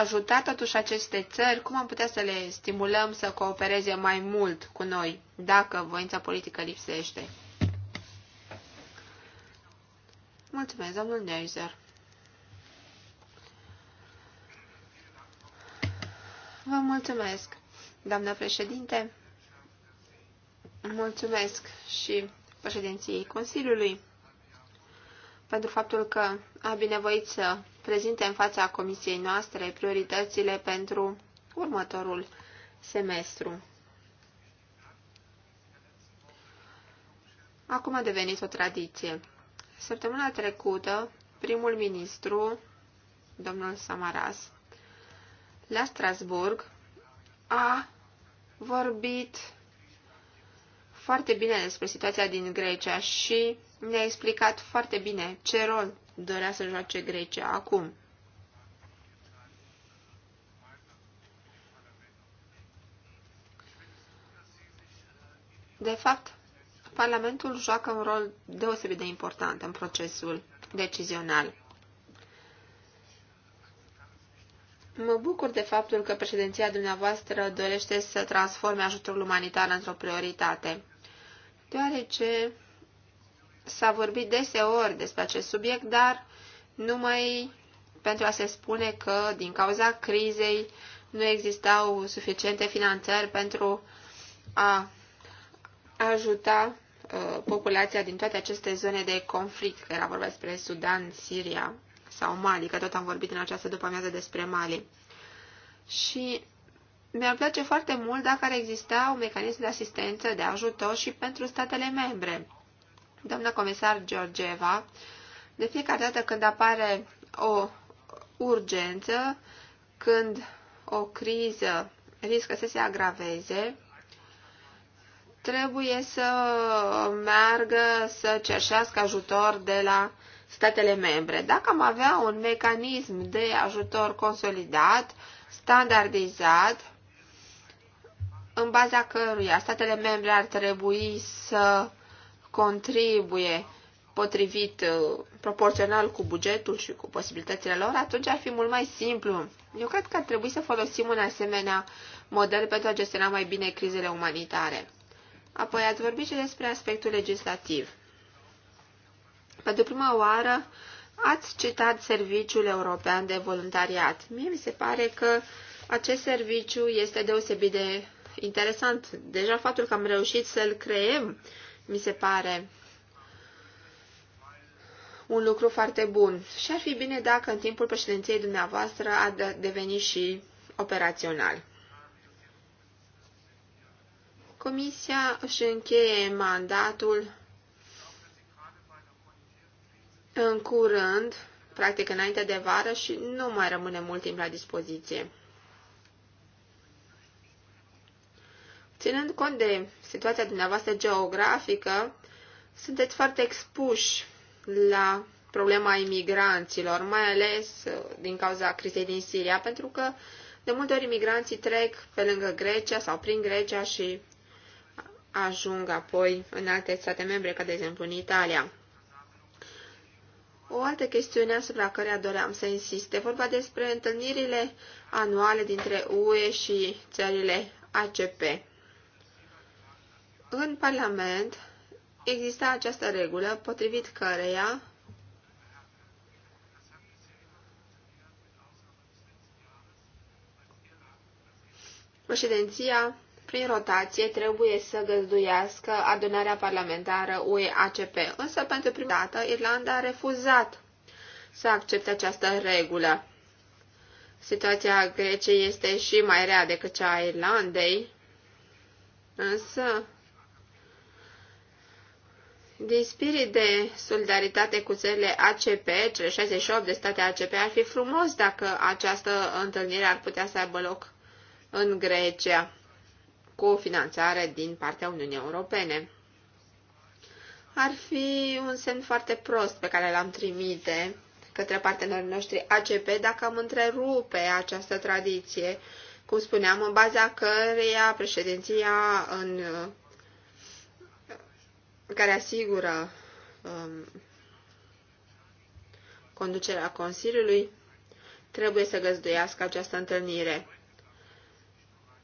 ajuta totuși aceste țări? Cum am putea să le stimulăm să coopereze mai mult cu noi, dacă voința politică lipsește? Mulțumesc, domnul Neuser. Vă mulțumesc, doamnă președinte. Mulțumesc și președinției Consiliului pentru faptul că a binevoit să prezinte în fața comisiei noastre prioritățile pentru următorul semestru. Acum a devenit o tradiție. Săptămâna trecută, primul ministru, domnul Samaras, la Strasburg, a vorbit foarte bine despre situația din Grecia și ne-a explicat foarte bine ce rol dorea să joace Grecia acum. De fapt, Parlamentul joacă un rol deosebit de important în procesul decizional. Mă bucur de faptul că președinția dumneavoastră dorește să transforme ajutorul umanitar într-o prioritate deoarece s-a vorbit deseori despre acest subiect, dar numai pentru a se spune că din cauza crizei nu existau suficiente finanțări pentru a ajuta uh, populația din toate aceste zone de conflict, că era vorba despre Sudan, Siria sau Mali, că tot am vorbit în această după-amiază despre Mali. Și mi-ar place foarte mult dacă ar exista un mecanism de asistență, de ajutor și pentru statele membre. Doamna comisar Georgieva, de fiecare dată când apare o urgență, când o criză riscă să se agraveze, trebuie să meargă să cerșească ajutor de la statele membre. Dacă am avea un mecanism de ajutor consolidat, standardizat, în baza căruia statele membre ar trebui să contribuie potrivit, uh, proporțional cu bugetul și cu posibilitățile lor, atunci ar fi mult mai simplu. Eu cred că ar trebui să folosim un asemenea model pentru a gestiona mai bine crizele umanitare. Apoi ați vorbit și despre aspectul legislativ. Pentru prima oară ați citat Serviciul European de Voluntariat. Mie mi se pare că acest serviciu este deosebit de interesant. Deja faptul că am reușit să-l creem, mi se pare un lucru foarte bun. Și ar fi bine dacă în timpul președinției dumneavoastră a deveni și operațional. Comisia își încheie mandatul în curând, practic înainte de vară și nu mai rămâne mult timp la dispoziție. Ținând cont de situația dumneavoastră geografică, sunteți foarte expuși la problema imigranților, mai ales uh, din cauza crizei din Siria, pentru că de multe ori imigranții trec pe lângă Grecia sau prin Grecia și ajung apoi în alte state membre, ca de exemplu în Italia. O altă chestiune asupra care doream să insist e vorba despre întâlnirile anuale dintre UE și țările ACP. În Parlament exista această regulă potrivit căreia președinția prin rotație trebuie să găzduiască adunarea parlamentară UE-ACP, însă pentru prima dată Irlanda a refuzat să accepte această regulă. Situația Greciei este și mai rea decât cea a Irlandei, însă din spirit de solidaritate cu țările ACP, cele 68 de state ACP, ar fi frumos dacă această întâlnire ar putea să aibă loc în Grecia cu o finanțare din partea Uniunii Europene. Ar fi un semn foarte prost pe care l-am trimite către partenerii noștri ACP dacă am întrerupe această tradiție, cum spuneam, în baza căreia președinția în care asigură um, conducerea Consiliului, trebuie să găzduiască această întâlnire.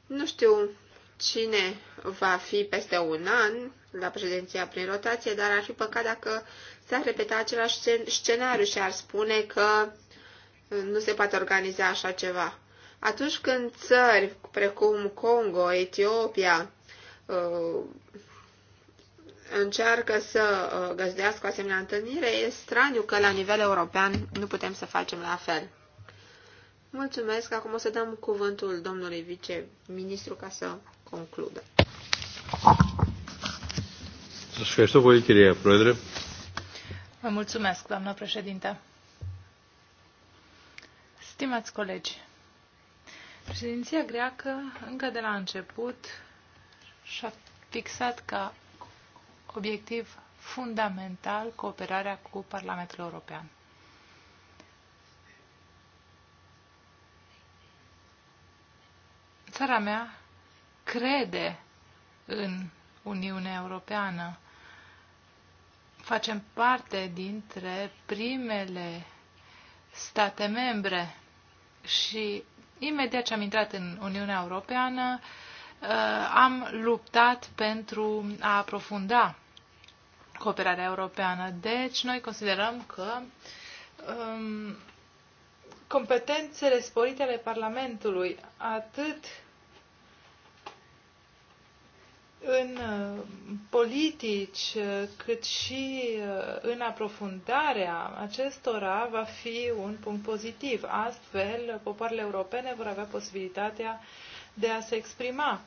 Nu știu cine va fi peste un an la președinția prin rotație, dar ar fi păcat dacă s-ar repeta același scenariu și ar spune că uh, nu se poate organiza așa ceva. Atunci când țări precum Congo, Etiopia, uh, încearcă să uh, găzduiască o asemenea întâlnire, e straniu că la nivel european nu putem să facem la fel. Mulțumesc. Acum o să dăm cuvântul domnului viceministru ca să concludă. Vă mulțumesc, doamnă președinte. Stimați colegi, președinția greacă încă de la început și-a fixat ca obiectiv fundamental cooperarea cu Parlamentul European. Țara mea crede în Uniunea Europeană. Facem parte dintre primele state membre și imediat ce am intrat în Uniunea Europeană, uh, am luptat pentru a aprofunda cooperarea europeană. Deci, noi considerăm că um, competențele sporite ale Parlamentului, atât în uh, politici, cât și uh, în aprofundarea acestora va fi un punct pozitiv. Astfel, popoarele europene vor avea posibilitatea de a se exprima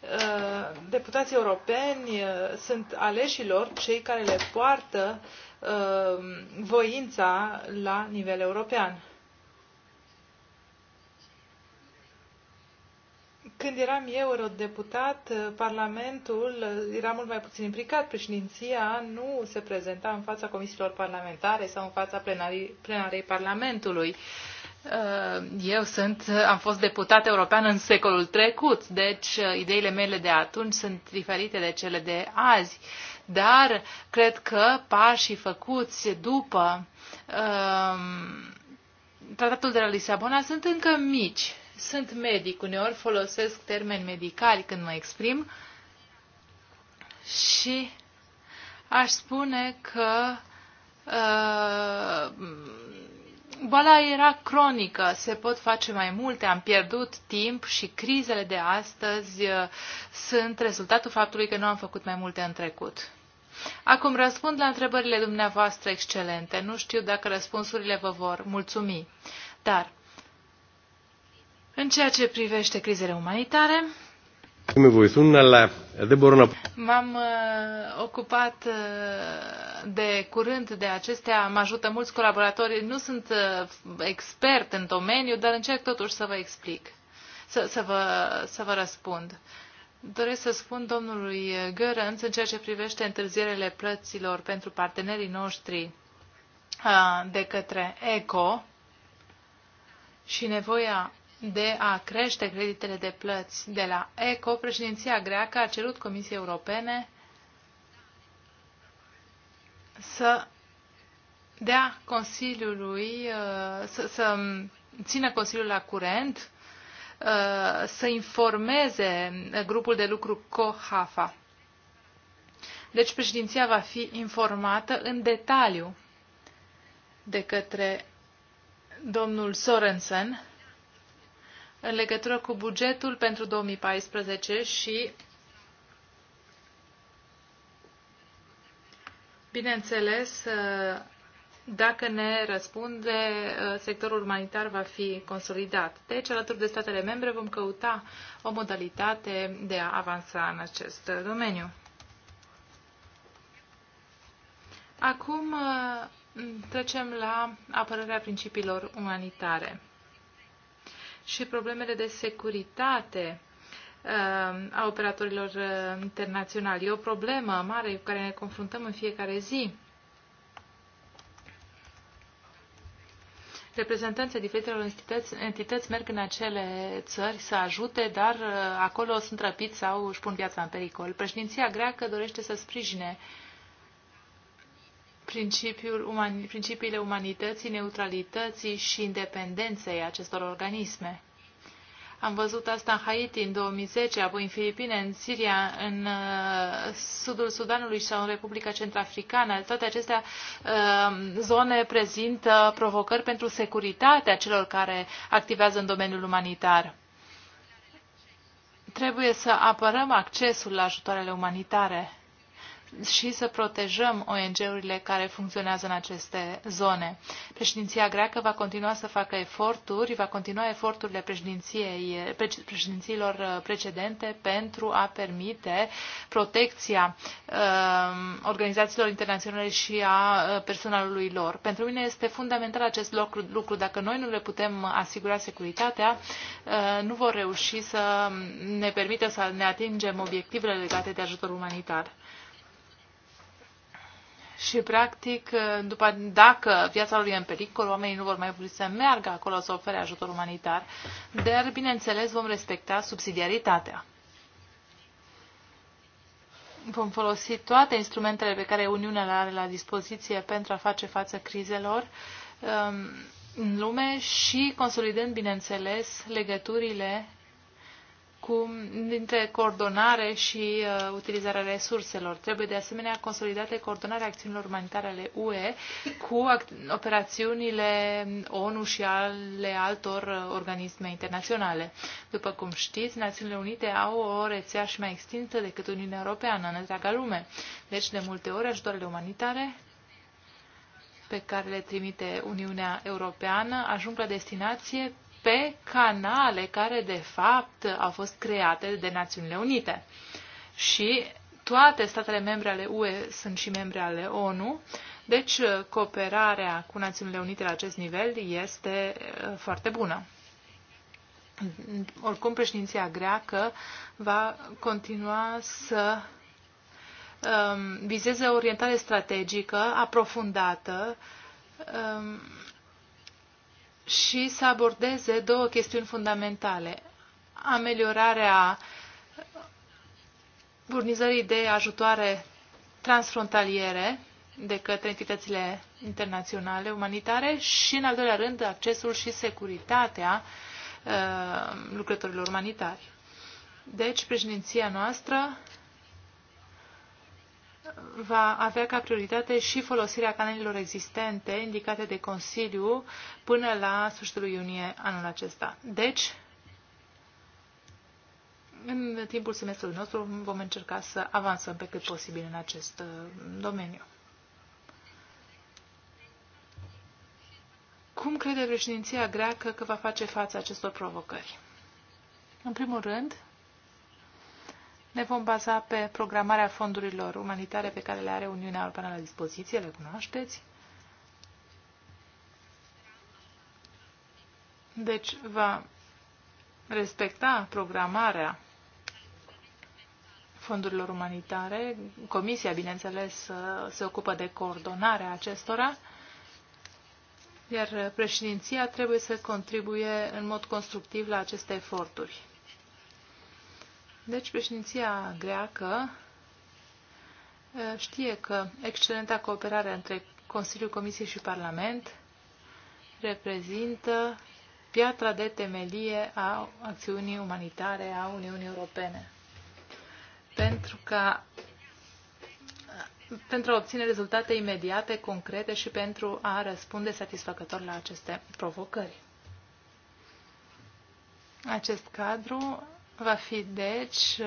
Uh, deputații europeni uh, sunt lor cei care le poartă uh, voința la nivel european. Când eram eu eurodeputat, Parlamentul era mult mai puțin implicat. Președinția nu se prezenta în fața comisiilor parlamentare sau în fața plenarii, plenarei Parlamentului. Uh, Uh, eu sunt, am fost deputat european în secolul trecut, deci uh, ideile mele de atunci sunt diferite de cele de azi. Dar cred că pașii făcuți după um, tratatul de la Lisabona sunt încă mici. Sunt medic, uneori folosesc termeni medicali când mă exprim și aș spune că uh, boala era cronică, se pot face mai multe, am pierdut timp și crizele de astăzi uh, sunt rezultatul faptului că nu am făcut mai multe în trecut. Acum răspund la întrebările dumneavoastră excelente. Nu știu dacă răspunsurile vă vor mulțumi, dar în ceea ce privește crizele umanitare, M-am uh, ocupat uh, de curând de acestea, mă ajută mulți colaboratori. Nu sunt uh, expert în domeniu, dar încerc totuși să vă explic, să, să, vă, să vă răspund. Doresc să spun domnului Gărânț în ceea ce privește întârzierele plăților pentru partenerii noștri de către ECO și nevoia de a crește creditele de plăți de la ECO, președinția greacă a cerut Comisiei Europene să dea Consiliului, uh, să, să țină Consiliul la curent, uh, să informeze grupul de lucru COHAFA. Deci președinția va fi informată în detaliu de către domnul Sorensen în legătură cu bugetul pentru 2014 și, bineînțeles, uh, dacă ne răspunde, uh, sectorul umanitar va fi consolidat. Deci, alături de statele membre, vom căuta o modalitate de a avansa în acest uh, domeniu. Acum trecem la apărarea principiilor umanitare și problemele de securitate uh, a operatorilor uh, internaționali. E o problemă mare cu care ne confruntăm în fiecare zi. reprezentanții diferitelor entități, entități merg în acele țări să ajute, dar uh, acolo sunt răpiți sau își pun viața în pericol. Președinția greacă dorește să sprijine uh, principiul uman, principiile umanității, neutralității și independenței acestor organisme. Am văzut asta în Haiti în 2010, apoi în Filipine, în Siria, în uh, sudul Sudanului sau în Republica Centrafricană. Toate acestea uh, zone prezintă provocări pentru securitatea celor care activează în domeniul umanitar. Trebuie să apărăm accesul la ajutoarele umanitare și să protejăm ONG-urile care funcționează în aceste zone. Președinția greacă va continua să facă eforturi, va continua eforturile președinției, președințiilor uh, precedente pentru a permite protecția uh, organizațiilor internaționale și a uh, personalului lor. Pentru mine este fundamental acest lucru. lucru. Dacă noi nu le putem asigura securitatea, uh, nu vor reuși să ne permită să ne atingem obiectivele legate de ajutor umanitar și, practic, după, dacă viața lor e în pericol, oamenii nu vor mai putea să meargă acolo să ofere ajutor umanitar, dar, bineînțeles, vom respecta subsidiaritatea. Vom folosi toate instrumentele pe care Uniunea le are la dispoziție pentru a face față crizelor um, în lume și consolidând, bineînțeles, legăturile cum, dintre coordonare și uh, utilizarea resurselor. Trebuie de asemenea consolidate coordonarea acțiunilor umanitare ale UE cu operațiunile ONU și ale altor uh, organisme internaționale. După cum știți, Națiunile Unite au o rețea și mai extinsă decât Uniunea Europeană în întreaga lume. Deci, de multe ori, ajutoarele umanitare pe care le trimite Uniunea Europeană ajung la destinație pe canale care, de fapt, au fost create de Națiunile Unite. Și toate statele membre ale UE sunt și membre ale ONU, deci cooperarea cu Națiunile Unite la acest nivel este uh, foarte bună. Oricum, președinția greacă va continua să um, vizeze o orientare strategică aprofundată um, și să abordeze două chestiuni fundamentale. Ameliorarea furnizării de ajutoare transfrontaliere de către entitățile internaționale umanitare și, în al doilea rând, accesul și securitatea uh, lucrătorilor umanitari. Deci, președinția noastră va avea ca prioritate și folosirea canalelor existente indicate de Consiliu până la sfârșitul iunie anul acesta. Deci, în timpul semestrului nostru vom încerca să avansăm pe cât posibil în acest uh, domeniu. Cum crede președinția greacă că va face față acestor provocări? În primul rând, ne vom baza pe programarea fondurilor umanitare pe care le are Uniunea Europeană la dispoziție, le cunoașteți. Deci va respecta programarea fondurilor umanitare. Comisia, bineînțeles, se ocupă de coordonarea acestora, iar președinția trebuie să contribuie în mod constructiv la aceste eforturi. Deci președinția greacă eh, știe că excelenta cooperare între Consiliul Comisiei și Parlament reprezintă piatra de temelie a acțiunii umanitare a Uniunii Europene. Pentru ca pentru a obține rezultate imediate, concrete și pentru a răspunde satisfăcător la aceste provocări. Acest cadru va fi, deci, uh,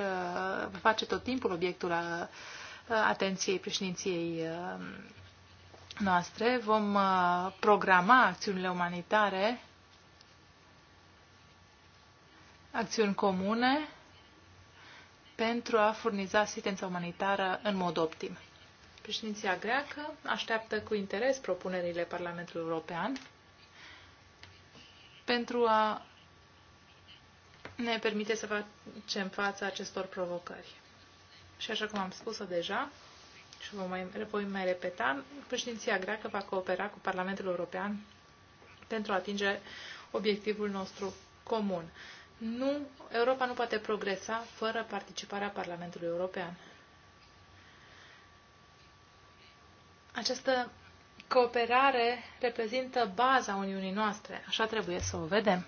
va face tot timpul obiectul uh, uh, atenției președinției noastre. Vom programa acțiunile umanitare, acțiuni comune, pentru a furniza asistența umanitară în mod optim. Președinția greacă așteaptă cu interes propunerile Parlamentului European pentru a ne permite să facem fața acestor provocări. Și așa cum am spus-o deja, și vă mai, voi mai repeta, președinția greacă va coopera cu Parlamentul European pentru a atinge obiectivul nostru comun. Nu, Europa nu poate progresa fără participarea Parlamentului European. Această cooperare reprezintă baza Uniunii noastre. Așa trebuie să o vedem.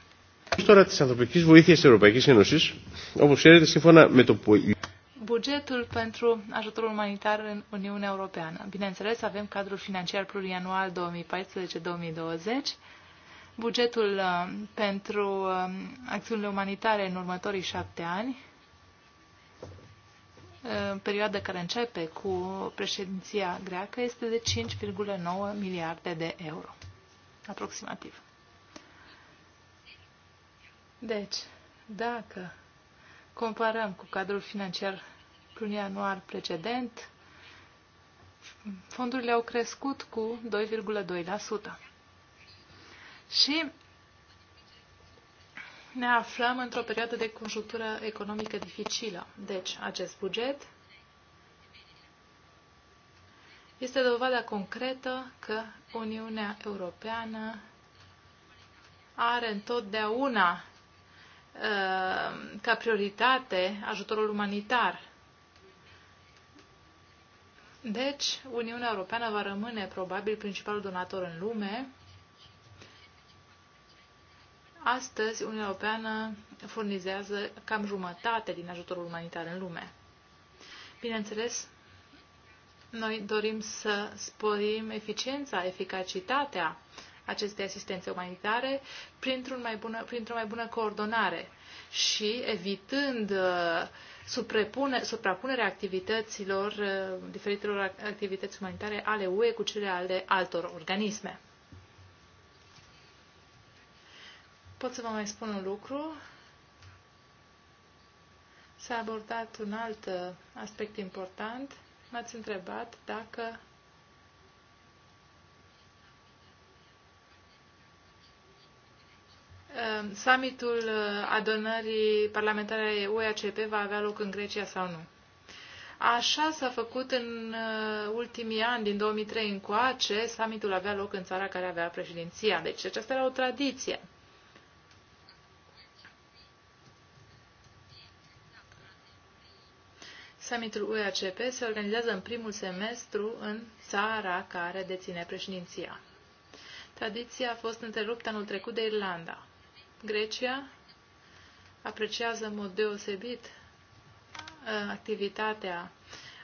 Τώρα της ανθρωπικής βοήθειας της Ευρωπαϊκής Ένωσης, όπως ξέρετε, σύμφωνα με το bugetul pentru ajutorul umanitar în Uniunea Europeană. Bineînțeles, avem cadrul financiar plurianual 2014-2020, bugetul uh, pentru uh, acțiunile umanitare în următorii șapte ani, uh, perioada care începe cu președinția greacă, este de 5,9 miliarde de euro, aproximativ. Deci, dacă comparăm cu cadrul financiar plurianual precedent, fondurile au crescut cu 2,2%. Și ne aflăm într-o perioadă de conjunctură economică dificilă. Deci, acest buget este dovada concretă că Uniunea Europeană are întotdeauna Uh, ca prioritate ajutorul umanitar. Deci, Uniunea Europeană va rămâne probabil principalul donator în lume. Astăzi, Uniunea Europeană furnizează cam jumătate din ajutorul umanitar în lume. Bineînțeles, noi dorim să sporim eficiența, eficacitatea aceste asistențe umanitare printr-o mai bună, printr mai bună coordonare și evitând uh, suprapunerea activităților, uh, diferitelor activități umanitare ale UE cu cele ale altor organisme. Pot să vă mai spun un lucru. S-a abordat un alt uh, aspect important. M-ați întrebat dacă Ehm, summitul eh, adonării parlamentare UACP va avea loc în Grecia sau nu. Așa s-a făcut în eh, ultimii ani, din 2003 încoace, summitul avea loc în țara care avea președinția. Deci aceasta era o tradiție. Summitul UACP se organizează în primul semestru în țara care deține președinția. Tradiția a fost întreruptă anul trecut de Irlanda. Grecia apreciază în mod deosebit uh, activitatea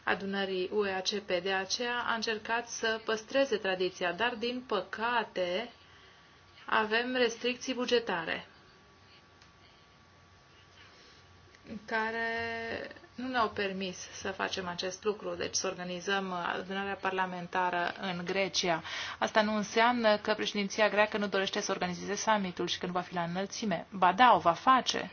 adunării UEACP. De aceea a încercat să păstreze tradiția, dar din păcate avem restricții bugetare care nu ne-au permis să facem acest lucru, deci să organizăm uh, adunarea parlamentară în Grecia. Asta nu înseamnă că președinția greacă nu dorește să organizeze summitul și că nu va fi la înălțime. Ba da, o va face.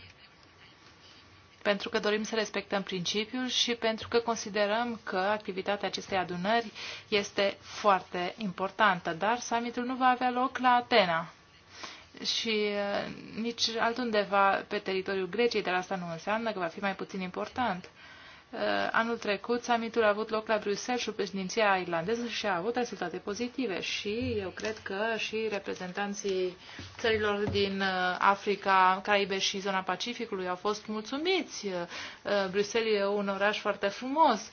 Pentru că dorim să respectăm principiul și pentru că considerăm că activitatea acestei adunări este foarte importantă. Dar summitul nu va avea loc la Atena și uh, nici altundeva pe teritoriul Greciei, dar asta nu înseamnă că va fi mai puțin important. Uh, anul trecut, summitul a avut loc la Bruxelles și președinția irlandeză și a avut rezultate pozitive și eu cred că și reprezentanții țărilor din uh, Africa, Caraibe și zona Pacificului au fost mulțumiți. Bruxelles e un oraș foarte frumos.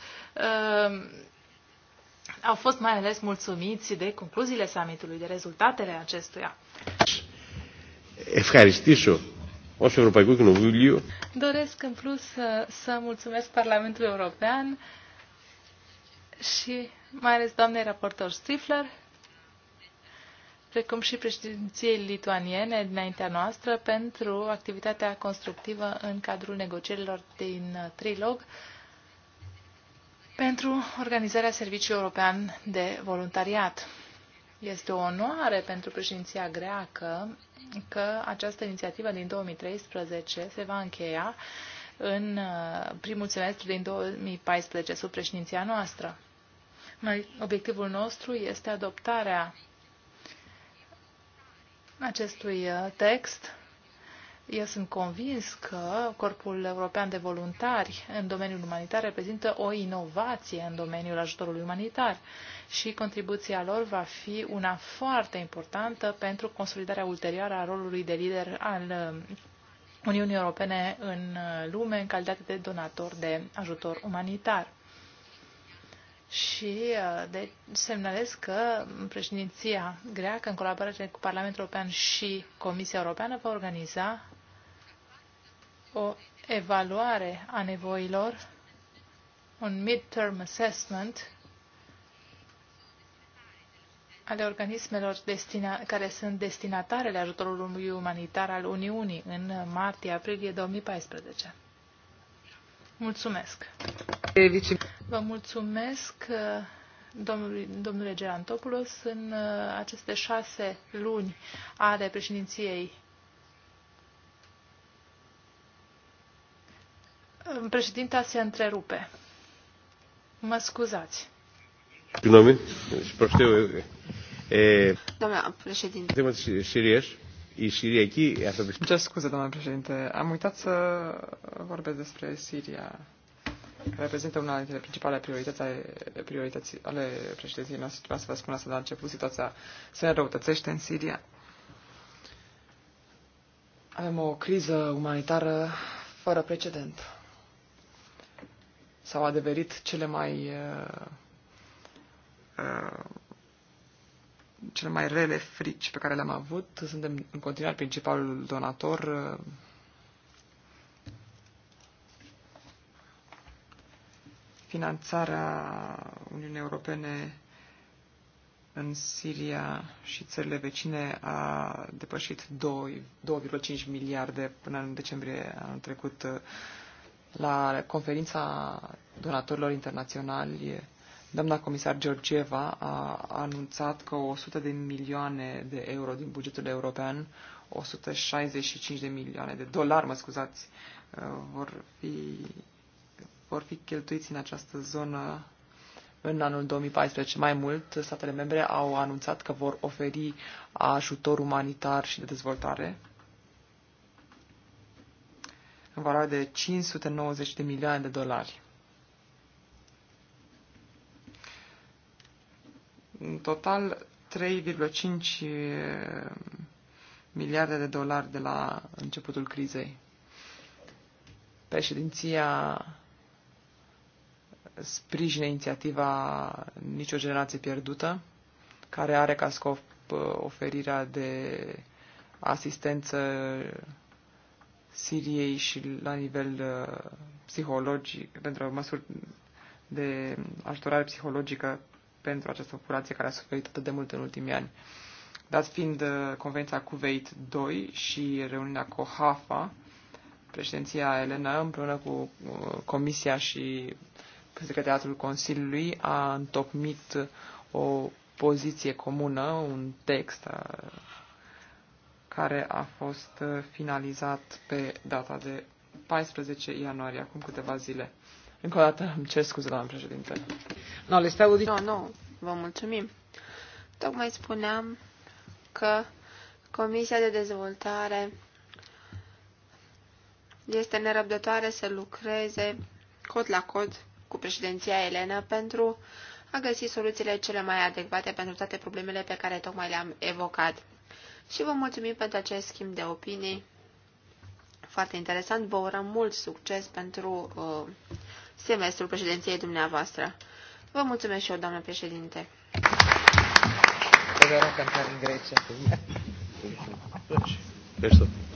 Au fost mai ales mulțumiți de concluziile summitului, de rezultatele acestuia ευχαριστήσω ως Ευρωπαϊκό Κοινοβούλιο. Doresc în plus să, mulțumesc Parlamentului European și mai ales doamnei raportor Stifler, precum și președinției lituaniene dinaintea noastră pentru activitatea constructivă în cadrul negocierilor din Trilog pentru organizarea Serviciului European de Voluntariat. Este o onoare pentru președinția greacă că această inițiativă din 2013 se va încheia în uh, primul semestru din 2014 sub președinția noastră. Obiectivul nostru este adoptarea acestui uh, text eu sunt convins că Corpul European de Voluntari în domeniul umanitar reprezintă o inovație în domeniul ajutorului umanitar și contribuția lor va fi una foarte importantă pentru consolidarea ulterioară a rolului de lider al uh, Uniunii Europene în uh, lume în calitate de donator de ajutor umanitar. Și uh, de, semnalez că președinția greacă, în colaborare cu Parlamentul European și Comisia Europeană, va organiza o evaluare a nevoilor, un mid-term assessment ale organismelor destina, care sunt destinatarele ajutorului umanitar al Uniunii în martie-aprilie 2014. Mulțumesc! Vă mulțumesc, uh, domnului, domnule Gerantopoulos. În uh, aceste șase luni ale președinției Președinta se întrerupe. Mă scuzați. Nome? Știu. Doamna președinte. Suntem sirieș și siriachi. Ce scuze, doamna președinte. Am uitat să vorbesc despre Siria. Reprezintă una dintre principalele priorități ale, priorități ale președinției noastre. Vreau să vă spun asta de la început. Situația se înrăutățește în Siria. Avem o criză umanitară fără precedent s-au adeverit cele mai uh, uh, cele mai rele frici pe care le-am avut. Suntem în continuare principalul donator. Uh, finanțarea Uniunii Europene în Siria și țările vecine a depășit 2,5 miliarde până în decembrie anul trecut. La conferința donatorilor internaționali, doamna comisar Georgieva a anunțat că 100 de milioane de euro din bugetul european, 165 de milioane de dolari, mă scuzați, uh, vor fi, vor fi cheltuiți în această zonă în anul 2014. Mai mult, statele membre au anunțat că vor oferi ajutor umanitar și de dezvoltare în valoare de 590 de milioane de dolari. În total, 3,5 eh, miliarde de dolari de la începutul crizei. Președinția sprijine inițiativa Nicio generație pierdută, care are ca scop eh, oferirea de asistență Siriei și la nivel uh, psihologic, pentru măsuri de ajutorare psihologică pentru această populație care a suferit atât de mult în ultimii ani. Dat fiind uh, Convenția Cuveit 2 și reuniunea COHAFA, președinția Elena împreună cu uh, Comisia și Secretariatul Consiliului a întocmit o poziție comună, un text uh, care a fost uh, finalizat pe data de 14 ianuarie, acum câteva zile. Încă o dată îmi cer scuze, doamnă președinte. No, le stau Nu, no, nu, no, vă mulțumim. Tocmai spuneam că Comisia de Dezvoltare este nerăbdătoare să lucreze cot la cot cu președinția Elena pentru a găsi soluțiile cele mai adecvate pentru toate problemele pe care tocmai le-am evocat și vă mulțumim pentru acest schimb de opinii foarte interesant. Vă urăm mult succes pentru uh, semestrul președinției dumneavoastră. Vă mulțumesc și eu, doamnă președinte. Vă rog în Grecia. Deci,